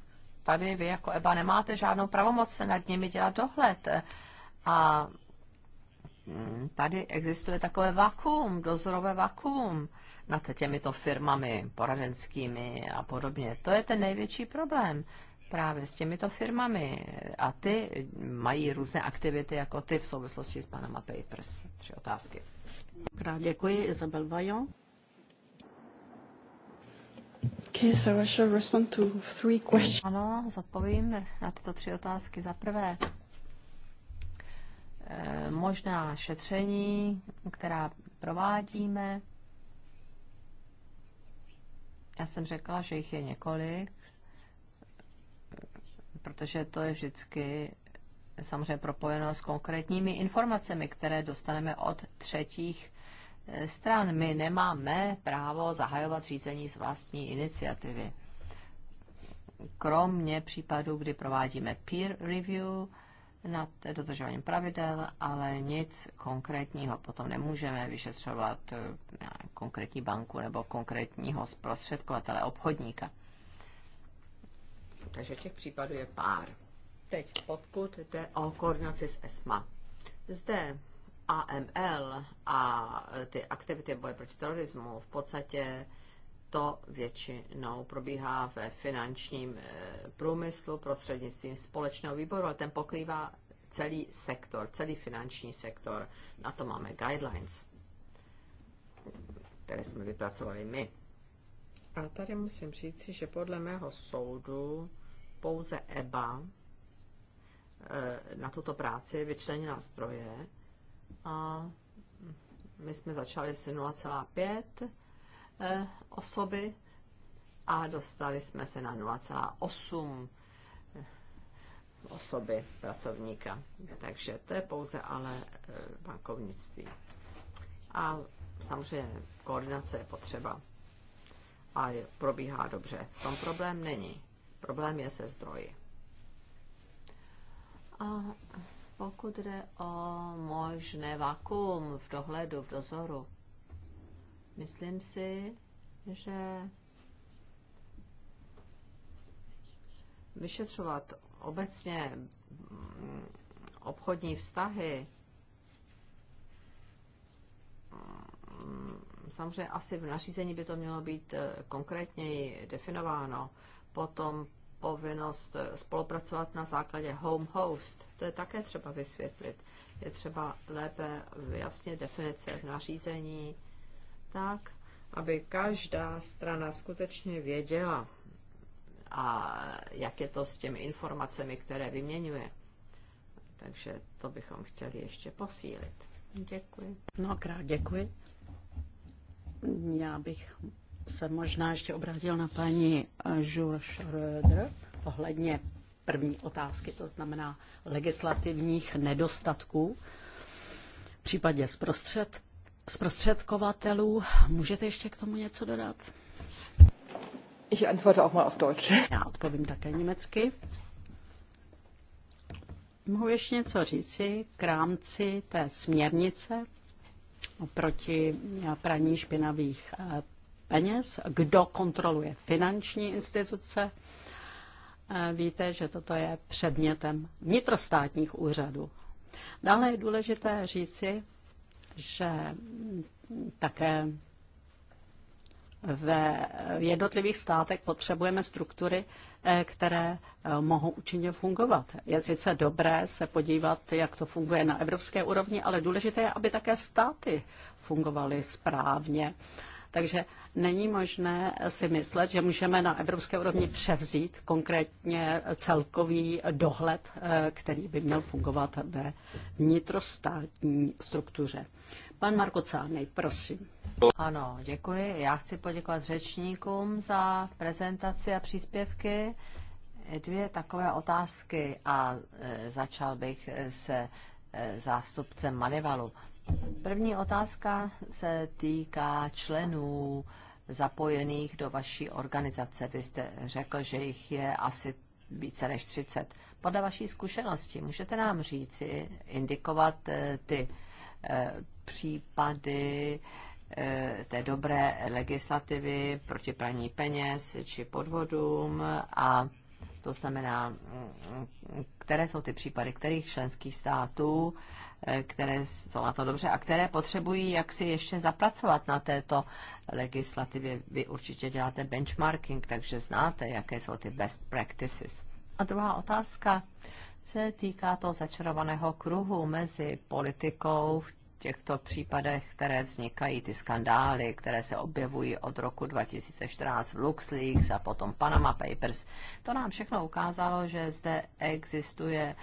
tady vy jako EBA nemáte žádnou pravomoc nad nimi dělat dohled. A mm, tady existuje takové vakuum, dozorové vakuum nad těmito firmami poradenskými a podobně. To je ten největší problém právě s těmito firmami. A ty mají různé aktivity jako ty v souvislosti s Panama Papers. Tři otázky. Krát děkuji, Isabel Vajon. Okay, so I shall respond to three questions. Ano, zodpovím na tyto tři otázky. Za prvé, eh, možná šetření, která provádíme. Já jsem řekla, že jich je několik, protože to je vždycky samozřejmě propojeno s konkrétními informacemi, které dostaneme od třetích stran. My nemáme právo zahajovat řízení z vlastní iniciativy. Kromě případů, kdy provádíme peer review nad dodržováním pravidel, ale nic konkrétního potom nemůžeme vyšetřovat eh, konkrétní banku nebo konkrétního zprostředkovatele obchodníka. Takže těch případů je pár. Teď pokud jde o koordinaci s ESMA. Zde AML a ty aktivity boje proti terorismu v podstatě to většinou probíhá ve finančním eh, průmyslu prostřednictvím společného výboru, ale ten pokrývá celý sektor, celý finanční sektor. Na to máme guidelines, které jsme vypracovali my. A tady musím říct, že podle mého soudu pouze EBA eh, na tuto práci vyčlenila zdroje a my jsme začali s 0,5 eh, osoby a dostali jsme se na 0,8 eh, osoby pracovníka. Takže to je pouze ale eh, bankovnictví. A samozřejmě koordinace je potřeba a probíhá dobře. V tom problém není. Problém je se zdroji. A pokud jde o možné vakuum v dohledu, v dozoru, myslím si, že vyšetřovat obecně mm, obchodní vztahy, mm, samozřejmě asi v nařízení by to mělo být eh, konkrétněji definováno. Potom povinnost eh, spolupracovat na základě home host. To je také třeba vysvětlit. Je třeba lépe vyjasnit definice v nařízení tak, aby každá strana skutečně věděla, a jak je to s těmi informacemi, které vyměňuje. Takže to bychom chtěli ještě posílit. Děkuji. krát děkuji. Já bych se možná ještě obrátil na paní eh, Jules Schröder ohledně první otázky, to znamená legislativních nedostatků v případě zprostřed, zprostředkovatelů. Můžete ještě k tomu něco dodat? Ich antworte auch mal auf Deutsch. Já odpovím také německy. Mohu ještě něco říci k rámci té směrnice oproti praní špinavých eh, peněz, kdo kontroluje finanční instituce. Eh, víte, že toto je předmětem vnitrostátních úřadů. Dále je důležité říci, že také ve jednotlivých státech potřebujeme struktury, eh, které eh, mohou účinně fungovat. Je sice dobré se podívat, jak to funguje na evropské úrovni, ale důležité je, aby také státy fungovaly správně. Takže Není možné si myslet, že můžeme na evropské úrovni převzít konkrétně celkový dohled, eh, který by měl fungovat ve vnitrostátní struktuře. Pan Marko Cánej, prosím. Ano, děkuji. Já chci poděkovat řečníkům za prezentaci a příspěvky. Dvě takové otázky a eh, začal bych se eh, zástupcem Manivalu. První otázka se týká členů zapojených do vaší organizace. Vy jste řekl, že jich je asi více než 30. Podle vaší zkušenosti můžete nám říci, indikovat eh, ty eh, případy eh, té dobré legislativy proti praní peněz či podvodům a to znamená, mm, mm, které jsou ty případy kterých členských států, Eh, které jsou na to dobře a které potřebují jak si ještě zapracovat na této legislativě. Vy určitě děláte benchmarking, takže znáte, jaké jsou ty best practices. A druhá otázka se týká toho začarovaného kruhu mezi politikou v těchto případech, které vznikají, ty skandály, které se objevují od roku 2014 v LuxLeaks a potom Panama Papers. To nám všechno ukázalo, že zde existuje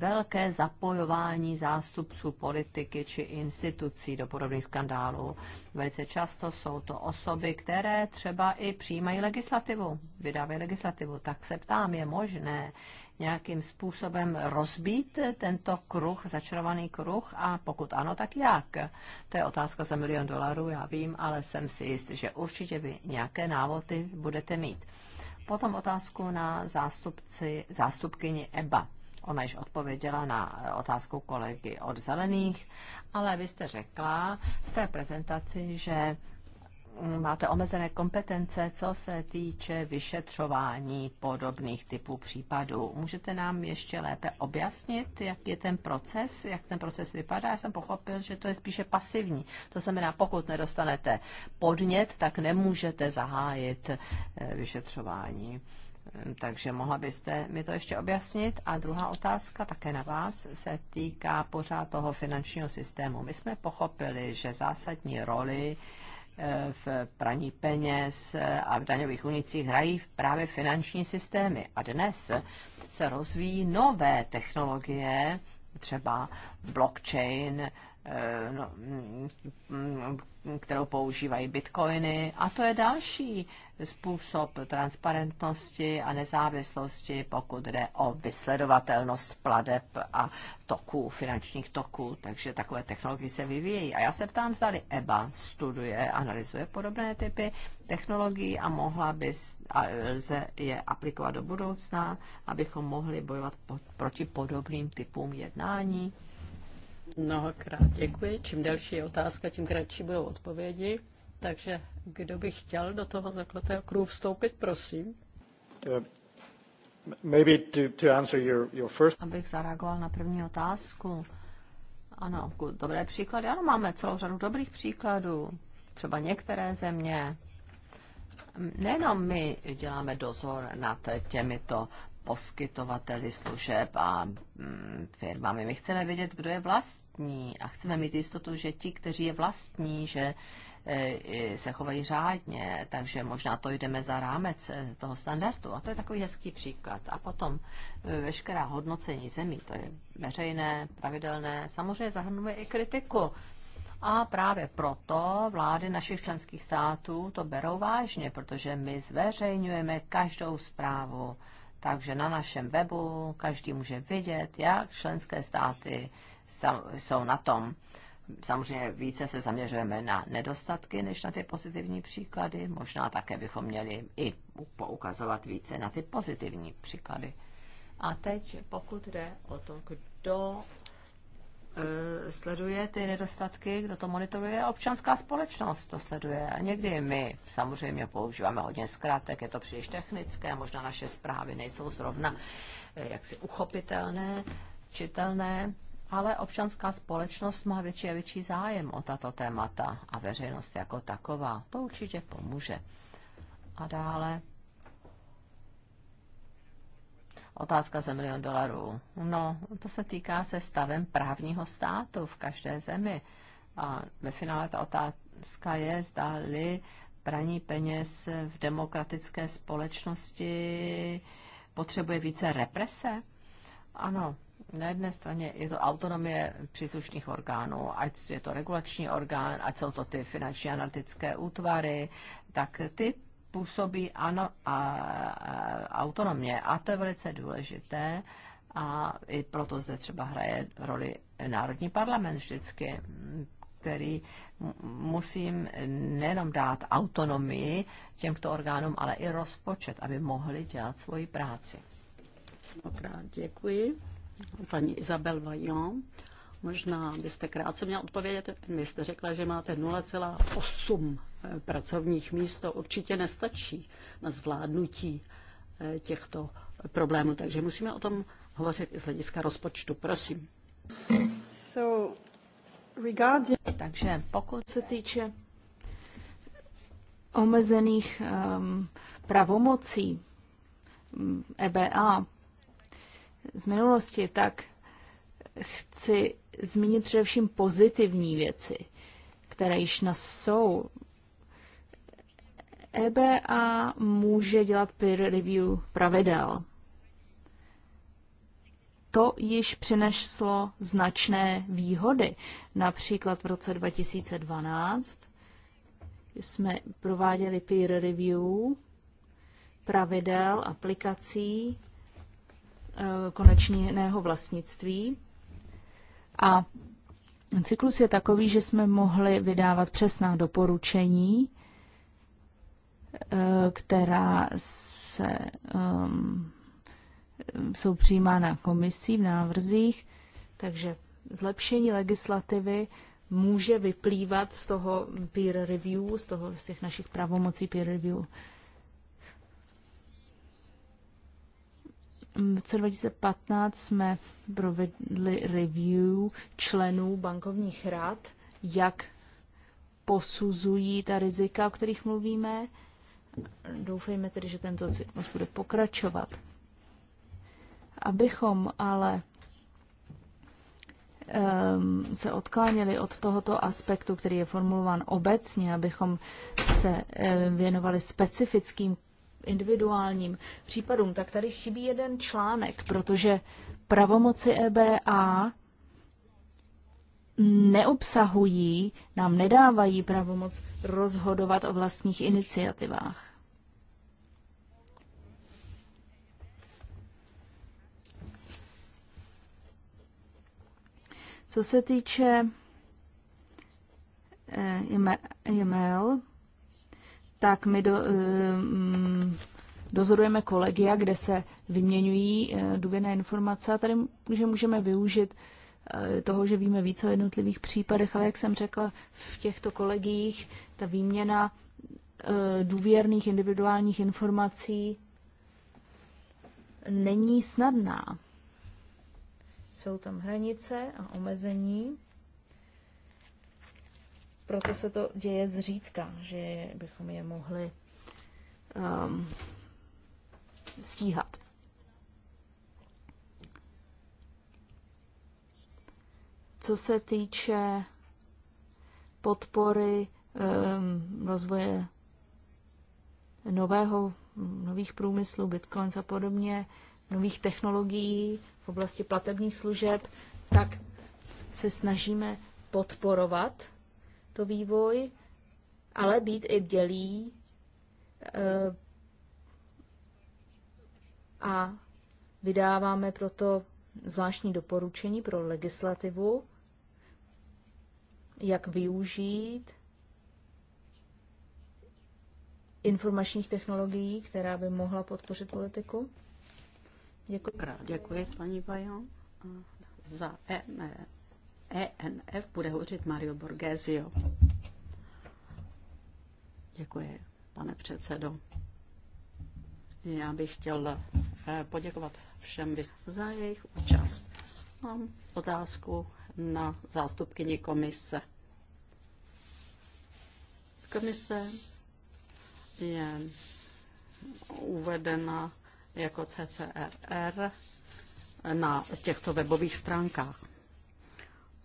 velké zapojování zástupců politiky či institucí do podobných skandálů. Velice často jsou to osoby, které třeba i přijímají legislativu, vydávají legislativu. Tak se ptám, je možné nějakým způsobem rozbít tento kruh, začarovaný kruh a pokud ano, tak jak? To je otázka za milion dolarů, já vím, ale jsem si jist, že určitě vy nějaké návody budete mít. Potom otázku na zástupci, zástupkyni EBA. Ona již odpověděla na otázku kolegy od Zelených, ale vy jste řekla v té prezentaci, že máte omezené kompetence, co se týče vyšetřování podobných typů případů. Můžete nám ještě lépe objasnit, jak je ten proces, jak ten proces vypadá? Já jsem pochopil, že to je spíše pasivní. To znamená, pokud nedostanete podnět, tak nemůžete zahájit eh, vyšetřování. Takže mohla byste mi to ještě objasnit? A druhá otázka také na vás se týká pořád toho finančního systému. My jsme pochopili, že zásadní roli eh, v praní peněz eh, a v daňových unicích hrají právě finanční systémy. A dnes se rozvíjí nové technologie, třeba blockchain, Eh, no, mm, mm, kterou používají bitcoiny. A to je další způsob transparentnosti a nezávislosti, pokud jde o vysledovatelnost pladeb a toků, finančních toků. Takže takové technologie se vyvíjí. A já se ptám, zda EBA studuje, analyzuje podobné typy technologií a mohla by a lze je aplikovat do budoucna, abychom mohli bojovat proti podobným typům jednání. Mnohokrát děkuji. Čím delší je otázka, tím kratší budou odpovědi. Takže kdo by chtěl do toho zaklatého kruhu vstoupit, prosím. Uh, maybe to, to answer your, your first... Abych zareagoval na první otázku. Ano, dobré příklady. Ano, máme celou řadu dobrých příkladů. Třeba některé země, nejenom my děláme dozor nad těmito poskytovateli služeb a mm, firmami. My chceme vědět, kdo je vlastní a chceme mít jistotu, že ti, kteří je vlastní, že e, se chovají řádně, takže možná to jdeme za rámec e, toho standardu. A to je takový hezký příklad. A potom e, veškerá hodnocení zemí, to je veřejné, pravidelné, samozřejmě zahrnuje i kritiku. A právě proto vlády našich členských států to berou vážně, protože my zveřejňujeme každou zprávu takže na našem webu každý může vidět, jak členské státy jsou na tom. Samozřejmě více se zaměřujeme na nedostatky než na ty pozitivní příklady. Možná také bychom měli i poukazovat více na ty pozitivní příklady. A teď, pokud jde o to, kdo Eh, sleduje ty nedostatky, kdo to monitoruje, občanská společnost to sleduje. A někdy my samozřejmě používáme hodně zkrátek, je to příliš technické, možná naše zprávy nejsou zrovna eh, jaksi uchopitelné, čitelné, ale občanská společnost má větší a větší zájem o tato témata a veřejnost jako taková. To určitě pomůže. A dále Otázka za milion dolarů. No, to se týká se stavem právního státu v každé zemi. A ve finále ta otázka je, zda praní peněz v demokratické společnosti potřebuje více represe? Ano, na jedné straně je to autonomie příslušných orgánů, ať je to regulační orgán, ať jsou to ty finanční analytické útvary, tak ty působí ano, a, a, autonomně. A to je velice důležité. A i proto zde třeba hraje roli Národní parlament vždycky, který musím nejenom dát autonomii těmto orgánům, ale i rozpočet, aby mohli dělat svoji práci. Mnohokrát děkuji. Paní Isabel Vajon, možná byste krátce měla odpovědět. Vy jste řekla, že máte pracovních míst, to určitě nestačí na zvládnutí eh, těchto problémů. Takže musíme o tom hovořit i z hlediska rozpočtu. Prosím. So, regarding... Takže pokud se týče omezených um, pravomocí um, mm, EBA z minulosti, tak chci zmínit především pozitivní věci, které již nás jsou EBA může dělat peer review pravidel. To již přineslo značné výhody. Například v roce 2012 jsme prováděli peer review pravidel aplikací eh, konečného vlastnictví. A cyklus je takový, že jsme mohli vydávat přesná doporučení Eh, která se, um, jsou přijímána komisí v návrzích, takže zlepšení legislativy může vyplývat z toho peer review, z, toho, z těch našich pravomocí peer review. V roce 2015 jsme provedli review členů bankovních rad, jak posuzují ta rizika, o kterých mluvíme, Doufejme tedy, že tento cyklus bude pokračovat. Abychom ale ehm, se odkláněli od tohoto aspektu, který je formulován obecně, abychom se ehm, věnovali specifickým individuálním případům, tak tady chybí jeden článek, protože pravomoci EBA neobsahují, nám nedávají pravomoc rozhodovat o vlastních iniciativách. Co se týče eh, e-mail, tak my do, eh, dozorujeme kolegia, kde se vyměňují eh, důvěrné informace a tady že můžeme využít Eh, toho, že víme více o jednotlivých případech, ale jak jsem řekla, v těchto kolegiích ta výměna eh, důvěrných individuálních informací není snadná. Jsou tam hranice a omezení, proto se to děje zřídka, že bychom je mohli um, stíhat. Co se týče podpory um, rozvoje nového, nových průmyslů, bitcoins a podobně, nových technologií v oblasti platebních služeb, tak se snažíme podporovat to vývoj, ale být i bdělí ehm, a vydáváme proto zvláštní doporučení pro legislativu, jak využít informačních technologií, která by mohla podpořit politiku. Děkuji. Děkuji, paní Vajon. Za ENF e, e bude hovořit Mario Borgesio. Děkuji, pane předsedo. Já bych chtěl eh, poděkovat všem za jejich účast. Mám otázku na zástupkyni komise. Komise je uvedena jako CCRR na těchto webových stránkách.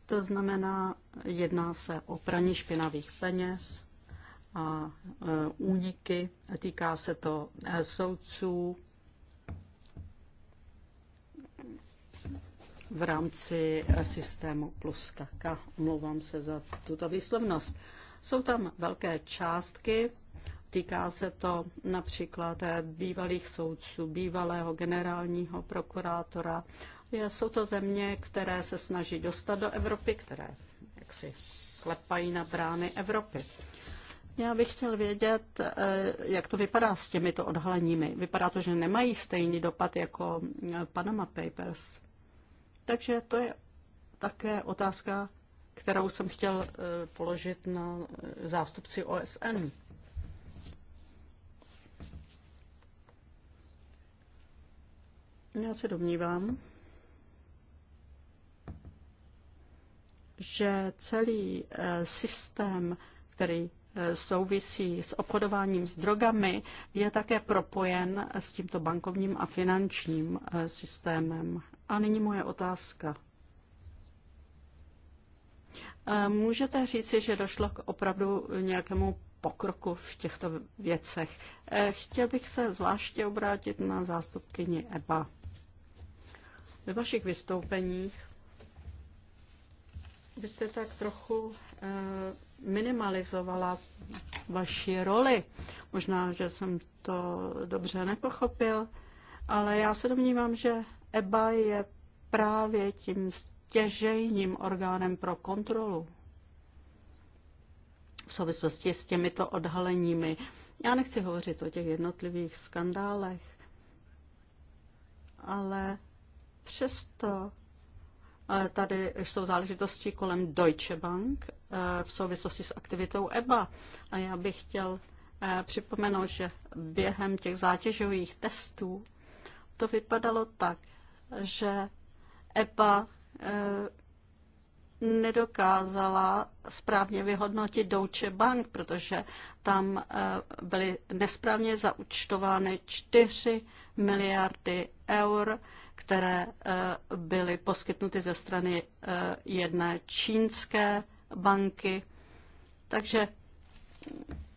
To znamená, jedná se o praní špinavých peněz a e, úniky. Týká se to e, soudců, v rámci systému plus kaka. Omlouvám se za tuto výslovnost. Jsou tam velké částky, týká se to například bývalých soudců, bývalého generálního prokurátora. Jsou to země, které se snaží dostat do Evropy, které jaksi klepají na brány Evropy. Já bych chtěl vědět, eh, jak to vypadá s těmito odhaleními. Vypadá to, že nemají stejný dopad jako eh, Panama Papers. Takže to je také otázka, kterou jsem chtěl eh, položit na eh, zástupci OSN. Já se domnívám, že celý eh, systém, který souvisí s obchodováním s drogami, je také propojen s tímto bankovním a finančním systémem a nyní moje otázka. E, můžete říci, že došlo k opravdu nějakému pokroku v těchto věcech. E, chtěl bych se zvláště obrátit na zástupkyni EBA. Ve vašich vystoupeních byste tak trochu e, minimalizovala vaši roli. Možná, že jsem to dobře nepochopil, ale já se domnívám, že EBA je právě tím stěžejním orgánem pro kontrolu v souvislosti s těmito odhaleními. Já nechci hovořit o těch jednotlivých skandálech, ale přesto eh, Tady jsou záležitosti kolem Deutsche Bank eh, v souvislosti s aktivitou EBA. A já bych chtěl eh, připomenout, že během těch zátěžových testů to vypadalo tak, že EPA eh, nedokázala správně vyhodnotit Deutsche Bank, protože tam eh, byly nesprávně zaúčtovány 4 miliardy eur, které eh, byly poskytnuty ze strany jedné čínské banky. Takže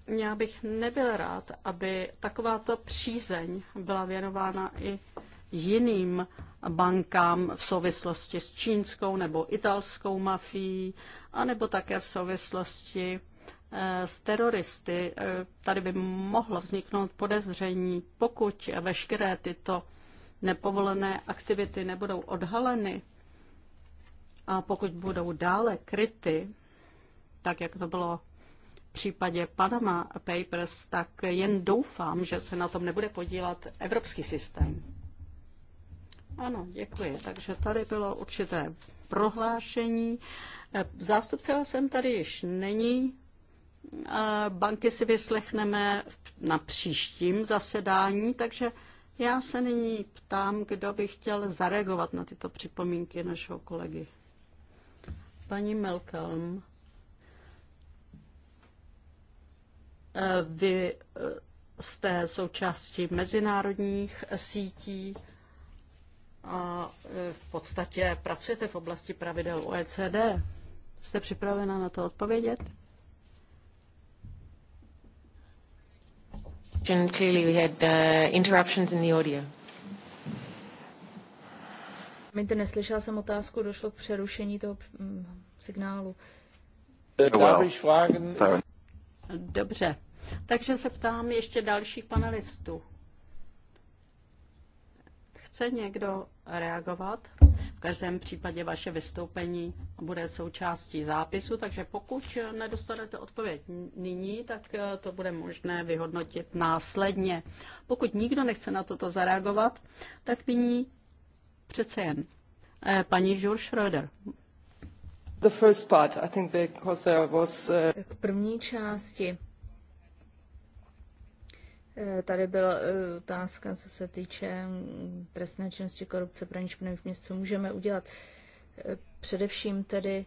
já bych nebyl rád, aby takováto přízeň byla věnována i jiným bankám v souvislosti s čínskou nebo italskou mafií, anebo také v souvislosti eh, s teroristy. Eh, tady by mohlo vzniknout podezření, pokud veškeré tyto nepovolené aktivity nebudou odhaleny a pokud budou dále kryty, tak jak to bylo v případě Panama Papers, tak jen doufám, že se na tom nebude podílat evropský systém. Ano, děkuji. Takže tady bylo určité prohlášení. Eh, zástupce jsem tady již není. Eh, banky si vyslechneme na příštím zasedání, takže já se nyní ptám, kdo by chtěl zareagovat na tyto připomínky našeho kolegy. Paní Melkelm, eh, vy jste součástí mezinárodních sítí a e, v podstatě pracujete v oblasti pravidel OECD. Jste připravena na to odpovědět? Clearly we had uh, interruptions in the audio. Promiňte, neslyšela jsem otázku, došlo k přerušení toho mm, signálu. Dobře, takže se ptám ještě dalších panelistů. Chce někdo reagovat? V každém případě vaše vystoupení bude součástí zápisu, takže pokud nedostanete odpověď nyní, tak eh, to bude možné vyhodnotit následně. Pokud nikdo nechce na toto zareagovat, tak nyní přece jen. Eh, paní Jules Schroeder. The first part, I think because there was, eh, K první části Eh, tady byla eh, otázka, co se týče mm, trestné činnosti korupce, pro v měst, co můžeme udělat. Eh, především tedy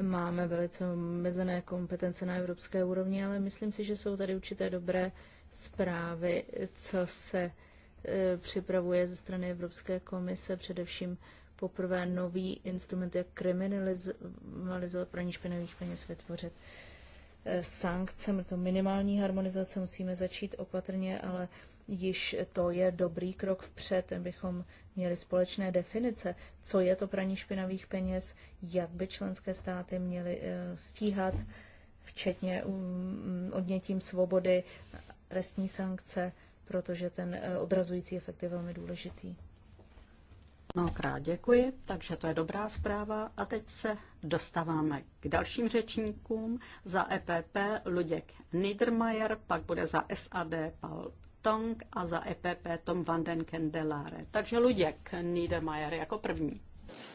máme velice omezené kompetence na evropské úrovni, ale myslím si, že jsou tady určité dobré zprávy, co se připravuje ze strany Evropské komise, především poprvé nový instrument, jak kriminalizovat praní špinavých peněz vytvořit sankcemi, to minimální harmonizace musíme začít opatrně, ale již to je dobrý krok vpřed, bychom měli společné definice, co je to praní špinavých peněz, jak by členské státy měly eh, stíhat, včetně mm, mm, odnětím svobody, trestní sankce, protože ten eh, odrazující efekt je velmi důležitý. Mnohokrát děkuji, takže to je dobrá zpráva. A teď se dostáváme k dalším řečníkům. Za EPP Luděk Niedermayer, pak bude za SAD Paul Tong a za EPP Tom van den Kendelare. Takže Luděk Niedermayer jako první.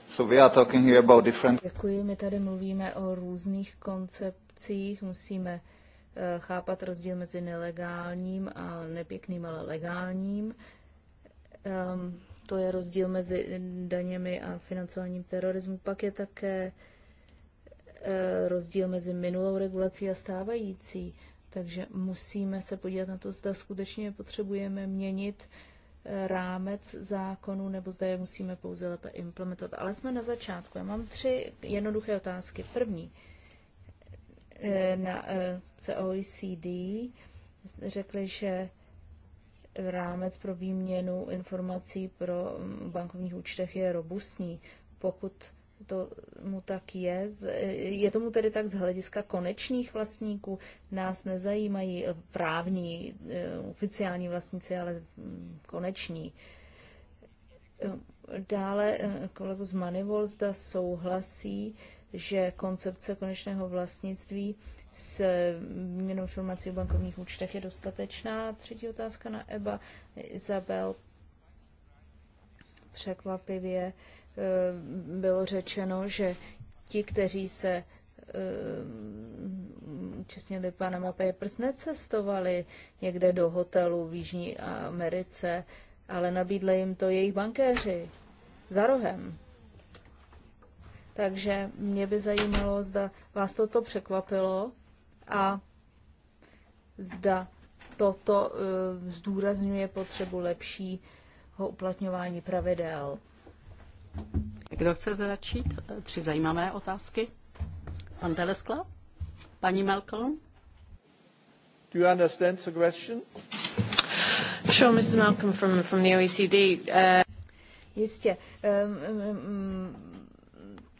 So we are talking here about different... Děkuji, my tady mluvíme o různých koncepcích, musíme eh, chápat rozdíl mezi nelegálním a nepěkným, ale legálním. Um, to je rozdíl mezi daněmi a financováním terorismu. Pak je také eh, rozdíl mezi minulou regulací a stávající. Takže musíme se podívat na to, zda skutečně potřebujeme měnit eh, rámec zákonu, nebo zda je musíme pouze lépe implementovat. Ale jsme na začátku. Já mám tři jednoduché otázky. První. Eh, na COECD řekli, že rámec pro výměnu informací pro mm, bankovních účtech je robustní. Pokud to mu tak je, je tomu tedy tak z hlediska konečných vlastníků, nás nezajímají právní, eh, oficiální vlastníci, ale mm, koneční. Eh, dále eh, kolegu z Manivol zda souhlasí, že koncepce konečného vlastnictví s měnou informací o bankovních účtech je dostatečná. Třetí otázka na Eba Izabel. Překvapivě eh, bylo řečeno, že ti, kteří se eh, účastnili Panama Papers, necestovali někde do hotelu v Jižní Americe, ale nabídli jim to jejich bankéři za rohem. Takže mě by zajímalo, zda vás toto překvapilo a zda toto e, zdůrazňuje potřebu lepšího uplatňování pravidel. Kdo chce začít? Tři zajímavé otázky. Pan Teleskla? Paní Malcolm? Do you understand the question? Sure, Mr. Malcolm from, from the OECD. Uh... Jistě. Um, Um, um,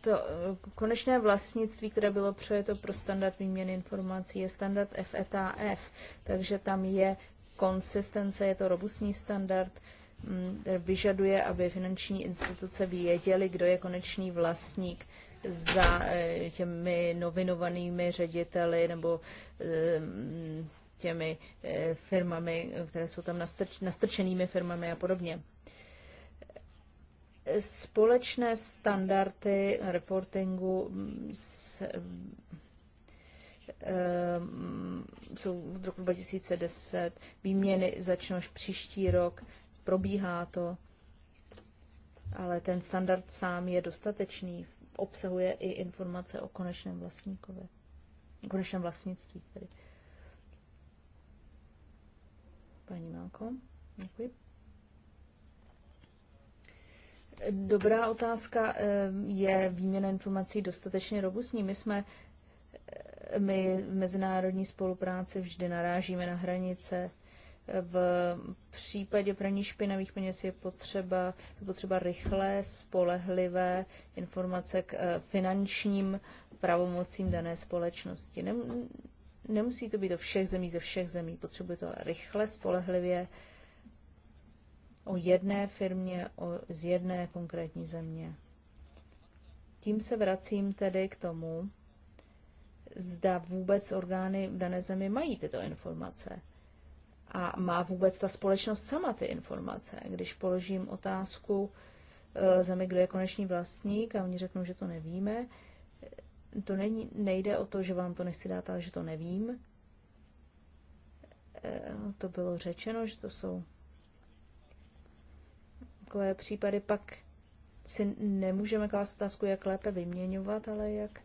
to eh, konečné vlastnictví, které bylo přejeto pro standard výměny informací, je standard FETAF, e takže tam je konsistence, je to robustní standard, mm, vyžaduje, aby finanční instituce věděly, kdo je konečný vlastník za eh, těmi novinovanými řediteli nebo eh, těmi firmami, které jsou tam nastrč, nastrčenými firmami a podobně. Společné standardy reportingu s, eh, jsou v roku 2010, výměny začnou až příští rok, probíhá to, ale ten standard sám je dostatečný, obsahuje i informace o konečném vlastníkovi, o konečném vlastnictví. Tedy. Paní Malko, děkuji. Dobrá otázka. Ehm, je výměna informací dostatečně robustní? My jsme ehm, my v mezinárodní spolupráci vždy narážíme na hranice. V případě praní špinavých peněz je potřeba, je potřeba rychlé, spolehlivé informace k eh, finančním pravomocím dané společnosti. Nemusí to být do všech zemí, ze všech zemí, potřebuje to ale rychle, spolehlivě o jedné firmě o, z jedné konkrétní země. Tím se vracím tedy k tomu, zda vůbec orgány v dané zemi mají tyto informace. A má vůbec ta společnost sama ty informace. Když položím otázku e, zemi, kdo je konečný vlastník a oni řeknou, že to nevíme, to není, nejde o to, že vám to nechci dát, ale že to nevím. E, to bylo řečeno, že to jsou takové případy, pak si nemůžeme klást otázku, jak lépe vyměňovat, ale jak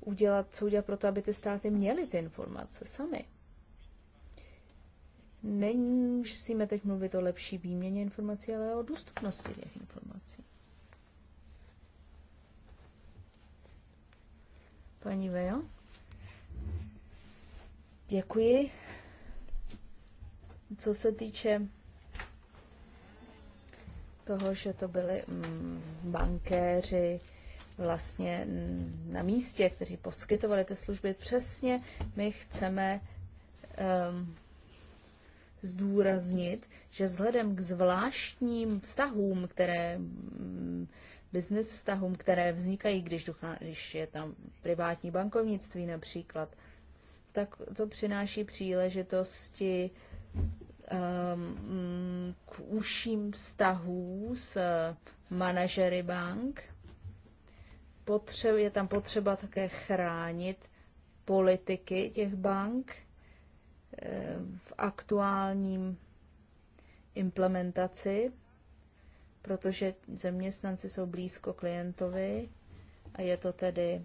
udělat, co udělat pro to, aby ty státy měly ty informace sami. Nemusíme teď mluvit o lepší výměně informací, ale o dostupnosti těch informací. Paní Vejo? Děkuji. Co se týče toho, že to byli mm, bankéři vlastně na místě, kteří poskytovali ty služby. Přesně my chceme um, zdůraznit, že vzhledem k zvláštním vztahům, které mm, business vztahům, které vznikají, když, duchá, když je tam privátní bankovnictví například, tak to přináší příležitosti Um, k užším vztahů s manažery bank. je tam potřeba také chránit politiky těch bank um, v aktuálním implementaci, protože zaměstnanci jsou blízko klientovi a je to tedy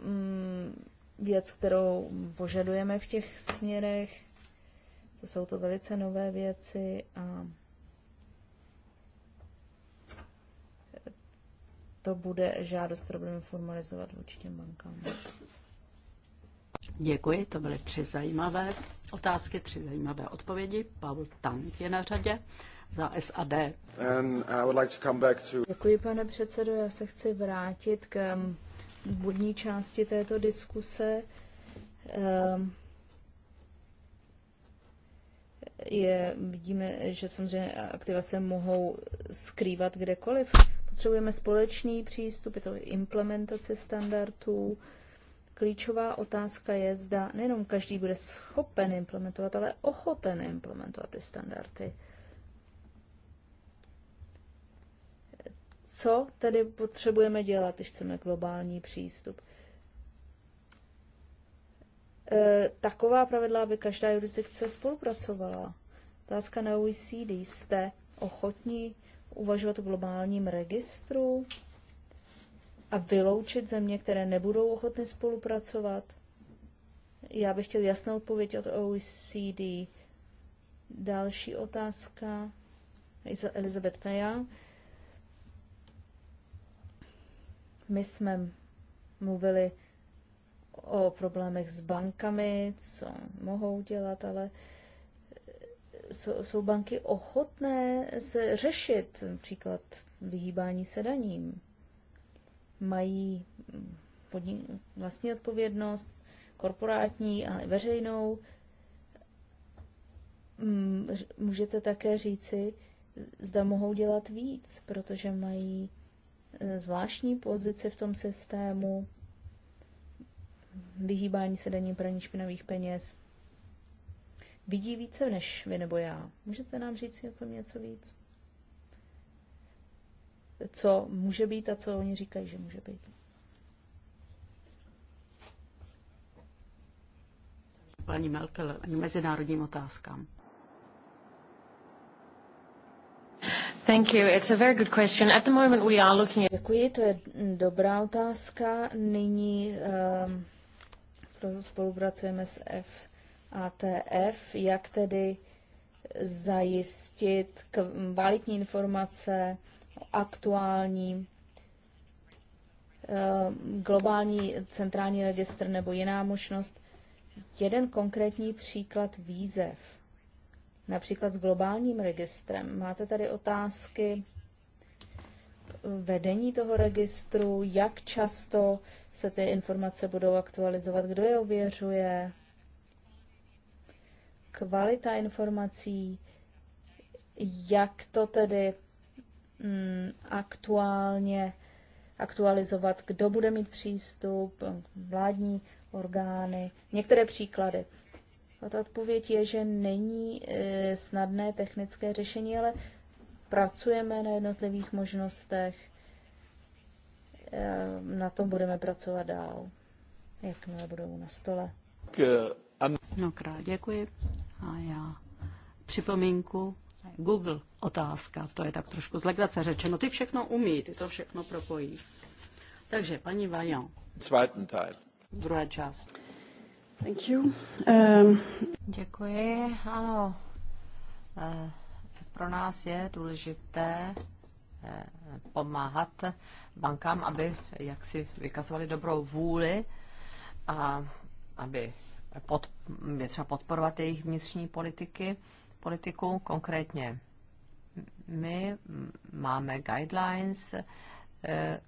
um, věc, kterou požadujeme v těch směrech. To jsou to velice nové věci a to bude žádost, kterou budeme formalizovat vůči těm bankám. Děkuji, to byly tři zajímavé otázky, tři zajímavé odpovědi. Pavel Tank je na řadě za SAD. And I would like to come back to... Děkuji, pane předsedo, já se chci vrátit k úvodní části této diskuse. Ehm, je, vidíme, že samozřejmě aktiva se mohou skrývat kdekoliv. Potřebujeme společný přístup, je to implementace standardů. Klíčová otázka je, zda nejenom každý bude schopen implementovat, ale ochoten implementovat ty standardy. co tedy potřebujeme dělat, když chceme globální přístup. E, taková pravidla, aby každá jurisdikce spolupracovala. Otázka na OECD. Jste ochotní uvažovat o globálním registru a vyloučit země, které nebudou ochotny spolupracovat? Já bych chtěl jasnou odpověď od OECD. Další otázka. Elizabeth Peja My jsme mluvili o problémech s bankami, co mohou dělat, ale jsou banky ochotné se řešit například vyhýbání se daním. Mají vlastní odpovědnost, korporátní, a veřejnou. Mm, můžete také říci, zda mohou dělat víc, protože mají Eh, zvláštní pozici v tom systému, vyhýbání se daní praní špinavých peněz, vidí více než vy nebo já. Můžete nám říct si o tom něco víc? Co může být a co oni říkají, že může být? Paní Melkel, mezinárodním otázkám. Děkuji, to je dobrá otázka. Nyní um, spolupracujeme s FATF, jak tedy zajistit kvalitní informace aktuální ehm, globální centrální registr nebo jiná možnost. Jeden konkrétní příklad výzev například s globálním registrem. Máte tady otázky vedení toho registru, jak často se ty informace budou aktualizovat, kdo je ověřuje, kvalita informací, jak to tedy mm, aktuálně aktualizovat, kdo bude mít přístup, vládní orgány, některé příklady. No ta odpověď je, že není e, snadné technické řešení, ale pracujeme na jednotlivých možnostech. E, na tom budeme pracovat dál, jakmile budou na stole. No krát děkuji. A já připomínku Google otázka, to je tak trošku z legrace řečeno. Ty všechno umí, ty to všechno propojí. Takže paní Vajon. Druhá část. Thank you. Um... Děkuji. Ano, eh, pro nás je důležité eh, pomáhat bankám, aby jaksi vykazovali dobrou vůli a aby pod, je třeba podporovat jejich vnitřní politiky, politiku konkrétně. My máme guidelines, eh,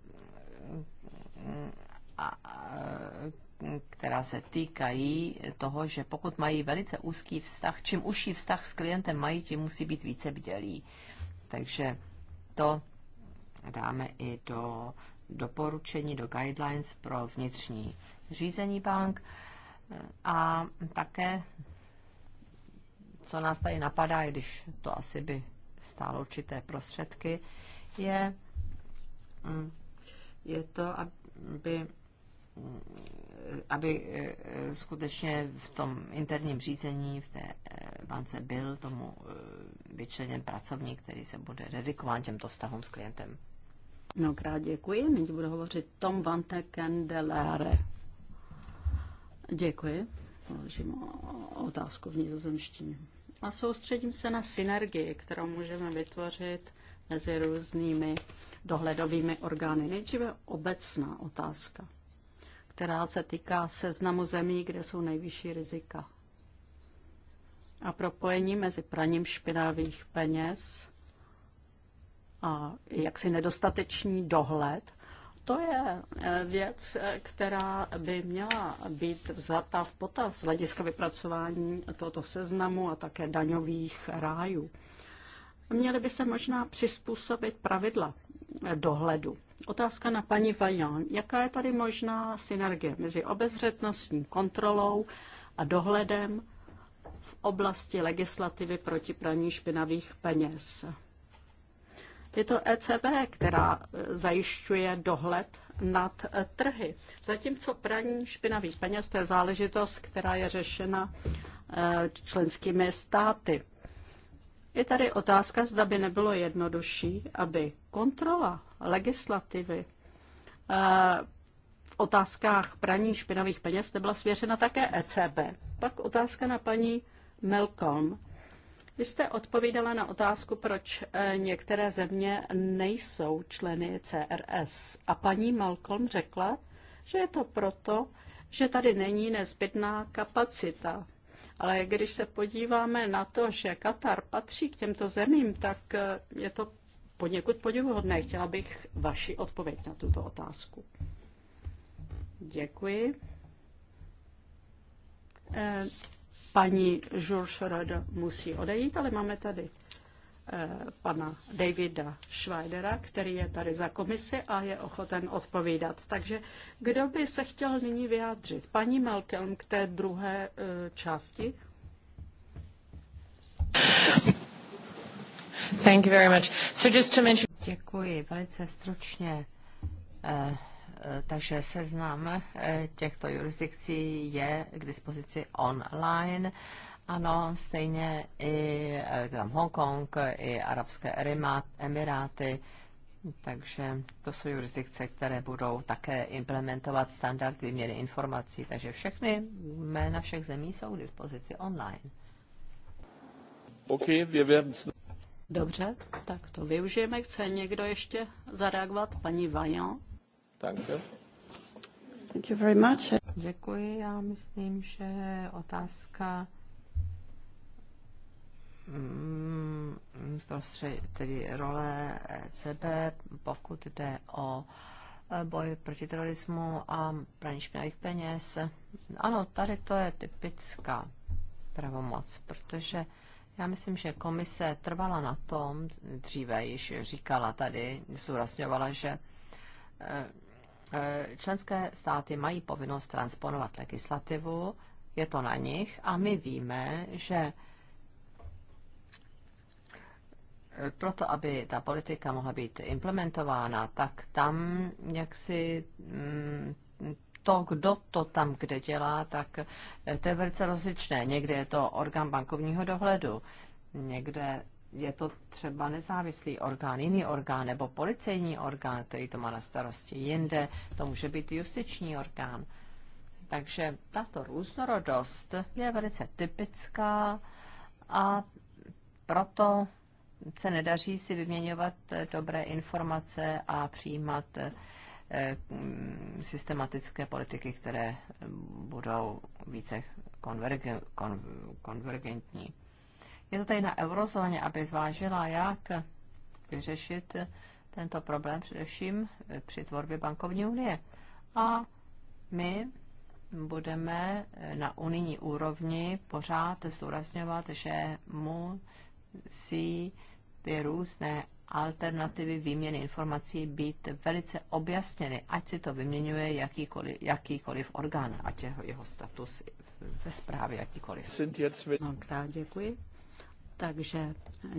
a, která se týkají toho, že pokud mají velice úzký vztah, čím užší vztah s klientem mají, tím musí být více bdělí. Takže to dáme i do doporučení, do guidelines pro vnitřní řízení bank a také co nás tady napadá, i když to asi by stálo určité prostředky, je, mm, je to, aby aby eh, skutečně v tom interním řízení v té eh, bance byl tomu eh, vyčleněn pracovník, který se bude dedikován těmto vztahům s klientem. Mnohokrát děkuji. Nyní budu hovořit Tom Vante Kendelare. Děkuji. Položím otázku v nizozemštině. A soustředím se na synergii, kterou můžeme vytvořit mezi různými dohledovými orgány. Nejdříve obecná otázka která se týká seznamu zemí, kde jsou nejvyšší rizika. A propojení mezi praním špinavých peněz a jaksi nedostatečný dohled, to je eh, věc, eh, která by měla být vzata v potaz z hlediska vypracování tohoto seznamu a také daňových rájů. Měly by se možná přizpůsobit pravidla dohledu. Otázka na paní Vajon. Jaká je tady možná synergie mezi obezřetnostní kontrolou a dohledem v oblasti legislativy proti praní špinavých peněz? Je to ECB, která e, zajišťuje dohled nad e, trhy. Zatímco praní špinavých peněz to je záležitost, která je řešena e, členskými státy. Je tady otázka, zda by nebylo jednodušší, aby kontrola legislativy eh, v otázkách praní špinavých peněz nebyla svěřena také ECB. Pak otázka na paní Melkom. Vy jste odpovídala na otázku, proč eh, některé země nejsou členy CRS. A paní Malcolm řekla, že je to proto, že tady není nezbytná kapacita ale když se podíváme na to, že Katar patří k těmto zemím, tak eh, je to poněkud podivuhodné. Chtěla bych vaši odpověď na tuto otázku. Děkuji. Eh, paní Žuršrada musí odejít, ale máme tady Eh, pana Davida Schweidera, který je tady za komisi a je ochoten odpovídat. Takže kdo by se chtěl nyní vyjádřit? Paní Malkelm k té druhé eh, části? Thank you very much. So just to mention... Děkuji, velice stručně. Eh, takže seznam těchto jurisdikcí je k dispozici online. Ano, stejně i e, tam Hongkong, i Arabské Emiráty, takže to jsou jurisdikce, které budou také implementovat standard výměny informací, takže všechny jména všech zemí jsou k dispozici online. Okay, wir werden... Dobře, tak to využijeme. Chce někdo ještě zareagovat? Paní Vajon? Děkuji. Děkuji, já myslím, že otázka Mm, prostřed, tedy role ECB, pokud jde o e, boj proti terorismu a praní špinavých peněz. Ano, tady to je typická pravomoc, protože já myslím, že komise trvala na tom, dříve již říkala tady, zúrazňovala, že e, e, členské státy mají povinnost transponovat legislativu, je to na nich a my víme, že proto, aby ta politika mohla být implementována, tak tam jaksi mm, to, kdo to tam kde dělá, tak to je velice rozličné. Někde je to orgán bankovního dohledu, někde je to třeba nezávislý orgán, jiný orgán nebo policejní orgán, který to má na starosti. Jinde to může být justiční orgán. Takže tato různorodost je velice typická a proto se nedaří si vyměňovat eh, dobré informace a přijímat eh, mm, systematické politiky, které eh, budou více kon, konvergentní. Je to tady na eurozóně, aby zvážila, jak vyřešit tento problém především při tvorbě bankovní unie. A my budeme na unijní úrovni pořád zdůrazňovat, že musí ty různé alternativy výměny informací být velice objasněny, ať si to vyměňuje jakýkoliv, jakýkoliv orgán, ať jeho, jeho status ve zprávě jakýkoliv. Mnohokrát děkuji. Takže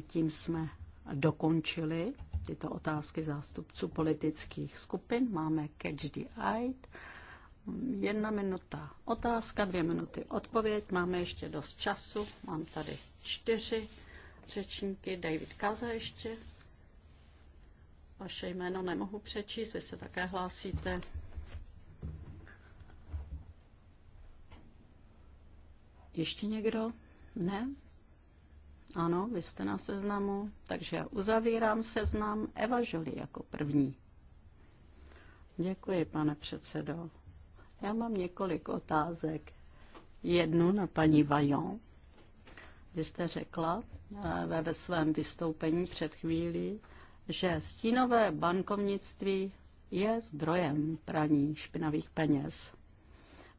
tím jsme dokončili tyto otázky zástupců politických skupin. Máme catch the eye. Jedna minuta otázka, dvě minuty odpověď. Máme ještě dost času. Mám tady čtyři řečníky. David Kaza ještě. Vaše jméno nemohu přečíst, vy se také hlásíte. Ještě někdo? Ne? Ano, vy jste na seznamu, takže já uzavírám seznam Eva Žoli jako první. Děkuji, pane předsedo. Já mám několik otázek. Jednu na paní Vajon. Vy jste řekla, ve svém vystoupení před chvílí, že stínové bankovnictví je zdrojem praní špinavých peněz.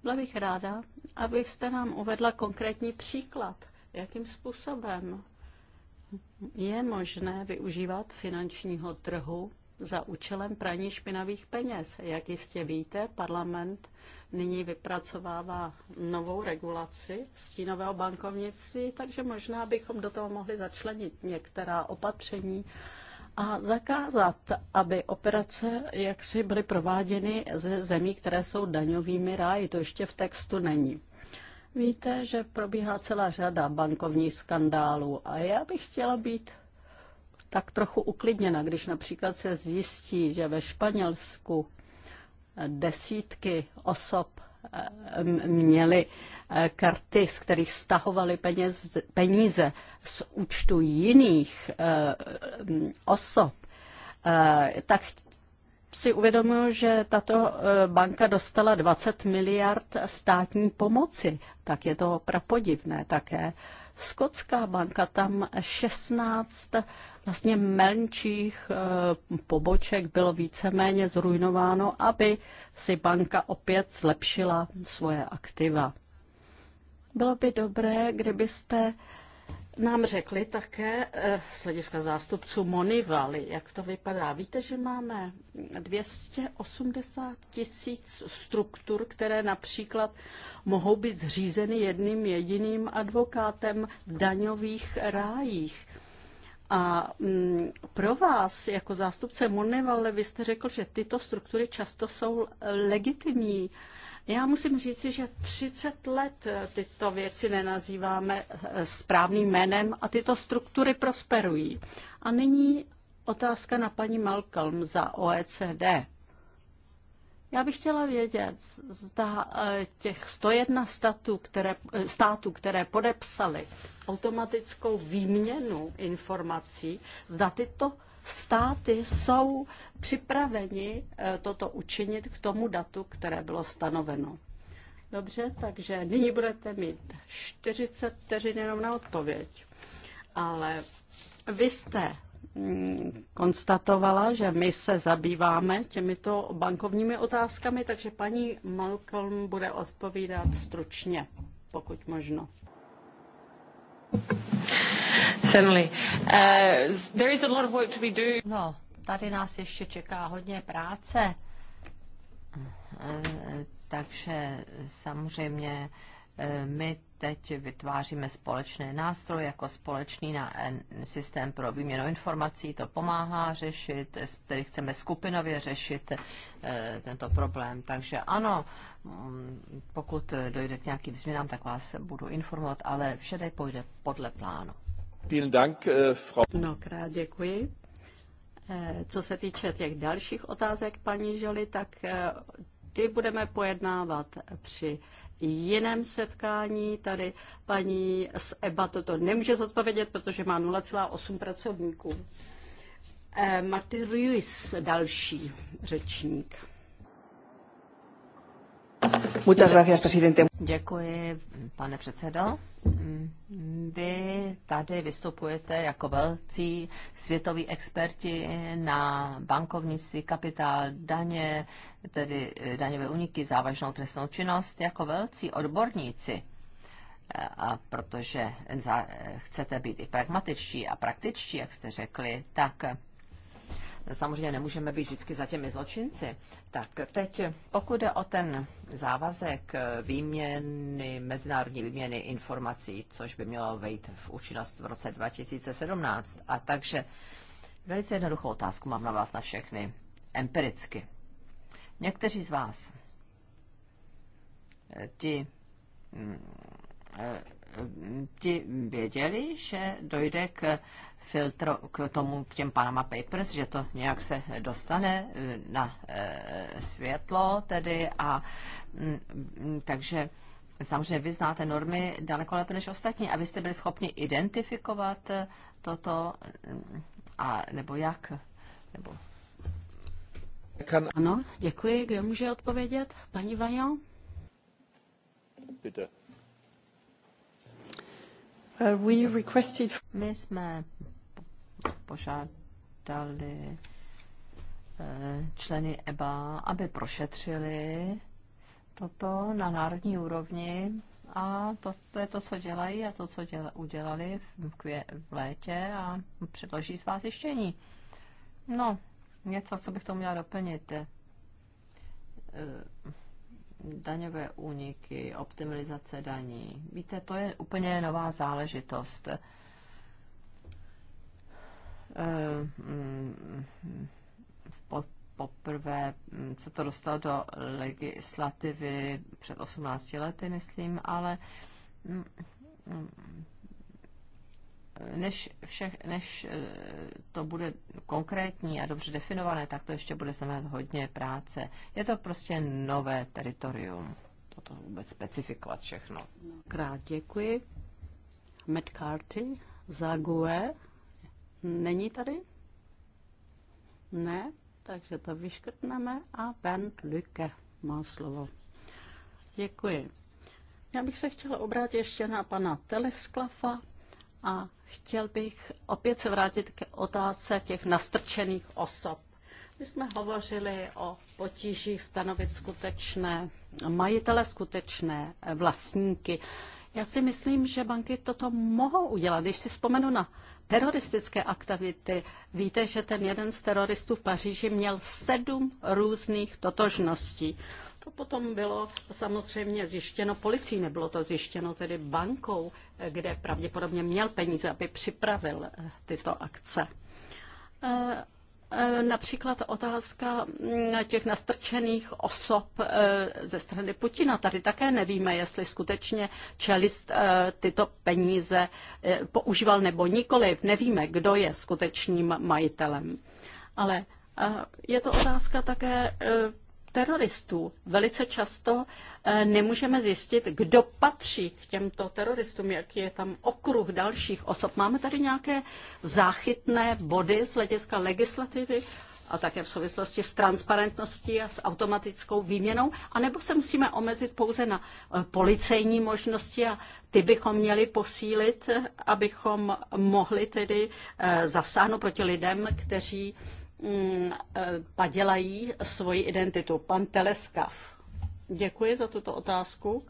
Byla bych ráda, abyste nám uvedla konkrétní příklad, jakým způsobem je možné využívat finančního trhu za účelem praní špinavých peněz. Jak jistě víte, parlament nyní vypracovává novou regulaci stínového bankovnictví, takže možná bychom do toho mohli začlenit některá opatření a zakázat, aby operace jaksi byly prováděny ze zemí, které jsou daňovými ráji. To ještě v textu není. Víte, že probíhá celá řada bankovních skandálů a já bych chtěla být tak trochu uklidněna, když například se zjistí, že ve Španělsku desítky osob eh, měli eh, karty, z kterých stahovali peněz, peníze z účtu jiných eh, osob, tak si uvědomil, že tato banka dostala 20 miliard státní pomoci. Tak je to prapodivné také. Skotská banka tam 16 vlastně menších eh, poboček bylo víceméně zrujnováno, aby si banka opět zlepšila svoje aktiva. Bylo by dobré, kdybyste nám řekli také eh, z hlediska zástupců Monivaly, jak to vypadá. Víte, že máme 280 tisíc struktur, které například mohou být zřízeny jedním jediným advokátem v daňových rájích. A mm, pro vás jako zástupce Monevale vy jste řekl, že tyto struktury často jsou legitimní. Já musím říci, že 30 let tyto věci nenazýváme eh, správným jménem a tyto struktury prosperují. A nyní otázka na paní Malcolm za OECD. Já bych chtěla vědět, zda eh, těch 101 eh, států, které, států, které podepsali automatickou výměnu informací, zda tyto státy jsou připraveni eh, toto učinit k tomu datu, které bylo stanoveno. Dobře, takže nyní budete mít 40 vteřin jenom na odpověď. Ale vy jste konstatovala, že my se zabýváme těmito bankovními otázkami, takže paní Malcolm bude odpovídat stručně, pokud možno. Uh, there is a lot of work to be done. No, tady nás ještě čeká hodně práce, eh, takže samozřejmě Eh, my teď vytváříme společné nástroje jako společný na, eh, systém pro výměnu informací. To pomáhá řešit, tedy chceme skupinově řešit eh, tento problém. Takže ano, mm, pokud dojde k nějakým změnám, tak vás budu informovat, ale vše půjde podle plánu. Vielen Dank, Frau. děkuji. Co se týče těch dalších otázek, paní Žoli, tak ty budeme pojednávat při jiném setkání. Tady paní z EBA toto nemůže zodpovědět, protože má 0,8 pracovníků. Eh, Martin Ruiz, další řečník. Muchas gracias, presidente. Děkuji, pane předsedo. Vy tady vystupujete jako velcí světoví experti na bankovnictví, kapitál, daně, tedy eh, daňové uniky, závažnou trestnou činnost, jako velcí odborníci. A protože chcete být i pragmatičtí a praktičtí, jak jste řekli, tak samozřejmě nemůžeme být vždycky za těmi zločinci. Tak teď, pokud jde o ten závazek výměny, mezinárodní výměny informací, což by mělo vejít v účinnost v roce 2017, a takže velice jednoduchou otázku mám na vás na všechny, empiricky. Někteří z vás, eh, ti mm, eh, ti věděli, že dojde k filtro, k tomu, k těm Panama Papers, že to nějak se dostane eh, na eh, světlo tedy a mm, takže samozřejmě vy znáte normy daleko lépe než ostatní, abyste byli schopni identifikovat eh, toto mm, a nebo jak? Nebo... Ano, děkuji. Kdo může odpovědět? Paní Vajon? Bitte. Uh, we requested... My jsme požádali eh, členy EBA, aby prošetřili toto na národní úrovni a to, to je to, co dělají a to, co děla, udělali v, kvě, v létě a předloží svá zjištění. No, něco, co bych tomu měla doplnit. E daňové úniky, optimalizace daní. Víte, to je úplně nová záležitost. Eh, mm, poprvé mm, se to dostalo do legislativy před 18 lety, myslím, ale mm, než, vše, než eh, to bude konkrétní a dobře definované, tak to ještě bude znamenat hodně práce. Je to prostě nové teritorium. Toto vůbec specifikovat všechno. Krát děkuji. Matt Carty, Zague. Není tady? Ne, takže to vyškrtneme a Bernd Lücke má slovo. Děkuji. Já bych se chtěla obrátit ještě na pana Telesklafa a Chtěl bych opět se vrátit k otázce těch nastrčených osob. My jsme hovořili o potížích stanovit skutečné majitele, skutečné vlastníky. Já si myslím, že banky toto mohou udělat. Když si vzpomenu na teroristické aktivity, víte, že ten jeden z teroristů v Paříži měl sedm různých totožností. To potom bylo samozřejmě zjištěno policií, nebylo to zjištěno tedy bankou kde pravděpodobně měl peníze, aby připravil eh, tyto akce. Eh, eh, například otázka mm, těch nastrčených osob ze strany Putina. Tady také nevíme, jestli skutečně čelist tyto peníze používal nebo nikoliv. Nevíme, kdo je skutečným majitelem. Ale je to otázka také teroristů. Velice často eh, nemůžeme zjistit, kdo patří k těmto teroristům, jaký je tam okruh dalších osob. Máme tady nějaké záchytné body z hlediska legislativy a také v souvislosti s transparentností a s automatickou výměnou, anebo se musíme omezit pouze na eh, policejní možnosti a ty bychom měli posílit, eh, abychom mohli tedy zasáhnout proti lidem, kteří Mm, eh, padělají svoji identitu. Pan Teleskav. Děkuji za tuto otázku.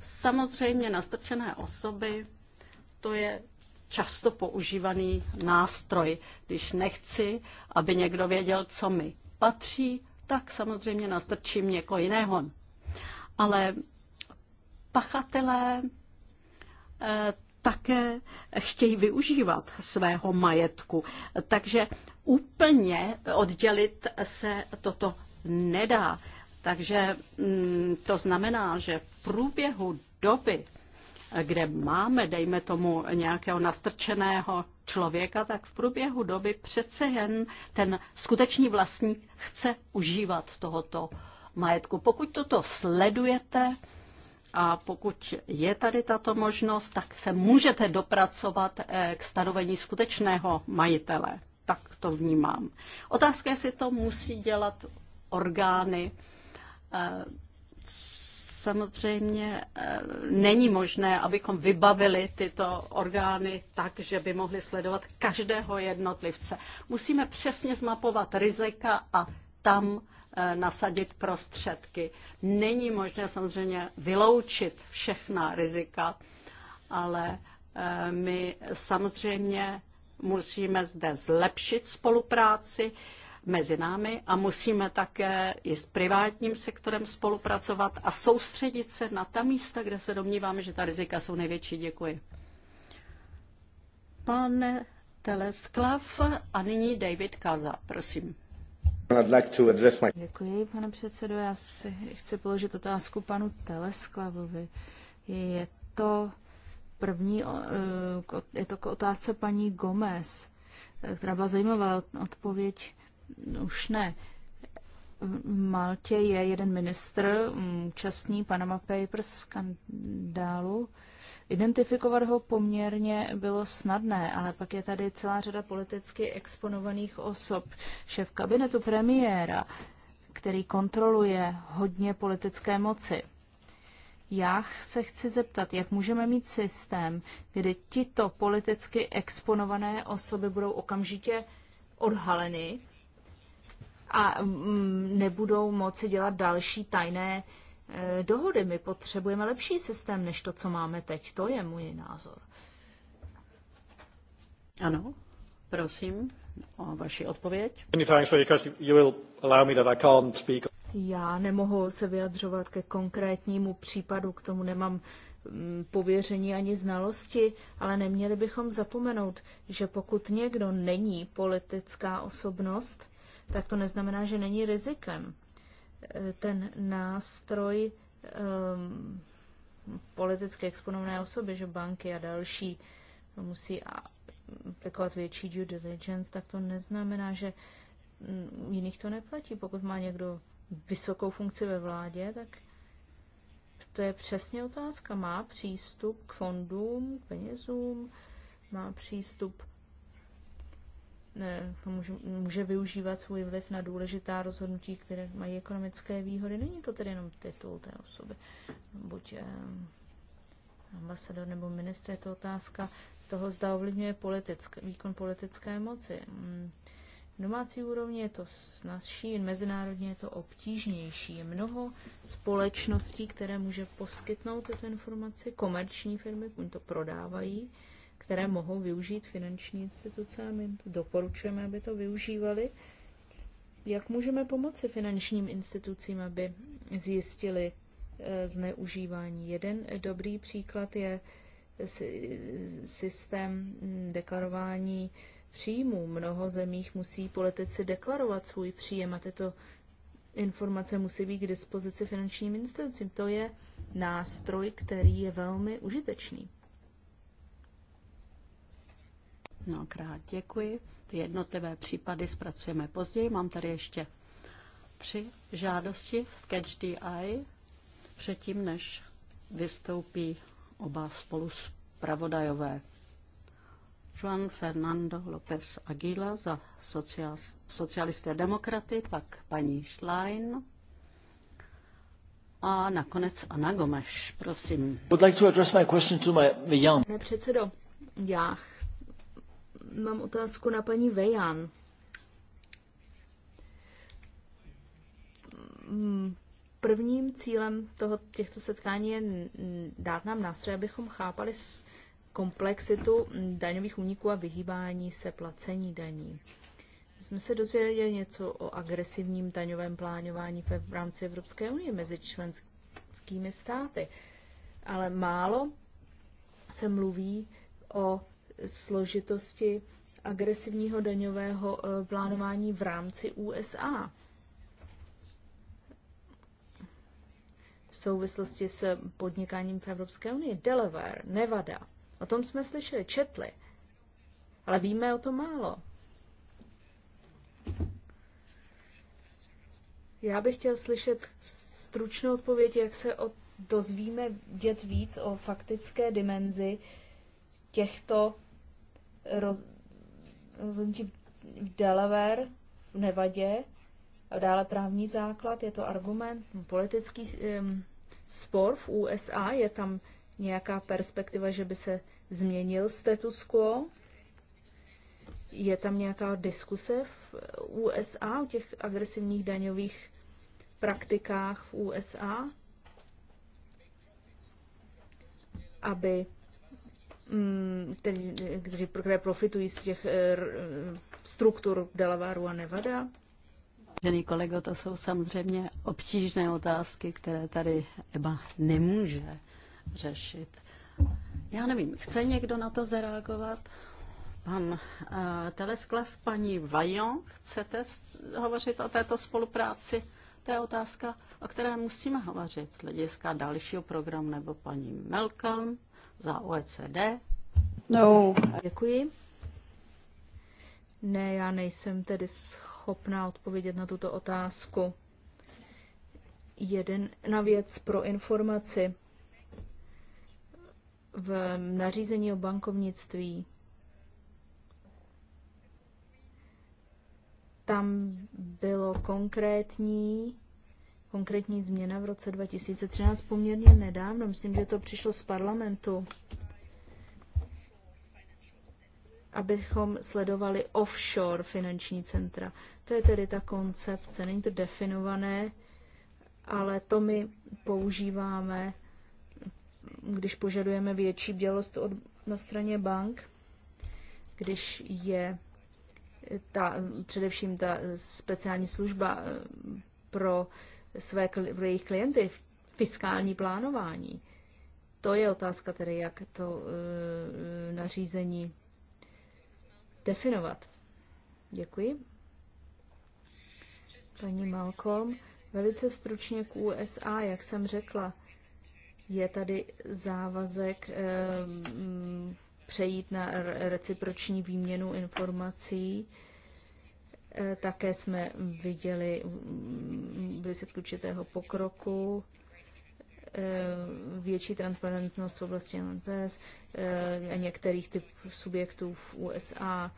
Samozřejmě nastrčené osoby, to je často používaný nástroj. Když nechci, aby někdo věděl, co mi patří, tak samozřejmě nastrčím někoho jiného. Ale pachatelé eh, také chtějí využívat svého majetku. Takže úplně oddělit se toto nedá. Takže mm, to znamená, že v průběhu doby, kde máme, dejme tomu, nějakého nastrčeného člověka, tak v průběhu doby přece jen ten skutečný vlastník chce užívat tohoto majetku. Pokud toto sledujete a pokud je tady tato možnost, tak se můžete dopracovat eh, k stanovení skutečného majitele tak to vnímám. Otázka, jestli to musí dělat orgány. Eh, samozřejmě eh, není možné, abychom vybavili tyto orgány tak, že by mohli sledovat každého jednotlivce. Musíme přesně zmapovat rizika a tam eh, nasadit prostředky. Není možné samozřejmě vyloučit všechna rizika, ale my samozřejmě musíme zde zlepšit spolupráci mezi námi a musíme také i s privátním sektorem spolupracovat a soustředit se na ta místa, kde se domníváme, že ta rizika jsou největší. Děkuji. Pane Telesklav a nyní David Kaza, prosím. Děkuji, pane předsedo. Já si chci položit otázku panu Telesklavovi. Je to První eh, je to k otázce paní Gomez, eh, která byla zajímavá odpověď. Už ne. V Maltě je jeden ministr, účastní mm, Panama Papers skandálu. Identifikovat ho poměrně bylo snadné, ale pak je tady celá řada politicky exponovaných osob. Šéf kabinetu premiéra, který kontroluje hodně politické moci. Já se chci zeptat, jak můžeme mít systém, kde tito politicky exponované osoby budou okamžitě odhaleny a mm, nebudou moci dělat další tajné e, dohody. My potřebujeme lepší systém než to, co máme teď. To je můj názor. Ano, prosím o vaši odpověď. Já nemohu se vyjadřovat ke konkrétnímu případu, k tomu nemám mm, pověření ani znalosti, ale neměli bychom zapomenout, že pokud někdo není politická osobnost, tak to neznamená, že není rizikem. E, ten nástroj um, ehm, politické exponované osoby, že banky a další musí aplikovat větší due diligence, tak to neznamená, že mm, jiných to neplatí. Pokud má někdo vysokou funkci ve vládě, tak to je přesně otázka. Má přístup k fondům, k penězům, má přístup ne, může, může využívat svůj vliv na důležitá rozhodnutí, které mají ekonomické výhody. Není to tedy jenom titul té osoby, buď eh, ambasador nebo ministr, je to otázka toho, zda ovlivňuje politick, výkon politické moci. Mm domácí úrovni je to snazší, mezinárodně je to obtížnější. Je mnoho společností, které může poskytnout tuto informaci, komerční firmy, oni to prodávají, které mohou využít finanční instituce a my doporučujeme, aby to využívali. Jak můžeme pomoci finančním institucím, aby zjistili e, zneužívání? Jeden dobrý příklad je systém deklarování příjmů. Mnoho zemích musí politici deklarovat svůj příjem a tyto informace musí být k dispozici finančním institucím. To je nástroj, který je velmi užitečný. No krát děkuji. Ty jednotlivé případy zpracujeme později. Mám tady ještě tři žádosti v Catch the Eye předtím, než vystoupí oba spolu zpravodajové. Juan Fernando López Aguila za socialisté demokraty, pak paní Schlein a nakonec Ana Gomes, prosím. Would like to address my question to my, my young. Pane předsedo, já mám otázku na paní Vejan. Mm, prvním cílem toho, těchto setkání je dát nám nástroje, abychom chápali komplexitu daňových úniků a vyhýbání se placení daní. My jsme se dozvěděli něco o agresivním daňovém plánování v rámci Evropské unie mezi členskými státy, ale málo se mluví o složitosti agresivního daňového eh, plánování v rámci USA. V souvislosti s podnikáním v Evropské unii Delaware, Nevada, O tom jsme slyšeli, četli, ale víme o tom málo. Já bych chtěl slyšet stručnou odpověď, jak se o, dozvíme dět víc o faktické dimenzi těchto roz, rozhodnutí v Delaware, v Nevadě, a dále právní základ, je to argument, politický um, spor v USA, je tam nějaká perspektiva, že by se změnil status quo? Je tam nějaká diskuse v USA o těch agresivních daňových praktikách v USA, aby mm, kteří, kteří profitují z těch eh, struktur Delaware a Nevada? Ženy kolego, to jsou samozřejmě obtížné otázky, které tady Eba nemůže řešit. Já nevím, chce někdo na to zareagovat? Pan uh, eh, Telesklev, paní Vajon, chcete hovořit o této spolupráci? To je otázka, o které musíme hovořit z hlediska dalšího programu, nebo paní Melkalm za OECD. No. Děkuji. Ne, já nejsem tedy schopná odpovědět na tuto otázku. Jeden na věc pro informaci v nařízení o bankovnictví. Tam bylo konkrétní, konkrétní změna v roce 2013 poměrně nedávno. Myslím, že to přišlo z parlamentu, abychom sledovali offshore finanční centra. To je tedy ta koncepce. Není to definované, ale to my používáme když požadujeme větší bělost od, na straně bank, když je ta, především ta speciální služba eh, pro, své, pro jejich klienty, fiskální plánování. To je otázka tedy, jak to uh, nařízení definovat. Děkuji. Paní Malcolm, velice stručně k USA, jak jsem řekla, je tady závazek ehm, přejít na reciproční výměnu informací. E, také jsme viděli výsledky určitého pokroku, e, větší transparentnost v oblasti NPS e, a některých typ subjektů v USA.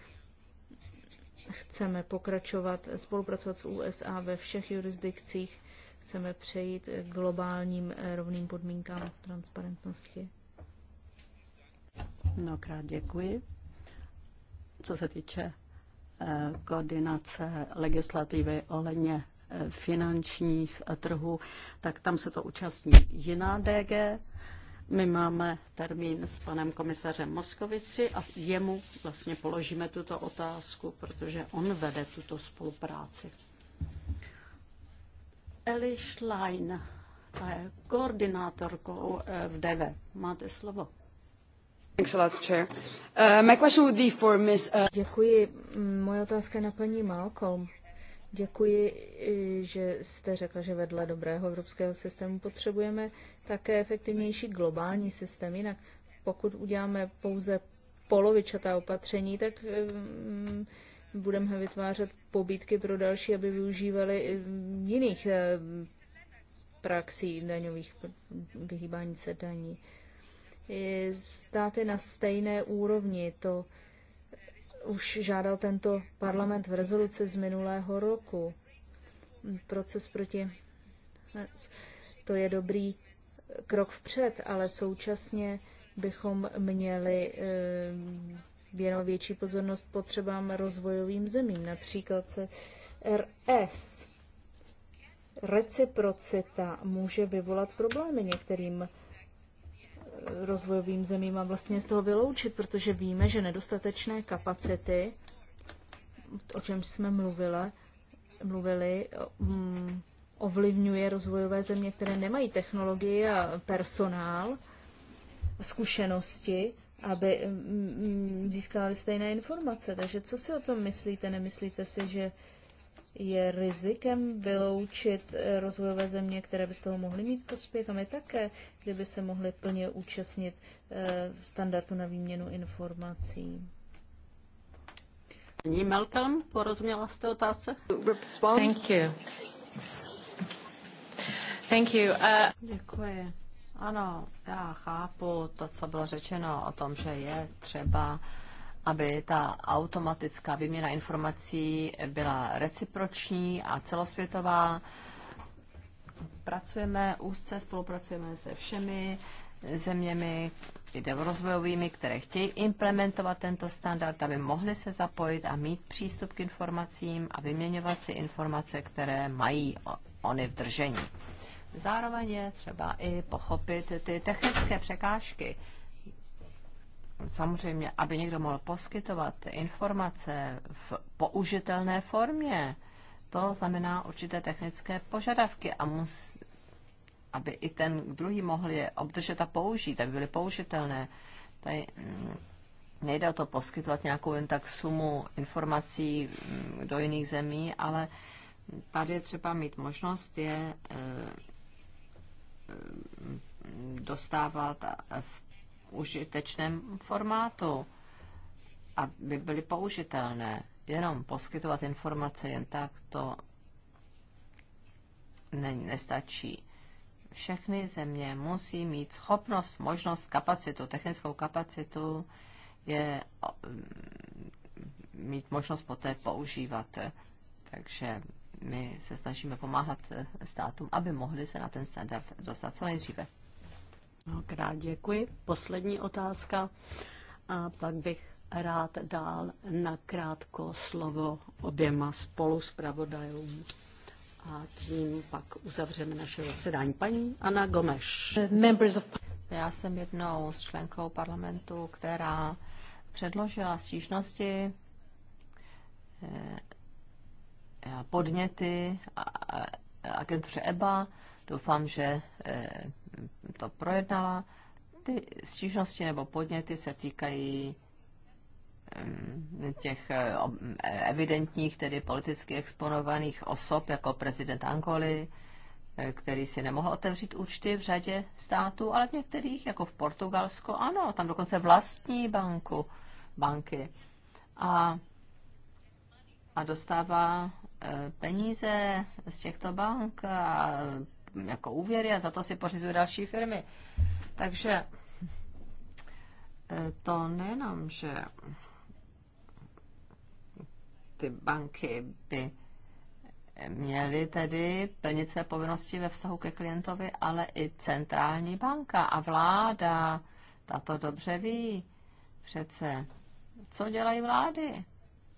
Chceme pokračovat, spolupracovat s USA ve všech jurisdikcích Chceme přejít k globálním eh, rovným podmínkám transparentnosti. Mnohokrát děkuji. Co se týče eh, koordinace legislativy ohledně eh, finančních trhů, tak tam se to účastní jiná DG. My máme termín s panem komisařem Moskovici a jemu vlastně položíme tuto otázku, protože on vede tuto spolupráci. Eli Schlein, ta je koordinátorkou eh, v DEVE. Máte slovo. Děkuji. Moje otázka je na paní Malcolm. Děkuji, že jste řekla, že vedle dobrého evropského systému potřebujeme také efektivnější globální systém. Jinak pokud uděláme pouze polovičatá opatření, tak eh, budeme vytvářet pobídky pro další, aby využívali jiných eh, praxí daňových vyhýbání se daní. Státy na stejné úrovni, to už žádal tento parlament v rezoluci z minulého roku. Proces proti to je dobrý krok vpřed, ale současně bychom měli eh, věnovat větší pozornost potřebám rozvojovým zemím, například se RS. Reciprocita může vyvolat problémy některým eh, rozvojovým zemím a vlastně z toho vyloučit, protože víme, že nedostatečné kapacity, o čem jsme mluvila, mluvili, mm, ovlivňuje rozvojové země, které nemají technologii a personál, zkušenosti aby mm, mm, získali stejné informace. Takže co si o tom myslíte? Nemyslíte si, že je rizikem vyloučit eh, rozvojové země, které by z toho mohly mít prospěch a my také, kdyby se mohly plně účastnit eh, standardu na výměnu informací? Paní Malcolm, porozuměla jste otázce? Thank you. Thank you. Uh... Děkuji. Ano, já chápu to, co bylo řečeno o tom, že je třeba, aby ta automatická výměna informací byla reciproční a celosvětová. Pracujeme úzce, spolupracujeme se všemi zeměmi, jde rozvojovými, které chtějí implementovat tento standard, aby mohli se zapojit a mít přístup k informacím a vyměňovat si informace, které mají oni v držení. Zároveň je třeba i pochopit ty technické překážky. Samozřejmě, aby někdo mohl poskytovat informace v použitelné formě, to znamená určité technické požadavky a mus, aby i ten druhý mohl je obdržet a použít, aby byly použitelné. Tady mm, nejde o to poskytovat nějakou jen tak sumu informací mm, do jiných zemí, ale tady je třeba mít možnost je eh, dostávat v užitečném formátu, aby byly použitelné. Jenom poskytovat informace jen tak, to není nestačí. Všechny země musí mít schopnost, možnost, kapacitu, technickou kapacitu je mm, mít možnost poté používat. Takže my se snažíme pomáhat eh, státům, aby mohli se na ten standard dostat co nejdříve. krát děkuji. Poslední otázka. A pak bych rád dal na krátko slovo oběma spolu s pravodajům. A tím pak uzavřeme naše zasedání. Paní Ana Gomeš. Já jsem jednou s členkou parlamentu, která předložila stížnosti eh, Eh, podněty agentuře EBA. Doufám, že eh, to projednala. Ty stížnosti nebo podněty se týkají mm, těch eh, evidentních, tedy politicky exponovaných osob, jako prezident Angoly, který si nemohl otevřít účty v řadě států, ale v některých, jako v Portugalsku, ano, tam dokonce vlastní banku, banky. A, a dostává peníze z těchto bank a jako úvěry a za to si pořizují další firmy. Takže eh, to nejenom, že ty banky by měly tedy plnit své povinnosti ve vztahu ke klientovi, ale i centrální banka a vláda. Ta to dobře ví přece. Co dělají vlády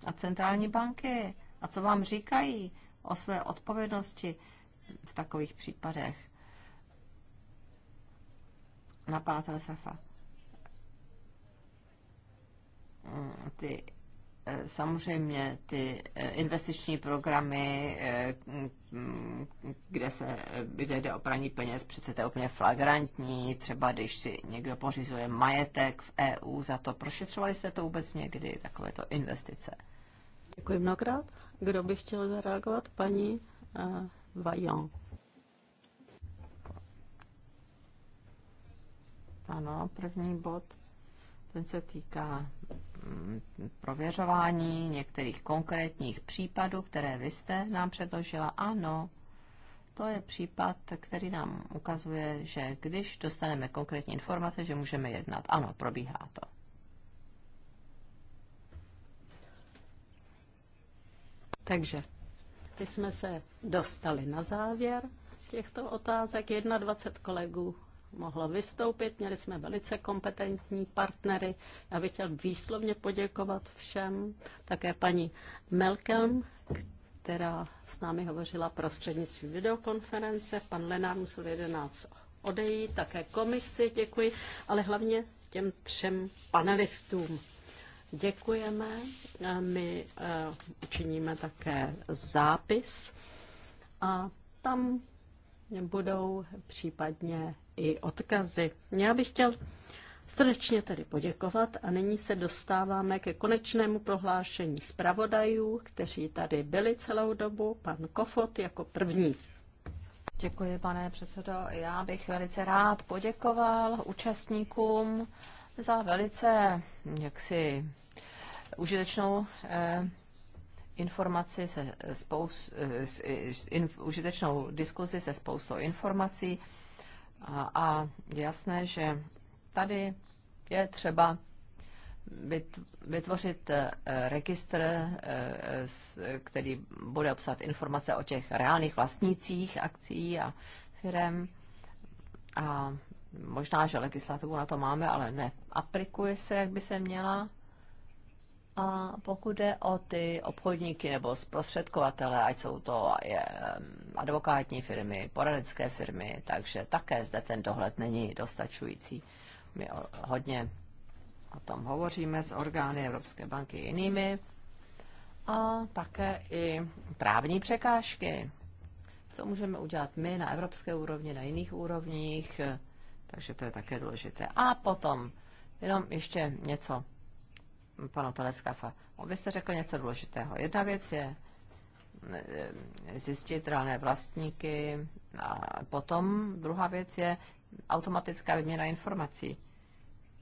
a centrální banky? a co vám říkají o své odpovědnosti v takových případech na pana Telesafa. Mm, ty, eh, samozřejmě ty eh, investiční programy, eh, mm, kde, se, kde jde o praní peněz, přece to je úplně flagrantní, třeba když si někdo pořizuje majetek v EU za to. Prošetřovali jste to vůbec někdy, takovéto investice? Děkuji mnohokrát. Kdo by chtěl zareagovat? Paní uh, Vajon. Ano, první bod. Ten se týká mm, prověřování některých konkrétních případů, které vy jste nám předložila. Ano, to je případ, který nám ukazuje, že když dostaneme konkrétní informace, že můžeme jednat. Ano, probíhá to. Takže ty jsme se dostali na závěr z těchto otázek. 21 kolegů mohlo vystoupit, měli jsme velice kompetentní partnery. Já bych chtěl výslovně poděkovat všem, také paní Melkem, která s námi hovořila prostřednictvím videokonference. Pan Lenár musel 11 odejít, také komisi děkuji, ale hlavně těm třem panelistům. Děkujeme. My eh, učiníme také zápis a tam budou případně i odkazy. Já bych chtěl srdečně tedy poděkovat a nyní se dostáváme ke konečnému prohlášení zpravodajů, kteří tady byli celou dobu, pan Kofot jako první. Děkuji, pane předsedo. Já bych velice rád poděkoval účastníkům za velice jaksi užitečnou eh, informaci se eh, spoust, eh, in, užitečnou diskuzi se spoustou informací a, a jasné, že tady je třeba vytvořit registr, který bude obsat informace o těch reálných vlastnících akcí a firm. A možná, že legislativu na to máme, ale ne aplikuje se, jak by se měla. A pokud jde o ty obchodníky nebo zprostředkovatele, ať jsou to je, advokátní firmy, poradecké firmy, takže také zde ten dohled není dostačující. My o, hodně o tom hovoříme s orgány Evropské banky i jinými. A také i právní překážky. Co můžeme udělat my na evropské úrovni, na jiných úrovních, takže to je také důležité. A potom jenom ještě něco pana Toneskafa. On no, byste řekl něco důležitého. Jedna věc je eh, zjistit reálné vlastníky a potom druhá věc je automatická vyměna informací.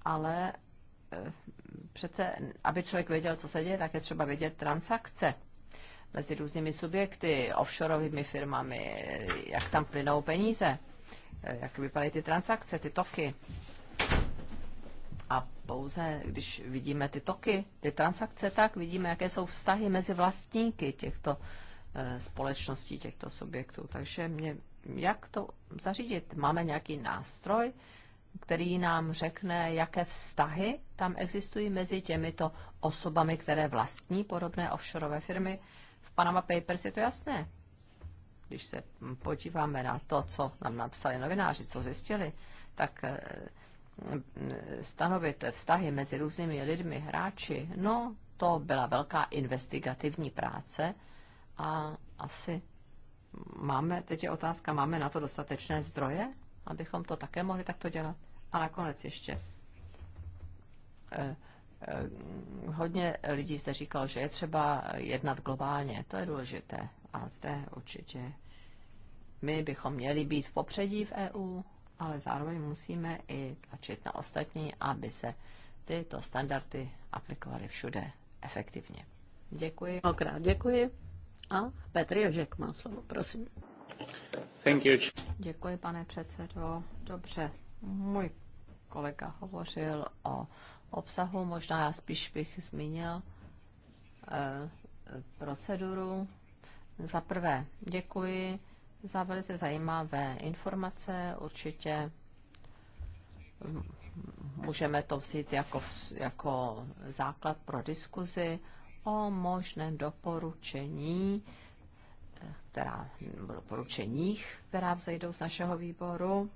Ale eh, přece, aby člověk věděl, co se děje, tak je třeba vědět transakce mezi různými subjekty, offshoreovými firmami, jak tam plynou peníze, eh, jak vypadají ty transakce, ty toky. A pouze, když vidíme ty toky, ty transakce, tak vidíme, jaké jsou vztahy mezi vlastníky těchto eh, společností, těchto subjektů. Takže mě, jak to zařídit? Máme nějaký nástroj, který nám řekne, jaké vztahy tam existují mezi těmito osobami, které vlastní podobné offshoreové firmy. V Panama Papers je to jasné. Když se podíváme na to, co nám napsali novináři, co zjistili, tak eh, stanovit vztahy mezi různými lidmi, hráči, no to byla velká investigativní práce a asi máme, teď je otázka, máme na to dostatečné zdroje, abychom to také mohli takto dělat. A nakonec ještě. Eh, eh, hodně lidí zde říkalo, že je třeba jednat globálně, to je důležité. A zde určitě my bychom měli být v popředí v EU ale zároveň musíme i tlačit na ostatní, aby se tyto standardy aplikovaly všude efektivně. Děkuji. Okrát děkuji. A Petr Jožek má slovo, prosím. Thank you. Děkuji, pane předsedo. Dobře, můj kolega hovořil o obsahu, možná já spíš bych zmínil eh, proceduru. Za prvé, děkuji za velice zajímavé informace. Určitě můžeme to vzít jako, jako základ pro diskuzi o možném doporučení, která, doporučeních, která vzejdou z našeho výboru.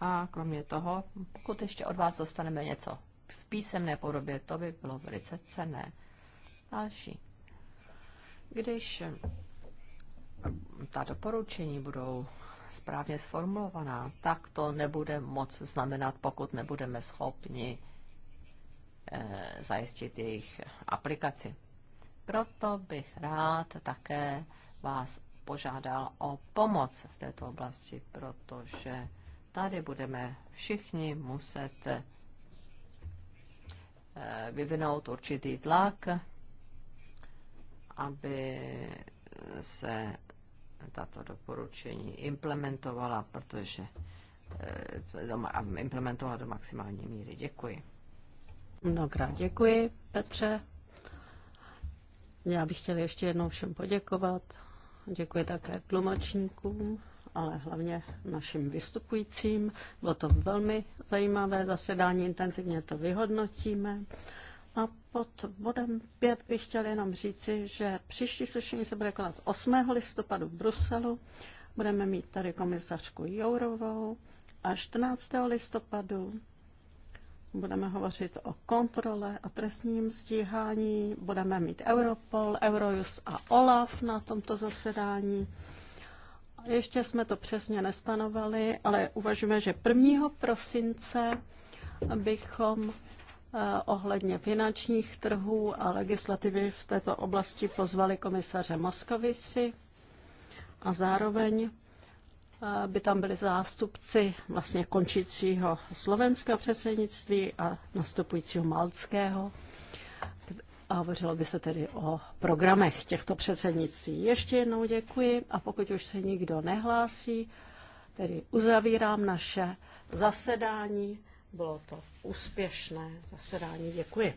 A kromě toho, pokud ještě od vás dostaneme něco v písemné podobě, to by bylo velice cenné. Další. Když ta doporučení budou správně sformulovaná, tak to nebude moc znamenat, pokud nebudeme schopni eh, zajistit jejich aplikaci. Proto bych rád také vás požádal o pomoc v této oblasti, protože tady budeme všichni muset eh, vyvinout určitý tlak, aby se tato doporučení implementovala, protože eh, implementovala do maximální míry. Děkuji. Mnohokrát děkuji, Petře. Já bych chtěla ještě jednou všem poděkovat. Děkuji také tlumočníkům, ale hlavně našim vystupujícím. Bylo to velmi zajímavé zasedání, intenzivně to vyhodnotíme. A pod bodem 5 bych chtěl jenom říci, že příští slyšení se bude konat 8. listopadu v Bruselu. Budeme mít tady komisařku Jourovou a 14. listopadu budeme hovořit o kontrole a trestním stíhání. Budeme mít Europol, Eurojust a OLAF na tomto zasedání. Ještě jsme to přesně nestanovali, ale uvažujeme, že 1. prosince bychom Eh, ohledně finančních trhů a legislativy v této oblasti pozvali komisaře Moskovici a zároveň eh, by tam byli zástupci vlastně končícího slovenského předsednictví a nastupujícího malckého. A hovořilo by se tedy o programech těchto předsednictví. Ještě jednou děkuji a pokud už se nikdo nehlásí, tedy uzavírám naše zasedání. Bylo to úspěšné zasedání. Děkuji.